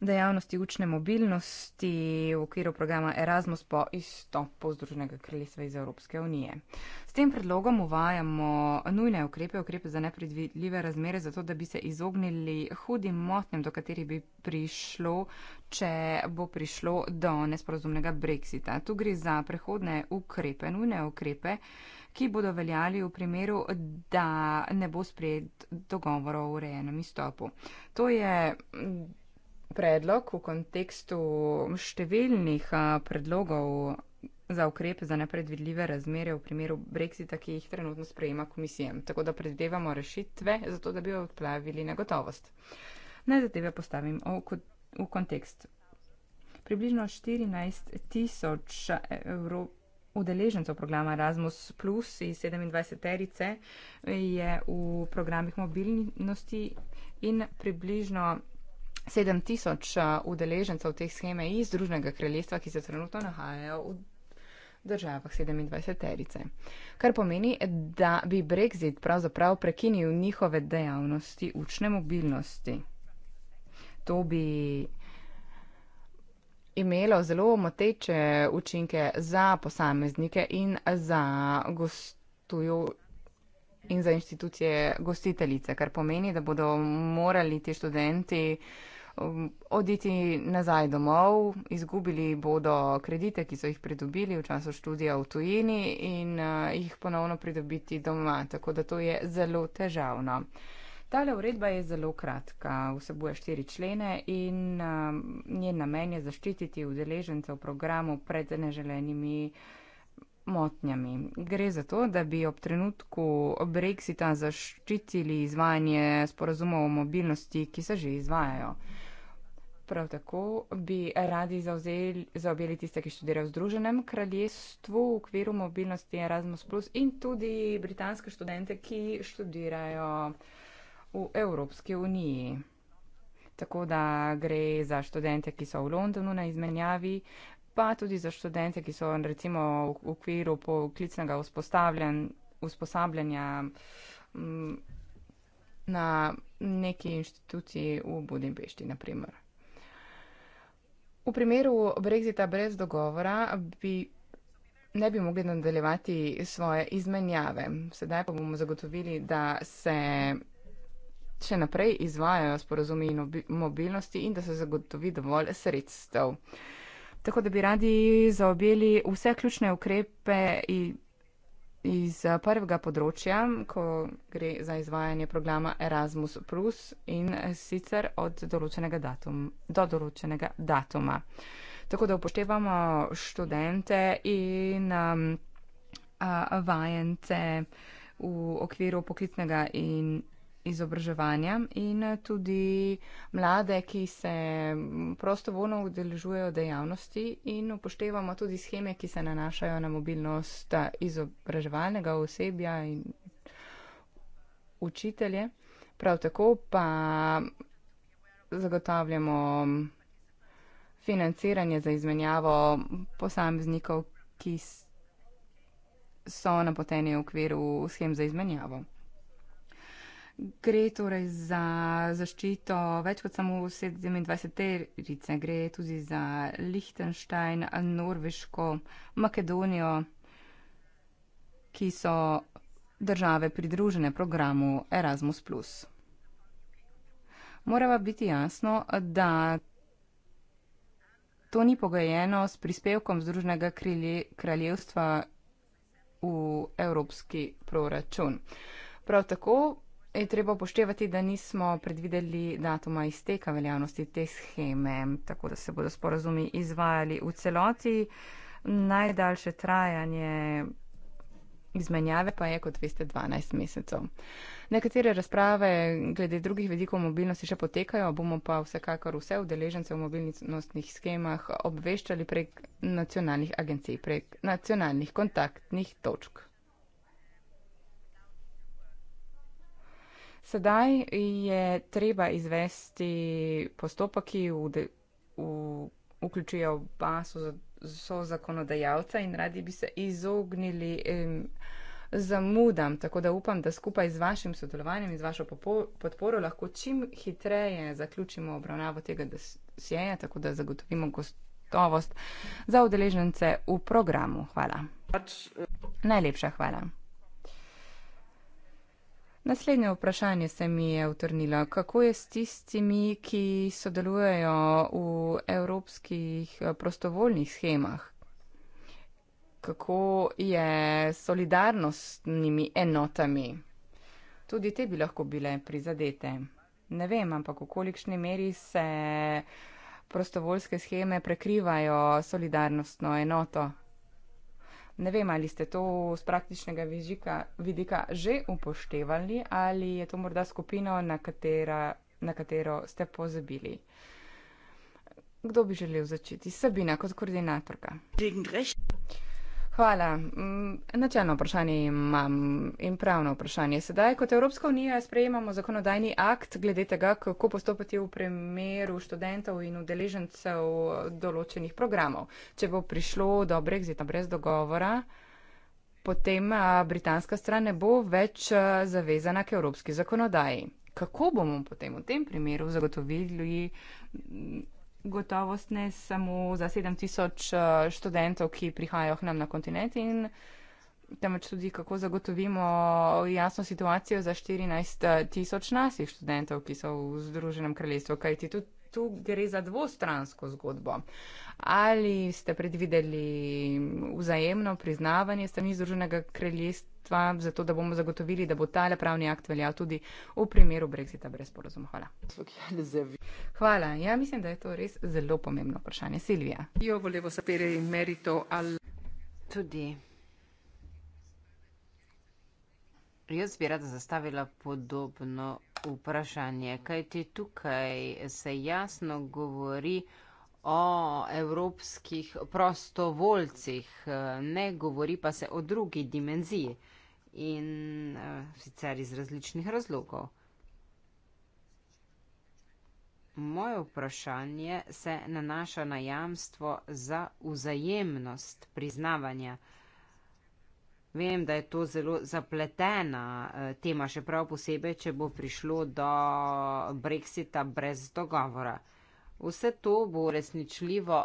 dejavnosti učne mobilnosti v okviru programa Erasmus po izstopu Združenega kraljestva iz Evropske unije. S tem predlogom uvajamo nujne ukrepe, ukrepe za nepredvidljive razmere, zato da bi se izognili hudim motnjem, do katerih bi prišlo, če bo prišlo do nesporazumnega brexita. Tu gre za prehodne ukrepe, nujne ukrepe ki bodo veljali v primeru, da ne bo sprejet dogovor o urejenem izstopu. To je predlog v kontekstu številnih predlogov za ukrepe za nepredvidljive razmere v primeru brexita, ki jih trenutno sprejema komisija. Tako da predvidevamo rešitve, zato da bi odplavili negotovost. Naj zadeve postavim v, v kontekst. Približno 14 tisoč evrov. Udeležencev programa Erasmus Plus iz 27. terice je v programih mobilnosti in približno 7000 eh, udeležencev teh scheme iz Združnega kraljestva, ki se trenutno nahajajo v državah 27-terice. Kar pomeni, da bi Brexit pravzaprav prekinil njihove dejavnosti učne mobilnosti. To bi imelo zelo moteče učinke za posameznike in za gostujo in za inštitucije gostiteljice, kar pomeni, da bodo morali ti študenti oditi nazaj domov, izgubili bodo kredite, ki so jih pridobili v času študija v tujini in eh, jih ponovno pridobiti doma. Tako da to je zelo težavno. Tale uredba je zelo kratka, vsebuje štiri člene in eh, njen namen je zaščititi udeležence v programu pred neželenimi. Motnjami. Gre za to, da bi ob trenutku Brexita zaščitili izvajanje sporazumov o mobilnosti, ki se že izvajajo prav tako bi radi zaobjeli tiste, ki študirajo v Združenem kraljestvu v okviru mobilnosti Erasmus, in tudi britanske študente, ki študirajo v Evropski uniji. Tako da gre za študente, ki so v Londonu na izmenjavi, pa tudi za študente, ki so recimo v okviru poklicnega usposabljanja mm, na neki inštituciji v Budimpešti, naprimer. V primeru brexita brez dogovora bi, ne bi mogli nadaljevati svoje izmenjave. Sedaj pa bomo zagotovili, da se še naprej izvajajo sporozumi in mobilnosti in da se zagotovi dovolj sredstev. Tako da bi radi zaobjeli vse ključne ukrepe in iz eh, prvega področja, ko gre za izvajanje programa Erasmus, in eh, sicer od določenega datuma do določenega datuma. Tako da upoštevamo študente in um, a, eh, vajence v okviru poklicnega in izobraževanja in tudi mlade, ki se prostovoljno udeležujejo dejavnosti in upoštevamo tudi scheme, ki se nanašajo na mobilnost eh, izobraževalnega osebja in učitelje. Prav tako pa zagotavljamo financiranje za izmenjavo posameznikov, ki so napoteni v okviru schem za izmenjavo. Gre torej za zaščito več kot samo 27-terice, gre tudi za Liechtenstein, Norveško, Makedonijo, ki so države pridružene programu Erasmus. Morava biti jasno, da to ni pogojeno s prispevkom Združenega kraljevstva v evropski proračun. Prav tako je treba upoštevati, da nismo predvideli datuma izteka veljavnosti te scheme, tako da se bodo sporazumi izvajali v celoti. Najdaljše trajanje izmenjave pa je, kot veste, 12 mesecev. Nekatere razprave glede drugih vedikov mobilnosti še potekajo, bomo pa vsekakor vse udeležence v mobilnostnih schemah obveščali prek nacionalnih agencij, prek nacionalnih kontaktnih točk. Sedaj je treba izvesti postopek, ki v, v, vključuje oba so, so zakonodajalca in radi bi se izognili em, zamudam. Tako da upam, da skupaj z vašim sodelovanjem in z vašo podporo lahko čim hitreje zaključimo obravnavo tega dosjeja, tako da zagotovimo gostovost za udeležence v programu. Hvala. Pač, eh, Najlepša hvala. Naslednje vprašanje se mi je utrnilo. Kako je s tistimi, ki sodelujejo v evropskih eh, prostovoljnih schemah? Kako je solidarnost s njimi enotami? Tudi te bi lahko bile prizadete. Ne vem, ampak v kolikšni meri se prostovoljske scheme prekrivajo solidarnostno enoto. Ne vem, ali ste to z praktičnega vizika, vidika že upoštevali ali je to morda skupina, na, na katero ste pozabili. Kdo bi želel začeti? Sabina kot koordinatorka. Degen grešnja. Hvala. Mm, načelno vprašanje imam in pravno vprašanje. Sedaj, kot Evropska unija, sprejemamo zakonodajni akt glede tega, kako postopati v primeru študentov in udeležencev določenih programov. Če bo prišlo do brexita brez dogovora, potem britanska stran ne bo več zavezana k evropski zakonodaji. Kako bomo potem v tem primeru zagotovili gotovost ne samo za 7000 eh, študentov, ki prihajajo k nam na kontinent in temveč tudi kako zagotovimo jasno situacijo za 14000 eh, naših študentov, ki so v Združenem kraljestvu, kajti tudi tu gre za dvostransko zgodbo. Ali ste predvideli vzajemno priznavanje strani Združenega kraljestva? sredstva za to, da bomo zagotovili, da bo tale pravni akt veljal tudi v primeru brexita brez sporozuma. Hvala. Hvala. Ja, mislim, da je to res zelo pomembno vprašanje. Silvija. Jo, volevo sapere in merito ali. Tudi. Jaz bi rada zastavila podobno vprašanje, kajti tukaj se jasno govori o evropskih prostovoljcih, ne govori pa se o drugi dimenziji in uh, sicer iz različnih razlogov. Moje vprašanje se nanaša na jamstvo za vzajemnost priznavanja. Vem, da je to zelo zapletena eh, tema, še prav posebej, če bo prišlo do brexita brez dogovora. Vse to bo resničljivo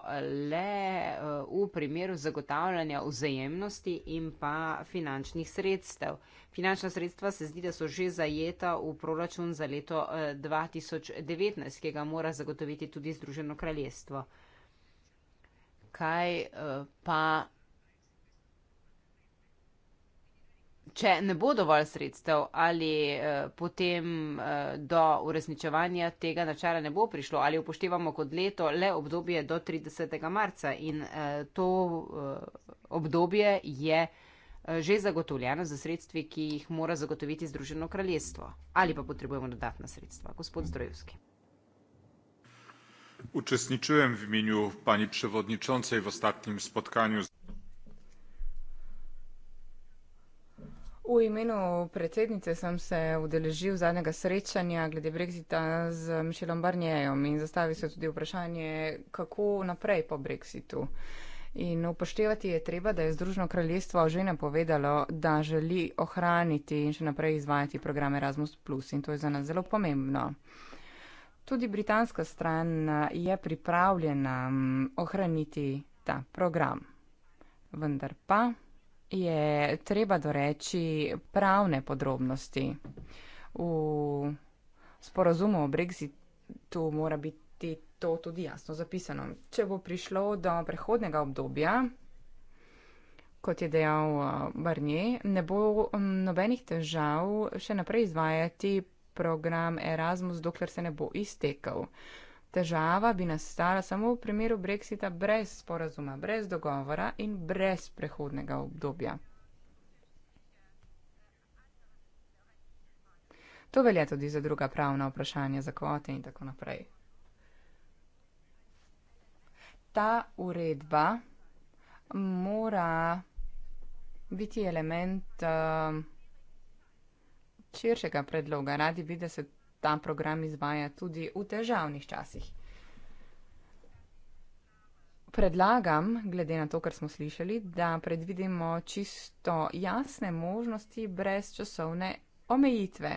le eh, v primeru zagotavljanja vzajemnosti in pa finančnih sredstev. Finančna sredstva se zdi, da so že zajeta v proračun za leto 2019, eh, ki ga mora zagotoviti tudi Združeno kraljestvo. Kaj eh, pa če ne bo dovolj sredstev ali eh, potem eh, do uresničevanja tega načela ne bo prišlo ali upoštevamo kot leto le obdobje do 30. marca in eh, to obdobje je že zagotovljeno za sredstvi, ki jih mora zagotoviti Združeno kraljestvo ali pa potrebujemo dodatna sredstva. Gospod Zdrojevski. Uczestniczyłem w imieniu pani przewodniczącej w ostatnim spotkaniu. Z... V imenu predsednice sem se udeležil zadnjega srečanja glede Brexita z Mišelom Barnjejem in zastavil se tudi vprašanje, kako naprej po Brexitu. In upoštevati je treba, da je Združeno kraljestvo že napovedalo, da želi ohraniti in še naprej izvajati program Erasmus, in to je za nas zelo pomembno. Tudi britanska stran eh, je pripravljena mm, ohraniti ta program. Vendar pa je treba doreči pravne podrobnosti. V sporazumu o Brexitu mora biti to tudi jasno zapisano. Če bo prišlo do prehodnega obdobja, kot je dejal eh, Barnier, ne bo mm, nobenih težav še naprej izvajati program Erasmus, dokler se ne bo iztekel težava bi nastala samo v primeru brexita brez sporazuma, brez dogovora in brez prehodnega obdobja. To velja tudi za druga pravna vprašanja, za kvote in tako naprej. Ta uredba mora biti element uh, širšega predloga. Radi bi, da se ta program izvaja tudi v težavnih časih. Predlagam, glede na to, kar smo slišali, da predvidimo čisto jasne možnosti brez časovne omejitve.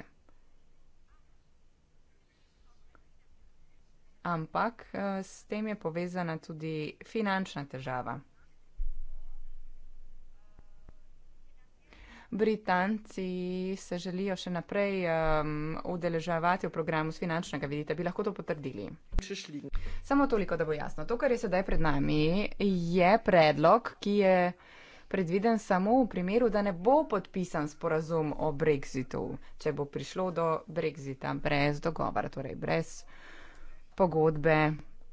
Ampak eh, s tem je povezana tudi finančna težava. Britanci se želijo še naprej um, udeleževati v programu z finančnega vidika, bi lahko to potrdili. Samo toliko, da bo jasno. To, kar je sedaj pred nami, je predlog, ki je predviden samo v primeru, da ne bo podpisan sporazum o brexitu, če bo prišlo do brexita brez dogovora, torej brez pogodbe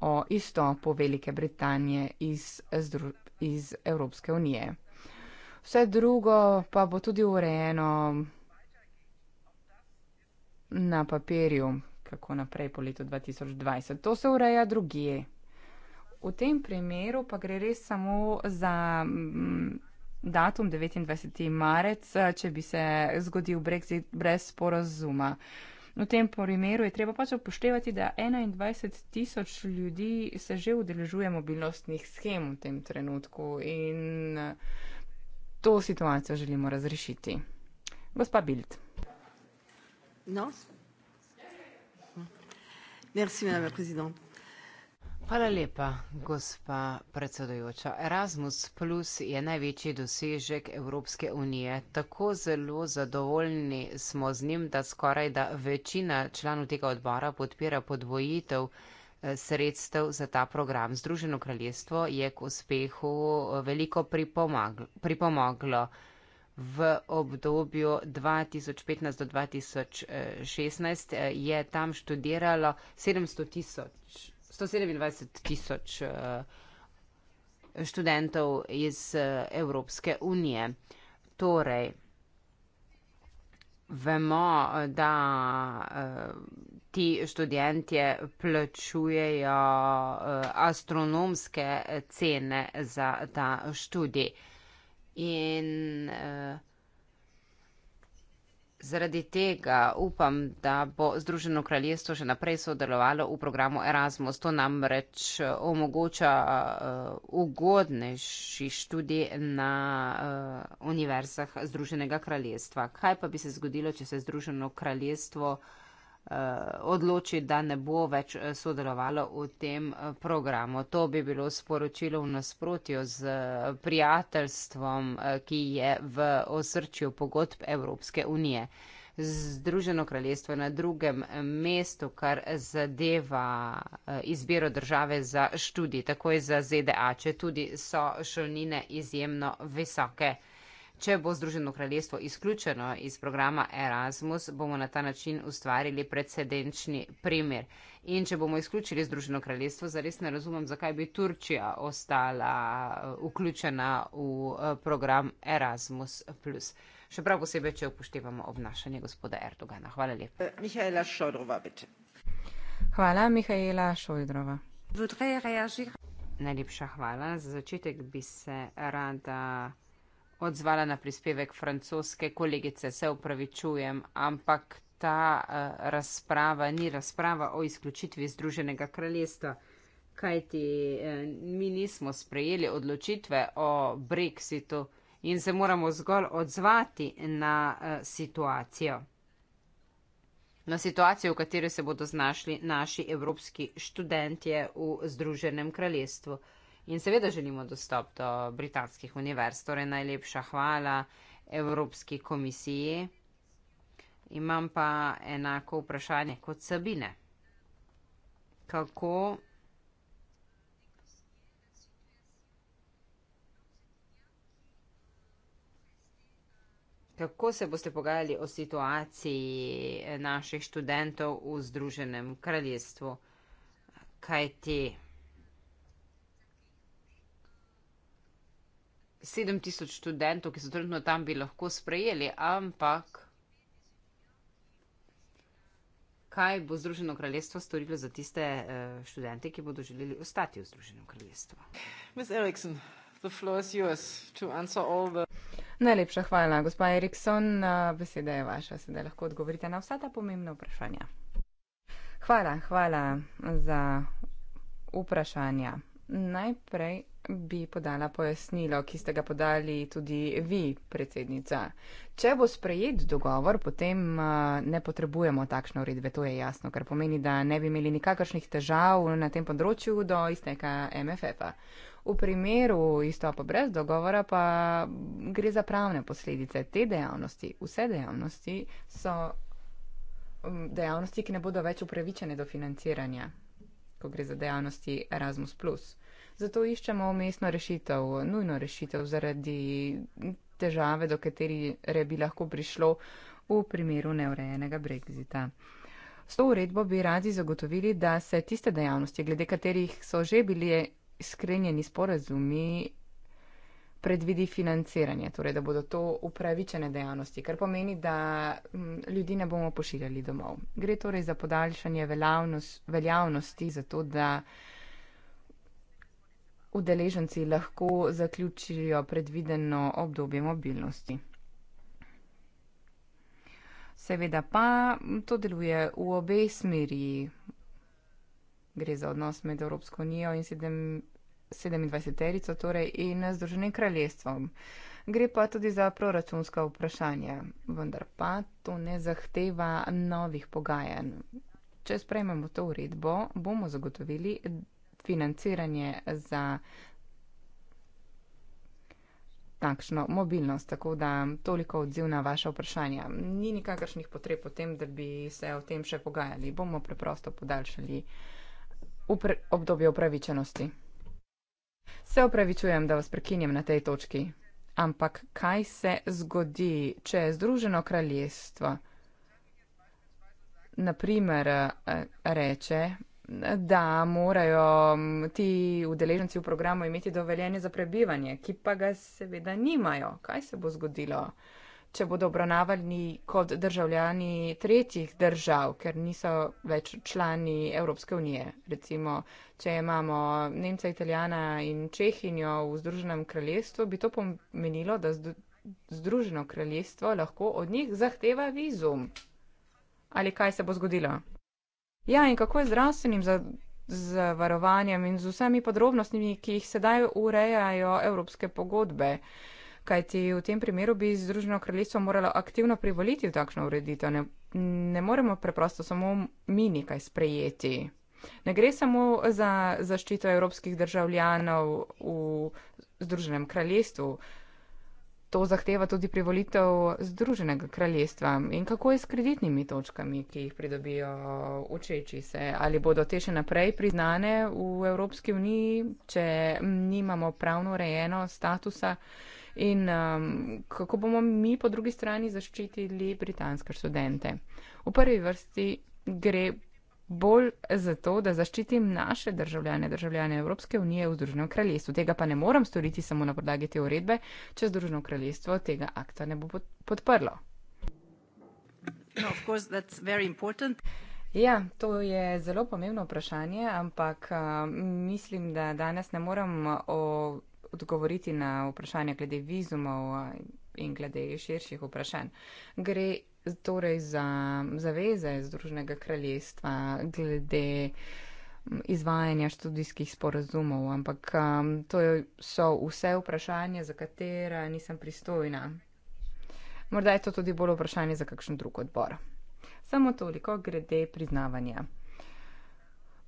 o izstopu Velike Britanije iz, iz Evropske unije vse drugo pa bo tudi urejeno na papirju, kako naprej po letu 2020. To se ureja drugje. V tem primeru pa gre res samo za mm, datum 29. marec, če bi se zgodil brexit brez sporazuma. V tem primeru je treba pač upoštevati, da 21 tisoč ljudi se že udeležuje mobilnostnih schem v tem trenutku in uh, to situacijo želimo razrešiti. Gospa Bild. No. Merci, Hvala lepa, gospa predsedojoča. Erasmus Plus je največji dosežek Evropske unije. Tako zelo zadovoljni smo z njim, da skoraj da večina članov tega odbora podpira podvojitev Eh, sredstev za ta program. Združeno kraljestvo je k uspehu eh, veliko pripomoglo. V obdobju 2015 do 2016 eh, je tam študiralo 700 tisoč, 127 tisoč študentov iz Evropske unije. Torej, vemo, da eh, ti študentje plačujejo eh, astronomske cene za ta študij. In uh, Zaradi tega upam, da bo Združeno kraljestvo še naprej sodelovalo v programu Erasmus. To namreč eh, omogoča eh, ugodnejši študij na eh, univerzah Združenega kraljestva. Kaj pa bi se zgodilo, če se Združeno kraljestvo Eh, odloči, da ne bo več eh, sodelovalo v tem eh, programu. To bi bilo sporočilo v nasprotju z prijateljstvom, ki je v osrčju pogodb Evropske unije. Združeno kraljestvo na drugem mestu, kar zadeva izbiro države za študij, tako je za ZDA, če tudi so šolnine izjemno visoke. Če bo Združeno kraljestvo izključeno iz programa Erasmus, bomo na ta način ustvarili precedenčni primer. In če bomo izključili Združeno kraljestvo, zares ne razumem, zakaj bi Turčija ostala uh, vključena v uh, program Erasmus. Še prav posebej, če upoštevamo obnašanje gospoda Erdogana. Hvala lepa. Eh, Mihajla Šodrova, bitte. Hvala, Mihajla Šodrova. Najlepša hvala. Za začetek bi se rada odzvala na prispevek francoske kolegice, se upravičujem, ampak ta uh, razprava ni razprava o izključitvi Združenega kraljestva, kajti eh, mi nismo sprejeli odločitve o Brexitu in se moramo zgolj odzvati na eh, situacijo. Na situacijo, v kateri se bodo znašli naši evropski študentje v Združenem kraljestvu in seveda želimo dostop do britanskih univerz. Torej, najlepša hvala Evropski komisiji. Imam pa enako vprašanje kot Sabine. Kako? Kako se boste pogajali o situaciji naših študentov v Združenem kraljestvu? Kaj ti? Te... 7000 študentov, ki so trenutno tam, bi lahko sprejeli, ampak kaj bo Združeno kraljestvo storilo za tiste eh, študente, ki bodo želeli ostati v Združenem kraljestvu? Najlepša hvala, gospa Erikson. Beseda je vaša, sedaj lahko odgovorite na vsa ta pomembna vprašanja. Hvala, hvala za vprašanja. Najprej bi podala pojasnilo, ki ste ga podali tudi vi, predsednica. Če bo sprejet dogovor, potem eh, ne potrebujemo takšne uredbe, to je jasno, kar pomeni, da ne bi imeli nikakršnih težav na tem področju do izteka MFF-a. V primeru izstopa brez dogovora pa gre za pravne posledice te dejavnosti. Vse dejavnosti so mm, dejavnosti, ki ne bodo več upravičene do financiranja, ko gre za dejavnosti Erasmus. Zato iščemo umestno rešitev, nujno rešitev zaradi težave, do katerih bi lahko prišlo v primeru neurejenega brexita. S to uredbo bi radi zagotovili, da se tiste dejavnosti, glede katerih so že bili sklenjeni sporazumi, predvidi financiranje, torej da bodo to upravičene dejavnosti, kar pomeni, da ljudi ne bomo pošiljali domov. Gre torej za podaljšanje veljavnosti, zato da udeleženci lahko zaključijo predvideno obdobje mobilnosti. Seveda pa to deluje v obe smeri. Gre za odnos med Evropsko unijo in 27-terico torej in Združenim kraljestvom. Gre pa tudi za proračunska vprašanja, vendar pa to ne zahteva novih pogajanj. Če sprejmemo to uredbo, bomo zagotovili, financiranje za takšno mobilnost. Tako da toliko odziv na vaše vprašanja. Ni nikakršnih potreb o tem, da bi se o tem še pogajali. Bomo preprosto podaljšali upre obdobje upravičenosti. Se upravičujem, da vas prekinjam na tej točki. Ampak kaj se zgodi, če je Združeno kraljestvo, naprimer, eh, reče, da morajo mm, ti udeleženci v programu imeti dovoljenje za prebivanje, ki pa ga seveda nimajo. Kaj se bo zgodilo, če bodo obravnavani kot državljani tretjih držav, ker niso več člani Evropske unije? Recimo, če imamo Nemca, Italijana in Čehinjo v Združenem kraljestvu, bi to pomenilo, da Združeno kraljestvo lahko od njih zahteva vizum. Ali kaj se bo zgodilo? Ja, in kako je zdravstvenim za. Z varovanjem in z vsemi podrobnostmi, ki jih sedaj urejajo evropske pogodbe. Kaj ti v tem primeru bi Združeno kraljestvo moralo aktivno privoliti v takšno ureditev? Ne, ne moremo preprosto samo mi nekaj sprejeti. Ne gre samo za zaščito evropskih državljanov v Združenem kraljestvu to zahteva tudi privolitev Združenega kraljestva. In kako je s kreditnimi točkami, ki jih pridobijo učeči se? Ali bodo te še naprej priznane v Evropski uniji, če nimamo pravno urejeno statusa? In um, kako bomo mi po drugi strani zaščitili britanske študente? V prvi vrsti gre bolj zato, da zaščitim naše državljane, državljane Evropske unije v Združenem kraljestvu. Tega pa ne moram storiti samo na podlagi te uredbe, če Združeno kraljestvo tega akta ne bo podprlo. No, ja, to je zelo pomembno vprašanje, ampak uh, mislim, da danes ne moram odgovoriti na vprašanje glede vizumov in glede širših vprašanj. Gre torej za zaveze Združenega kraljestva glede izvajanja študijskih sporazumov, ampak um, to je, so vse vprašanja, za katera nisem pristojna. Morda je to tudi bolj vprašanje za kakšen drug odbor. Samo toliko glede priznavanja.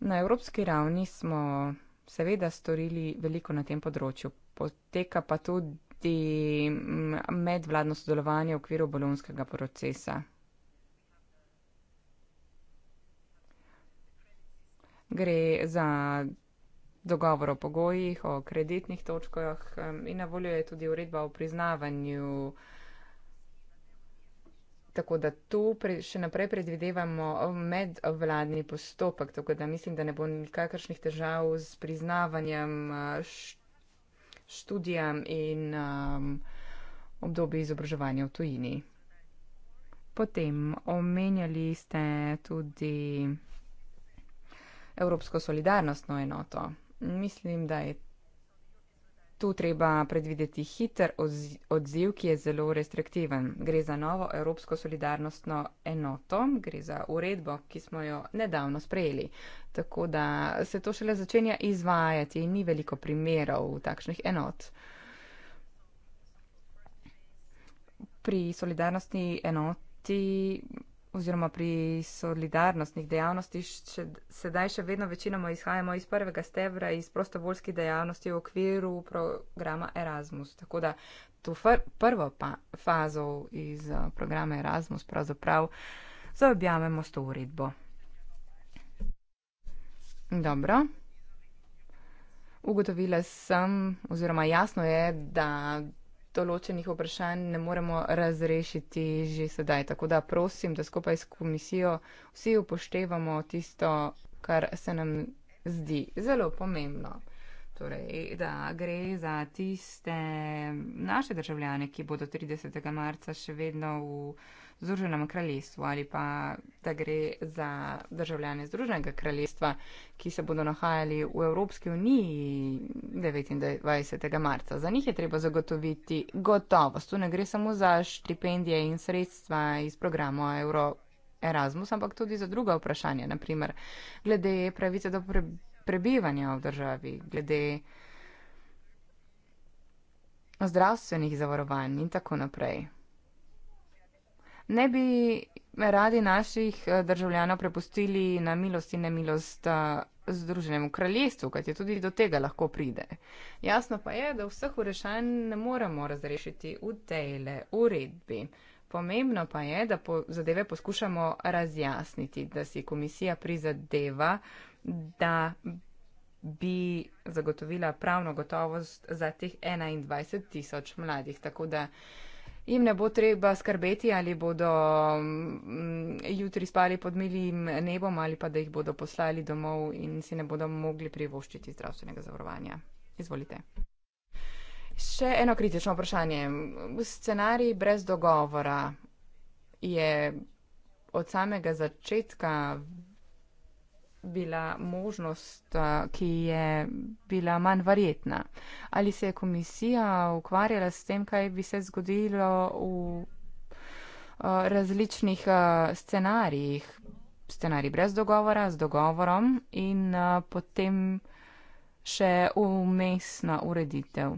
Na evropski ravni smo seveda storili veliko na tem področju, poteka pa tudi poteti mm, medvladno sodelovanje v okviru bolonskega procesa? Gre za dogovor o pogojih, o kreditnih točkah in na voljo je tudi uredba o priznavanju. Tako da tu pre, še naprej predvidevamo medvladni postopek, tako da mislim, da ne bo nikakršnih težav s priznavanjem študijam in um, obdobju izobraževanja v tujini. Potem omenjali ste tudi Evropsko solidarnostno enoto. Mislim, da je Tu treba predvideti hiter odziv, ki je zelo restriktiven. Gre za novo Evropsko solidarnostno enoto, gre za uredbo, ki smo jo nedavno sprejeli. Tako da se to šele začenja izvajati in ni veliko primerov takšnih enot. Pri solidarnostni enoti oziroma pri solidarnostnih dejavnostih, še, sedaj še vedno večinoma izhajamo iz prvega stebra, iz prostovoljskih dejavnosti v okviru programa Erasmus. Tako da to fr, prvo pa, fazo iz uh, programa Erasmus pravzaprav zaobjamemo s to uredbo. Dobro. Ugotovila sem, oziroma jasno je, da določenih vprašanj ne moremo razrešiti že sedaj. Tako da prosim, da skupaj s komisijo vsi upoštevamo tisto, kar se nam zdi zelo pomembno. Torej, da gre za tiste naše državljane, ki bodo 30. marca še vedno v. Združenem kraljestvu ali pa da gre za državljane Združenega kraljestva, ki se bodo nahajali v Evropski uniji 29. marca. Za njih je treba zagotoviti gotovost. Tu ne gre samo za štipendije in sredstva iz programa Euro Erasmus, ampak tudi za druga vprašanja, naprimer glede pravice do prebivanja v državi, glede zdravstvenih zavarovanj in tako naprej ne bi radi naših eh, državljanov prepustili na milost in nemilost eh, Združenemu kraljestvu, kajti tudi do tega lahko pride. Jasno pa je, da vseh urešanj ne moremo razrešiti v tej le uredbi. Pomembno pa je, da po zadeve poskušamo razjasniti, da si komisija prizadeva, da bi zagotovila pravno gotovost za teh 21 tisoč mladih. Tako da jim ne bo treba skrbeti, ali bodo mm, jutri spali pod milim nebom ali pa da jih bodo poslali domov in si ne bodo mogli privoščiti zdravstvenega zavarovanja. Izvolite. Še eno kritično vprašanje. Scenarij brez dogovora je od samega začetka bila možnost, ki je bila manj verjetna? Ali se je komisija ukvarjala s tem, kaj bi se zgodilo v različnih scenarijih? Scenarij brez dogovora, z dogovorom in potem še umestna ureditev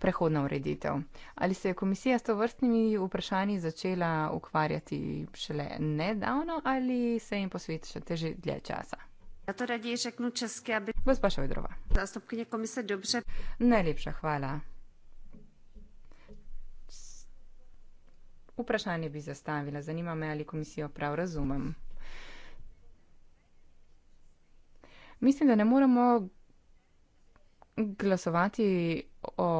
prehodna ureditev. Ali se je komisija s to vrstnimi vprašanji začela ukvarjati šele nedavno ali se jim posvečate že dlje časa? Ja to raději řeknu česky, aby... Gospa Šojdrova. Zastupkyně komise, dobře. Najlepša hvala. Vprašanje bi zastavila. Zanima me, ali komisijo prav razumem. Mislim, da ne moremo glasovati o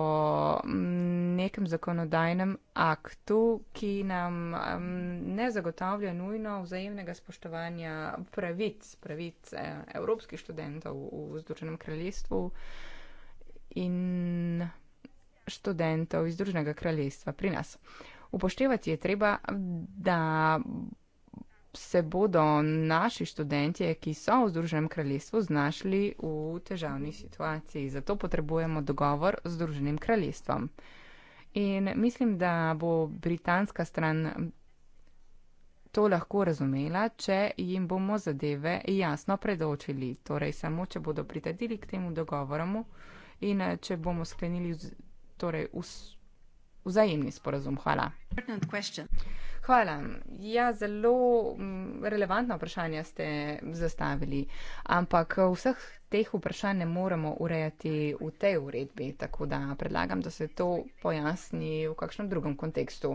nekem zakonodajnem aktu, ki nam um, ne zagotavlja nujno vzajemnega spoštovanja pravic, pravic e, evropskih študentov v Združenem kraljestvu in študentov iz Združenega kraljestva pri nas. Upoštevati je treba, da se bodo naši študentje, ki so v Združenem kraljestvu, znašli v težavni situaciji. Zato potrebujemo dogovor z Združenim kraljestvom. In mislim, da bo britanska stran to lahko razumela, če jim bomo zadeve jasno predočili. Torej, samo če bodo pritadili k temu dogovoru in če bomo sklenili torej, vz, vzajemni sporazum. Hvala. Important question. Hvala. Ja, zelo mm, relevantno vprašanje ste zastavili, ampak vseh teh vprašanj ne moremo urejati v tej uredbi, tako da predlagam, da se to pojasni v kakšnem drugem kontekstu.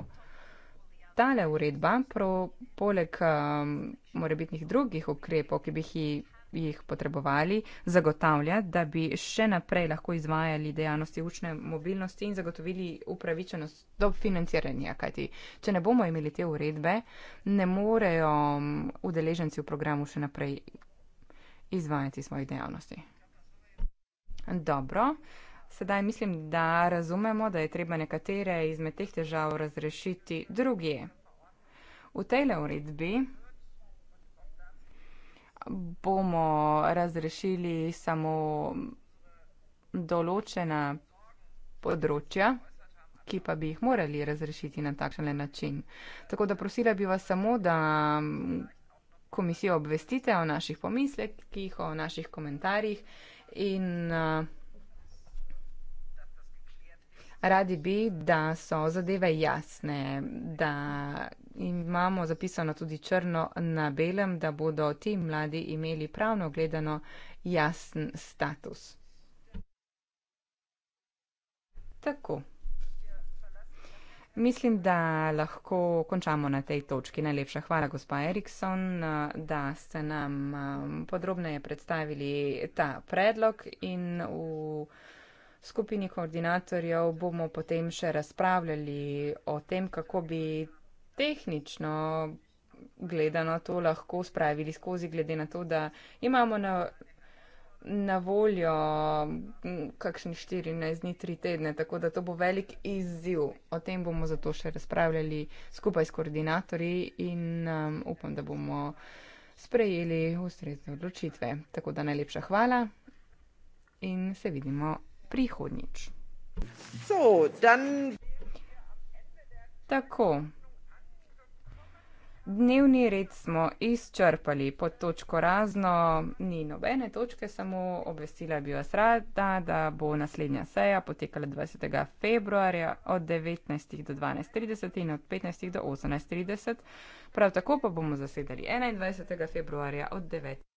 Tale uredba, pro, poleg um, morebitnih drugih ukrepov, ki bi jih jih potrebovali, zagotavlja, da bi še naprej lahko izvajali dejavnosti učne mobilnosti in zagotovili upravičenost do financiranja, kajti če ne bomo imeli te uredbe, ne morejo mm, udeleženci v programu še naprej izvajati svojih dejavnosti. Dobro. Sedaj mislim, da razumemo, da je treba nekatere izmed teh težav razrešiti drugje. V tej uredbi bomo razrešili samo določena področja, ki pa bi jih morali razrešiti na takšen način. Tako da prosila bi vas samo, da mm, komisijo obvestite o naših pomislekih, o naših komentarjih in uh, radi bi, da so zadeve jasne, da imamo zapisano tudi črno na belem, da bodo ti mladi imeli pravno gledano jasen status. Tako. Mislim, da lahko končamo na tej točki. Najlepša hvala, gospa Erikson, da ste nam um, podrobneje predstavili ta predlog in v skupini koordinatorjev bomo potem še razpravljali o tem, kako bi tehnično gledano to lahko spravili skozi, glede na to, da imamo na, na voljo kakšni 14 dni, 3 tedne, tako da to bo velik izziv. O tem bomo zato še razpravljali skupaj s koordinatorji in um, upam, da bomo sprejeli ustrezne odločitve. Tako da najlepša hvala in se vidimo prihodnič. So, dan... Tako dnevni red smo izčrpali pod točko razno, ni nobene točke, samo obvestila bi vas rada, da bo naslednja seja potekala 20. februarja od 19. do 12.30 in od 15. do 18.30. Prav tako pa bomo zasedali 21. februarja od 9.